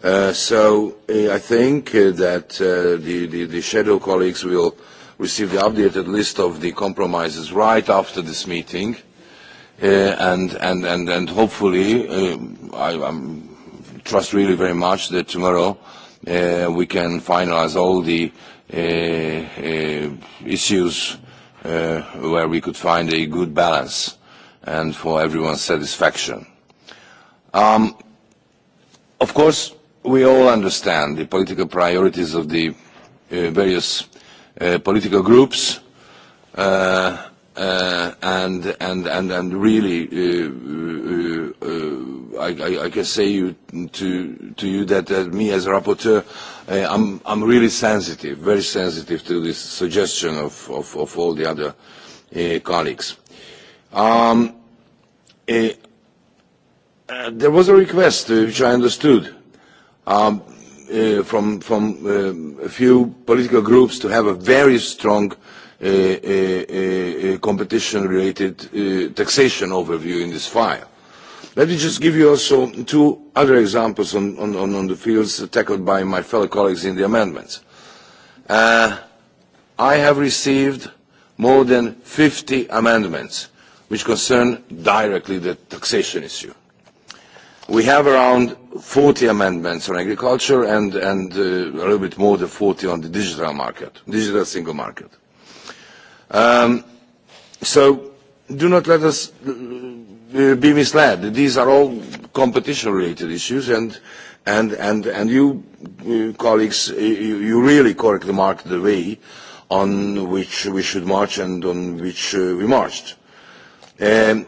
Uh, so uh, I think uh, that uh, the, the, the shadow colleagues will receive the updated list of the compromises right after this meeting, uh, and, and, and, and hopefully, uh, I I'm trust really very much that tomorrow uh, we can finalize all the uh, uh, uh, issues uh, where we could find a good balance and for everyone's satisfaction. Um, of course, we all understand the political priorities of the uh, various uh, political groups. Uh, uh, and and and and really, uh, uh, uh, I, I, I can say you, to to you that uh, me as a rapporteur, uh, I'm I'm really sensitive, very sensitive to this suggestion of of, of all the other uh, colleagues. Um, uh, uh, there was a request, uh, which I understood, um, uh, from from uh, a few political groups to have a very strong uh, uh, uh, uh, competition-related uh, taxation overview in this file. Let me just give you also two other examples on, on, on the fields tackled by my fellow colleagues in the amendments. Uh, I have received more than 50 amendments which concern directly the taxation issue. We have around 40 amendments on agriculture and, and uh, a little bit more than 40 on the digital market, digital single market. Um, so do not let us uh, be misled. These are all competition-related issues, and, and, and, and you, uh, colleagues, you, you really correct the mark the way on which we should march and on which uh, we marched. Um,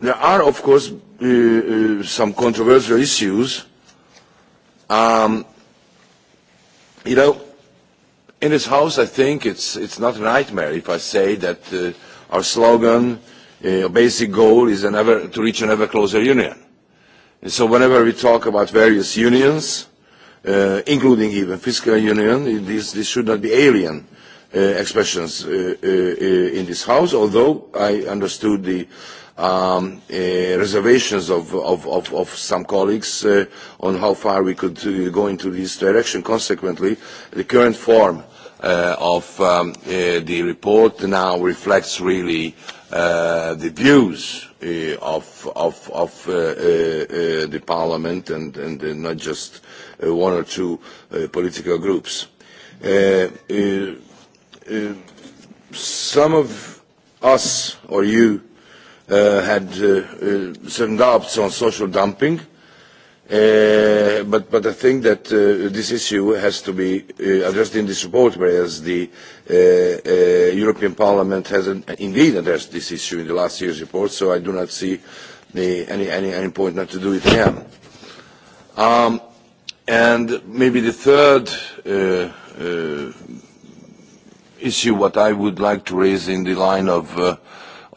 there are, of course, uh, uh, some controversial issues. Um, you know, In this house, I think it's, it's not a nightmare if I say that uh, our slogan, uh, our basic goal is an ever, to reach an ever closer union. And so whenever we talk about various unions, uh, including even fiscal union, this, this should not be alien uh, expressions uh, uh, uh in this house, although I understood the uh, um, uh, reservations of, of, of, of some colleagues uh, on how far we could uh, go into this direction. Consequently, the current form uh, of um, uh, the report now reflects really uh, the views uh, of, of, of uh, uh, uh, the Parliament and, and uh, not just uh, one or two uh, political groups. Uh, uh, uh, some of us or you uh, had uh, uh, certain doubts on social dumping, uh, but, but I think that uh, this issue has to be uh, addressed in this report, whereas the uh, uh, European Parliament has an, indeed addressed this issue in the last year's report, so I do not see the, any, any, any point not to do it again. Um, and maybe the third uh, uh, issue what I would like to raise in the line of uh,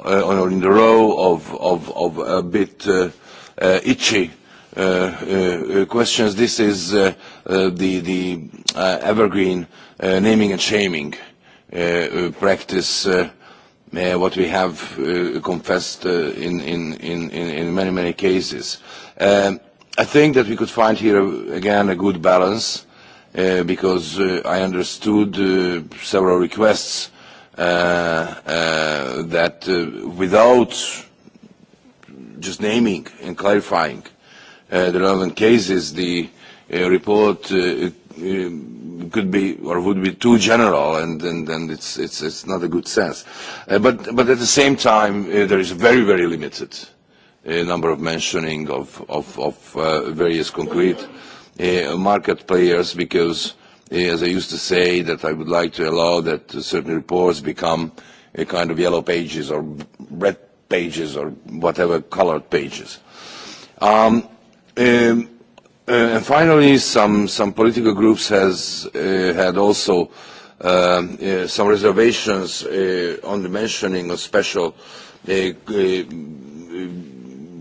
uh, or in the row of, of, of a bit uh, uh, itchy uh, uh, uh, questions. This is uh, uh, the, the uh, evergreen uh, naming and shaming uh, uh, practice, uh, uh, what we have uh, confessed uh, in, in, in, in many, many cases. Um, I think that we could find here, uh, again, a good balance uh, because uh, I understood uh, several requests uh, uh, that uh, without just naming and clarifying uh, the relevant cases, the uh, report uh, uh, could be or would be too general, and, and, and it's, it's, it's not a good sense. Uh, but, but at the same time, uh, there is very, very limited uh, number of mentioning of, of, of uh, various concrete uh, market players because, uh, as I used to say, that I would like to allow that certain reports become uh, uh, kind of yellow pages or red pages or whatever colored pages. Um, um, uh, and finally, some, some political groups has uh, had also uh, uh, some reservations uh, on the mentioning of special uh, uh,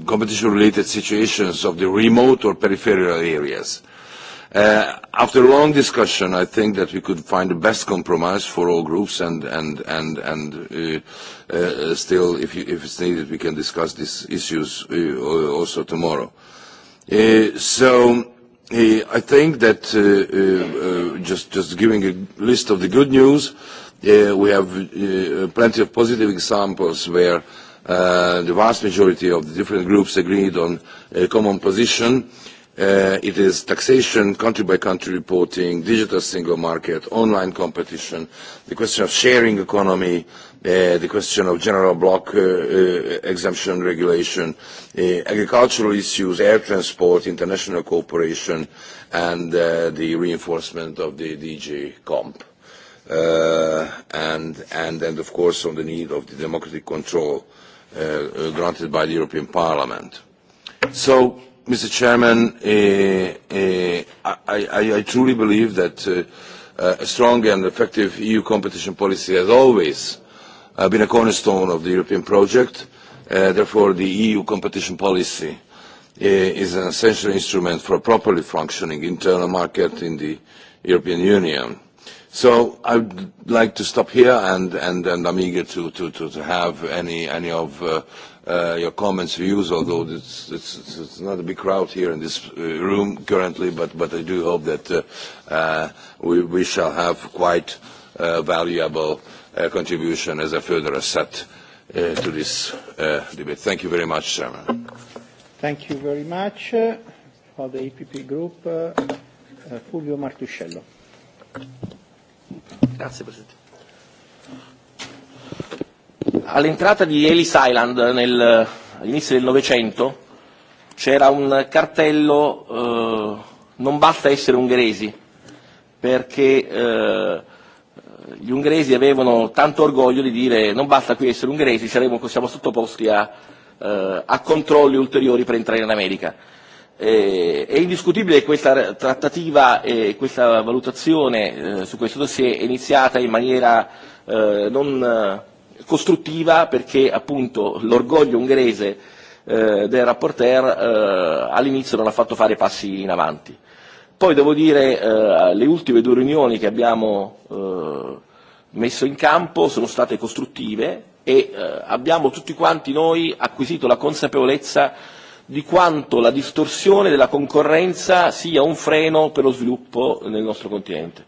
competition-related situations of the remote or peripheral areas. Uh, Uh, after a long discussion, I think that we could find the best compromise for all groups, and and and and uh, uh, still, if you, if it's needed, we can discuss these issues uh, also tomorrow. Uh, so. Uh, I think that uh, uh, just just giving a list of the good news, uh, we have uh, plenty of positive examples where uh, the vast majority of the different groups agreed on a common position. Uh, Uh, it is taxation, country-by-country -country reporting, digital single market, online competition, the question of sharing economy, uh, the question of general block uh, uh, exemption regulation, uh, agricultural issues, air transport, international cooperation, and uh, the reinforcement of the DG comp. Uh, and, and, and, of course, on the need of the democratic control uh, uh granted by the European Parliament. So Mr. Chairman, uh, uh, I, I, I truly believe that uh, uh, a strong and effective EU competition policy has always uh, been a cornerstone of the European project. Uh, therefore, the EU competition policy uh, is an essential instrument for a properly functioning internal market in the European Union. So I would like to stop here, and, and, and I'm eager to, to, to, to have any, any of uh, uh, your comments, views, although it's, it's, it's not a big crowd here in this uh, room currently, but, but I do hope that uh, uh, we, we shall have quite uh, valuable uh, contribution as a further asset uh, to this uh, debate. Thank you very much, Chairman. Thank you very much uh, for the EPP group. Uh, uh, Fulvio Martuscello. Grazie Presidente. All'entrata di Ellis Island nel, all'inizio del Novecento c'era un cartello eh, non basta essere ungheresi, perché eh, gli ungheresi avevano tanto orgoglio di dire non basta qui essere ungheresi, saremo, siamo sottoposti a, eh, a controlli ulteriori per entrare in America. Eh, è indiscutibile che questa trattativa e questa valutazione eh, su questo dossier è iniziata in maniera eh, non eh, costruttiva perché appunto l'orgoglio ungherese eh, del rapporteur eh, all'inizio non ha fatto fare passi in avanti. Poi devo dire eh, le ultime due riunioni che abbiamo eh, messo in campo sono state costruttive e eh, abbiamo tutti quanti noi acquisito la consapevolezza di quanto la distorsione della concorrenza sia un freno per lo sviluppo nel nostro continente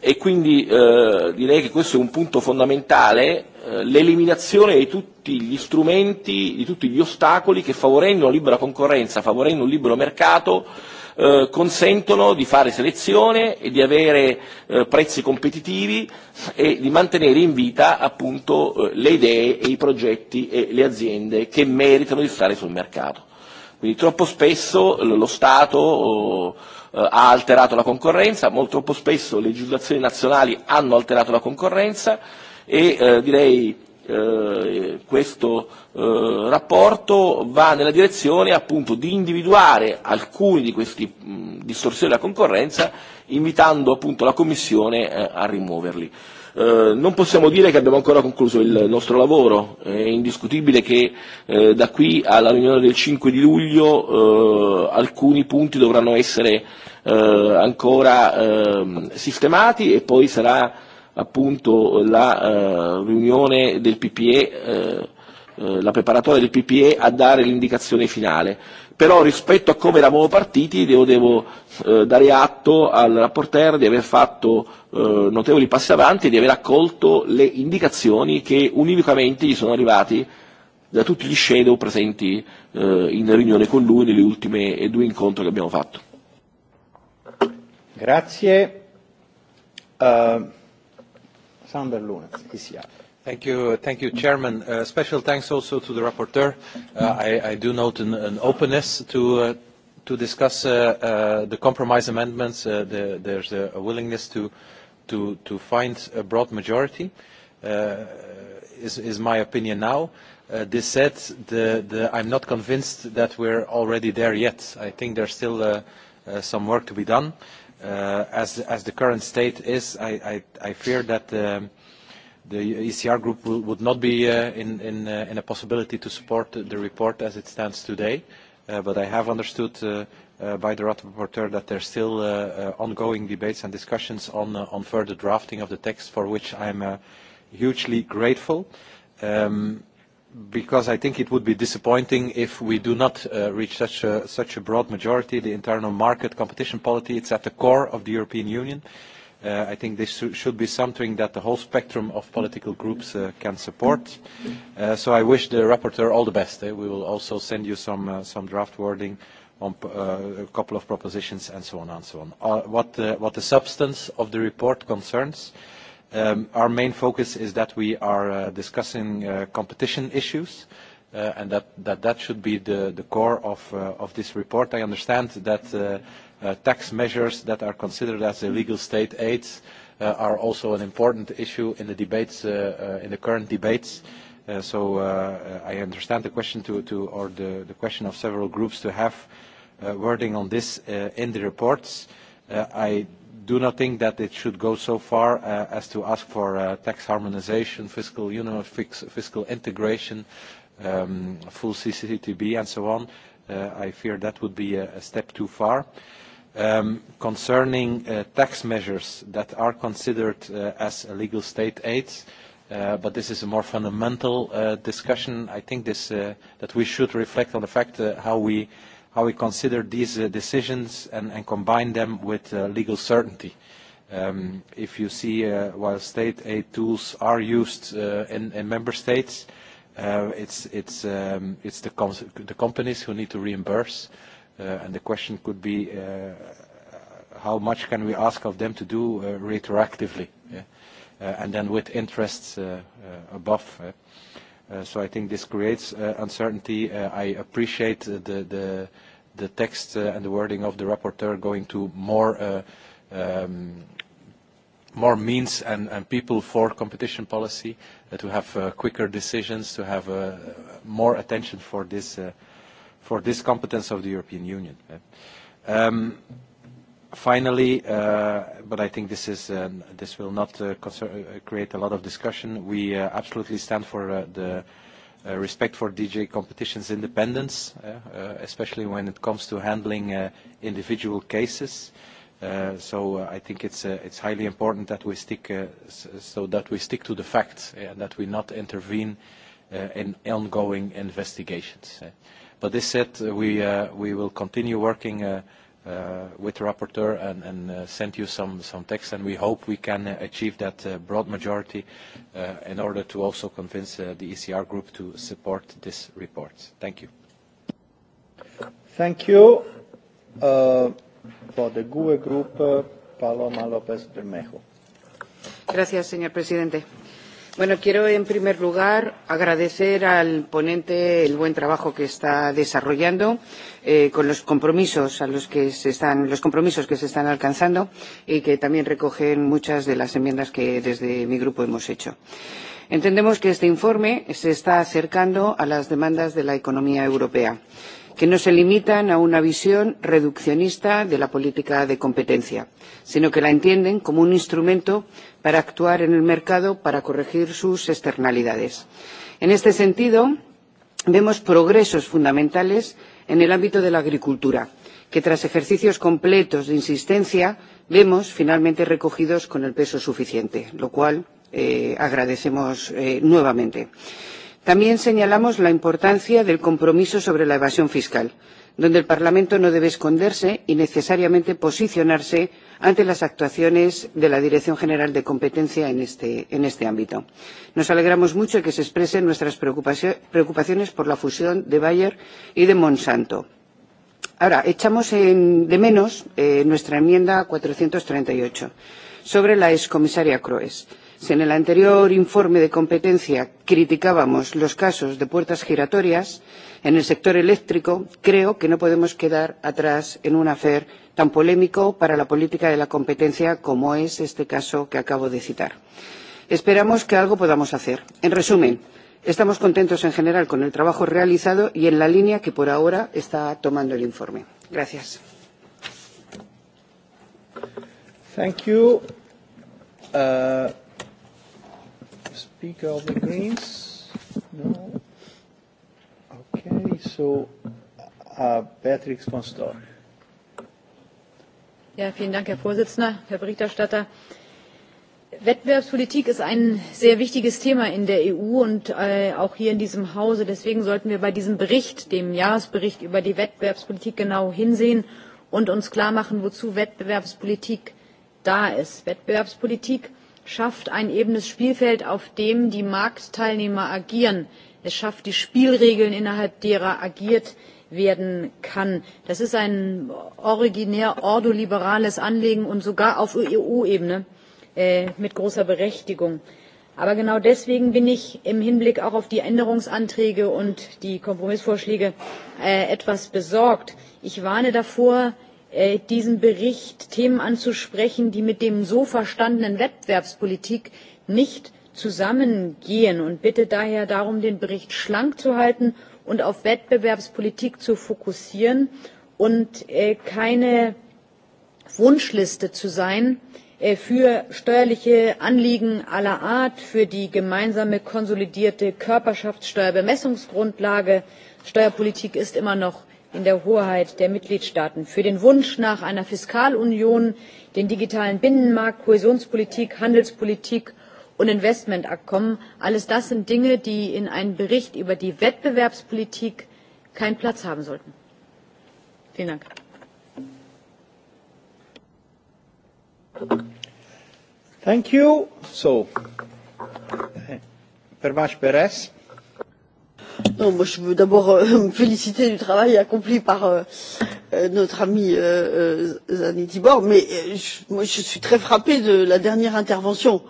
e quindi eh, direi che questo è un punto fondamentale, eh, l'eliminazione di tutti gli strumenti, di tutti gli ostacoli che favorendo libera concorrenza, favorendo un libero mercato, eh, consentono di fare selezione e di avere eh, prezzi competitivi e di mantenere in vita appunto eh, le idee e i progetti e le aziende che meritano di stare sul mercato. Quindi troppo spesso lo Stato Eh, ha alterato la concorrenza, molto troppo spesso le legislazioni nazionali hanno alterato la concorrenza e eh, direi eh, questo eh, rapporto va nella direzione appunto di individuare alcuni di questi mh, distorsioni della concorrenza invitando appunto la Commissione eh, a rimuoverli. Eh, Eh, non possiamo dire che abbiamo ancora concluso il nostro lavoro, è indiscutibile che eh, da qui alla riunione del 5 di luglio eh, alcuni punti dovranno essere eh, ancora eh, sistemati e poi sarà appunto la eh, riunione del PPE eh, eh, la preparatoria del PPE a dare l'indicazione finale. Però rispetto a come eravamo partiti devo, devo eh, dare atto al rapporteur di aver fatto eh, notevoli passi avanti e di aver accolto le indicazioni che unicamente gli sono arrivati da tutti gli shadow presenti eh, in riunione con lui nelle ultime due incontri che abbiamo fatto. Grazie. Uh, Sander Lunes, ICR. Thank you, thank you, Chairman. Uh, special thanks also to the rapporteur. Uh, I, I do note an, an openness to uh, to discuss uh, uh, the compromise amendments. Uh, the, there's a, a willingness to to to find a broad majority. Uh, is is my opinion now. Uh, this said, the, the, I'm not convinced that we're already there yet. I think there's still uh, uh, some work to be done. Uh, as as the current state is, I I, I fear that. Um, uh, the ECR group will, would not be uh, in, in, uh, in a possibility to support the report as it stands today, uh, but I have understood uh, uh, by the rapporteur that there's still uh, uh, ongoing debates and discussions on, uh, on further drafting of the text, for which I'm uh, hugely grateful. Um, because I think it would be disappointing if we do not uh, reach such a, such a broad majority. The internal market competition policy, it's at the core of the European Union. Uh, Uh, I think this should be something that the whole spectrum of political groups uh, can support. Uh, so I wish the rapporteur all the best. Eh? We will also send you some, uh, some draft wording on uh, a couple of propositions and so on and so on. Uh, what, uh, what the substance of the report concerns, um, our main focus is that we are uh, discussing uh, competition issues. Uh, and that, that that should be the, the core of, uh, of this report. I understand that uh, Uh, tax measures that are considered as illegal state aids uh, are also an important issue in the debates, uh, uh, in the current debates. Uh, so uh, uh, I understand the question to, to or the, the question of several groups to have uh, wording on this uh, in the reports. Uh, I do not think that it should go so far uh, as to ask for uh, tax harmonization, fiscal union, you know, fix, fiscal integration, um, full CCTB, and so on. Uh, I fear that would be a, a step too far. Uh, um, concerning uh, tax measures that are considered uh, as illegal state aids. Uh, but this is a more fundamental uh, discussion. I think this, uh, that we should reflect on the fact uh, how, we, how we consider these uh, decisions and, and combine them with uh, legal certainty. Um, if you see, uh, while state aid tools are used uh, in, in member states, uh, it's, it's, um, it's the, com the companies who need to reimburse. Uh, uh, and the question could be uh, how much can we ask of them to do uh, retroactively yeah? uh, and then with interests uh, uh, above. Uh. Uh, so I think this creates uh, uncertainty. Uh, I appreciate uh, the, the, the text uh, and the wording of the rapporteur going to more uh, um, more means and, and people for competition policy, uh, to have uh, quicker decisions, to have uh, more attention for this uh, for this competence of the European Union. Eh? Um, finally, uh, but I think this, is, uh, this will not uh, concern, uh, create a lot of discussion, we uh, absolutely stand for uh, the respect for DJ Competition's independence, eh? especially when it comes to handling individual cases. So I think it's, it's highly important that we stick so that we stick to the facts, eh, and that we not intervene in ongoing investigations. But this said, uh, we, uh, we will continue working uh, uh, with the rapporteur and, and uh, send you some, some text, and we hope we can uh, achieve that uh, broad majority uh, in order to also convince uh, the ECR group to support this report. Thank you. Thank you. Uh, for the GUE group, uh, Paloma López Bermejo. Gracias, señor presidente. Uh, Bueno, quiero en primer lugar agradecer al ponente el buen trabajo que está desarrollando eh, con los compromisos a los que se están los compromisos que se están alcanzando y que también recogen muchas de las enmiendas que desde mi grupo hemos hecho. Entendemos que este informe se está acercando a las demandas de la economía europea que no se limitan a una visión reduccionista de la política de competencia, sino que la entienden como un instrumento para actuar en el mercado para corregir sus externalidades. En este sentido, vemos progresos fundamentales en el ámbito de la agricultura, que tras ejercicios completos de insistencia vemos finalmente recogidos con el peso suficiente, lo cual eh, agradecemos eh, nuevamente. Eh, También señalamos la importancia del compromiso sobre la evasión fiscal, donde el Parlamento no debe esconderse y necesariamente posicionarse ante las actuaciones de la Dirección General de Competencia en este, en este ámbito. Nos alegramos mucho que se expresen nuestras preocupaciones por la fusión de Bayer y de Monsanto. Ahora, echamos en, de menos eh, nuestra enmienda 438 sobre la excomisaria Croes. Eh, Si en el anterior informe de competencia criticábamos los casos de puertas giratorias, en el sector eléctrico creo que no podemos quedar atrás en un afer tan polémico para la política de la competencia como es este caso que acabo de citar. Esperamos que algo podamos hacer. En resumen, estamos contentos en general con el trabajo realizado y en la línea que por ahora está tomando el informe. Gracias. Thank you. Uh, speaker of the Greens? No? Okay, so uh, Beatrix von Storch. Ja, vielen Dank, Herr Vorsitzender, Herr Berichterstatter. Wettbewerbspolitik ist ein sehr wichtiges Thema in der EU und äh, auch hier in diesem Hause. Deswegen sollten wir bei diesem Bericht, dem Jahresbericht über die Wettbewerbspolitik, genau hinsehen und uns klarmachen, wozu Wettbewerbspolitik da ist. Wettbewerbspolitik äh, schafft ein ebenes Spielfeld, auf dem die Marktteilnehmer agieren. Es schafft die Spielregeln, innerhalb derer agiert werden kann. Das ist ein originär ordoliberales Anliegen und sogar auf EU-Ebene äh, mit großer Berechtigung. Aber genau deswegen bin ich im Hinblick auch auf die Änderungsanträge und die Kompromissvorschläge äh, etwas besorgt. Ich warne davor, Äh, diesen Bericht Themen anzusprechen, die mit dem so verstandenen Wettbewerbspolitik nicht zusammengehen und bitte daher darum, den Bericht schlank zu halten und auf Wettbewerbspolitik zu fokussieren und äh, keine Wunschliste zu sein äh, für steuerliche Anliegen aller Art, für die gemeinsame konsolidierte Körperschaftssteuerbemessungsgrundlage. Steuerpolitik ist immer noch in der Hoheit der Mitgliedstaaten. Für den Wunsch nach einer Fiskalunion, den digitalen Binnenmarkt, Kohäsionspolitik, Handelspolitik und Investmentabkommen, alles das sind Dinge, die in einem Bericht über die Wettbewerbspolitik keinen Platz haben sollten. Vielen Dank. Thank you. So, Pervash Perez. Non, moi, je veux d'abord euh, (laughs) me féliciter du travail accompli par euh, euh notre ami euh, euh Zanny Tibor, mais euh, je, moi, je suis très frappée de la dernière intervention.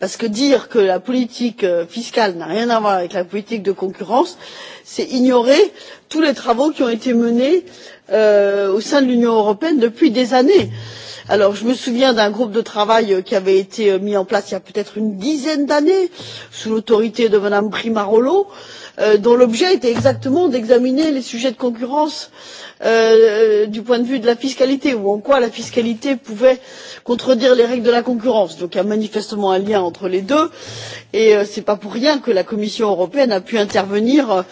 Parce que dire que la politique fiscale n'a rien à voir avec la politique de concurrence, c'est ignorer tous les travaux qui ont été menés euh, au sein de l'Union européenne depuis des années. Euh, Alors, je me souviens d'un groupe de travail euh, qui avait été euh, mis en place il y a peut être une dizaine d'années sous l'autorité de mme primarolo euh, dont l'objet était exactement d'examiner les sujets de concurrence euh, du point de vue de la fiscalité ou en quoi la fiscalité pouvait contredire les règles de la concurrence. donc il y a manifestement un lien entre les deux et euh, ce n'est pas pour rien que la commission européenne a pu intervenir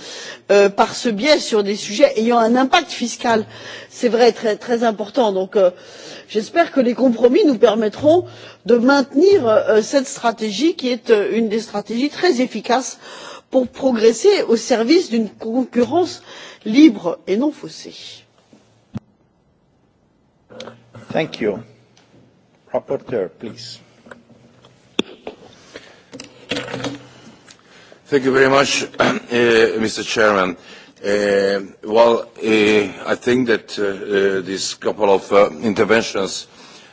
euh, par ce biais sur des sujets ayant un impact fiscal c'est vrai très, très important. donc j'espère que les compromis nous permettront de maintenir euh, cette stratégie qui est euh, une des stratégies très efficaces pour progresser au service d'une concurrence libre et non faussée. Thank you. Rapporteur, please. Thank you very much, uh, (coughs) eh, Mr. Chairman. Uh, Uh, well, uh, I think that uh, uh, these couple of uh, interventions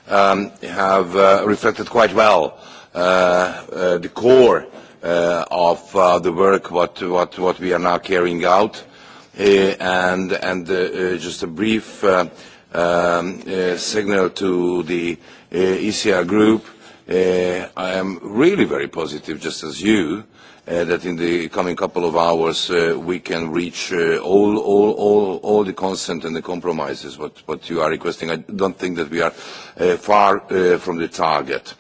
um, have uh, reflected quite well uh, uh, the core uh, of uh, the work what, what, what we are now carrying out. Uh, and and uh, uh, just a brief uh, um, uh, signal to the uh, ECR group, uh, I am really very positive, just as you, uh, uh, that in the coming couple of hours uh, we can reach uh, all, all, all, all the consent and the compromises what, what you are requesting. I don't think that we are uh, far uh, from the target.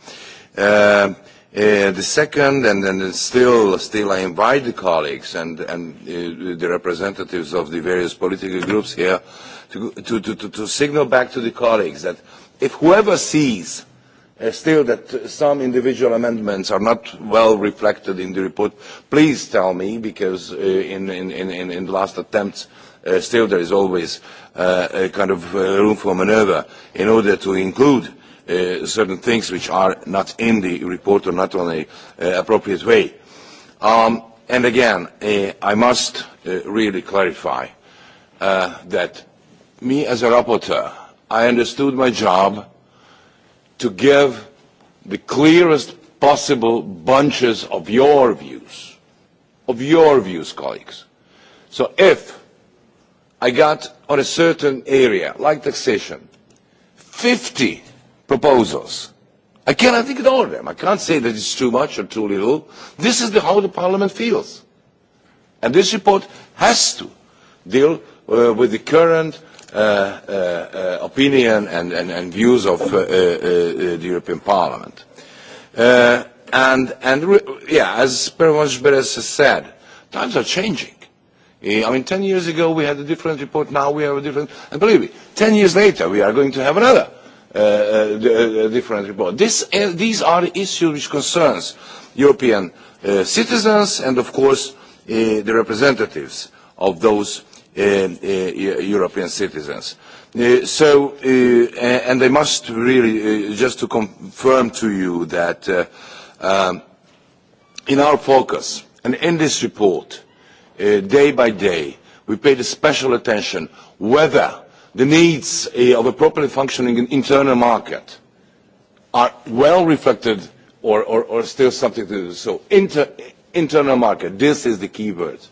Uh, Uh, the second, and then still, still I invite the colleagues and, and uh, the representatives of the various political groups here to, to, to, to signal back to the colleagues that if whoever sees uh, uh, still that some individual amendments are not well reflected in the report, please tell me, because uh, in, in, in, in the last attempts, uh, still there is always uh, a kind of uh, room for maneuver in order to include uh, certain things which are not in the report or not on an uh, appropriate way. Um, and again, uh, I must uh, really clarify uh, that me as a rapporteur, I understood my job to give the clearest possible bunches of your views, of your views, colleagues. So if I got on a certain area, like taxation, 50 proposals, I cannot ignore them. I can't say that it's too much or too little. This is the, how the Parliament feels. And this report has to deal uh, with the current Uh, uh, uh, opinion and, and, and views of uh, uh, uh, the European Parliament. Uh, and and re yeah, as Pervanche Beres has said, times are changing. I mean, 10 years ago we had a different report, now we have a different, and believe me, 10 years later we are going to have another uh, uh, different report. This, uh, these are the issues which concerns European uh, citizens and of course uh, the representatives of those Um, uh, uh, European citizens. Uh, so, uh, and I must really, uh, just to confirm to you that uh, um, in our focus and in this report, uh, day by day, we paid special attention whether the needs uh, of a properly functioning internal market are well reflected or, or, or still something to do. So inter, internal market, this is the key word. Uh,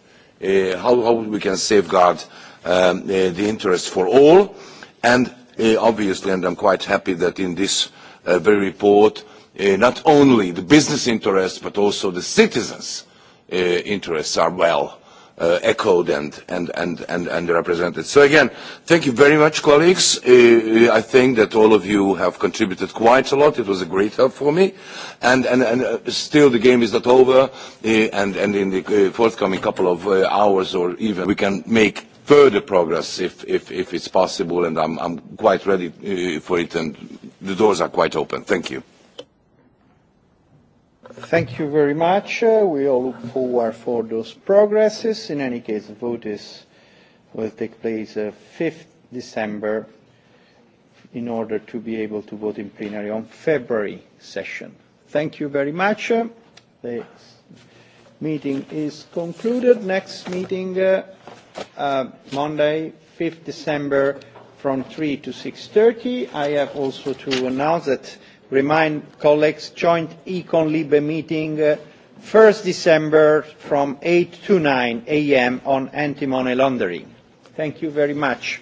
uh, how, how we can safeguard um, uh, the interest for all. And uh, obviously, and I'm quite happy that in this uh, very report, uh, not only the business interests, but also the citizens' uh, interests are well uh, echoed and, and, and, and, and represented. So again, thank you very much, colleagues. Uh, uh, I think that all of you have contributed quite a lot. It was a great help for me. And, and, and uh, still the game is not over. Uh, and, and in the uh, forthcoming couple of uh, hours or even we can make further progress if, if, if it's possible. And I'm, I'm quite ready uh, for it. And the doors are quite open. Thank you. Thank you very much. Uh, we all look forward for those progresses. In any case, the vote is, will take place uh, 5th December in order to be able to vote in plenary on February session. Thank you very much. Uh, the meeting is concluded. Next meeting, uh, uh, Monday, 5th December from 3 to 6.30. I have also to announce that remind colleagues, joint Econ Libe meeting uh, 1st December from 8 to 9 a.m. on anti-money laundering. Thank you very much.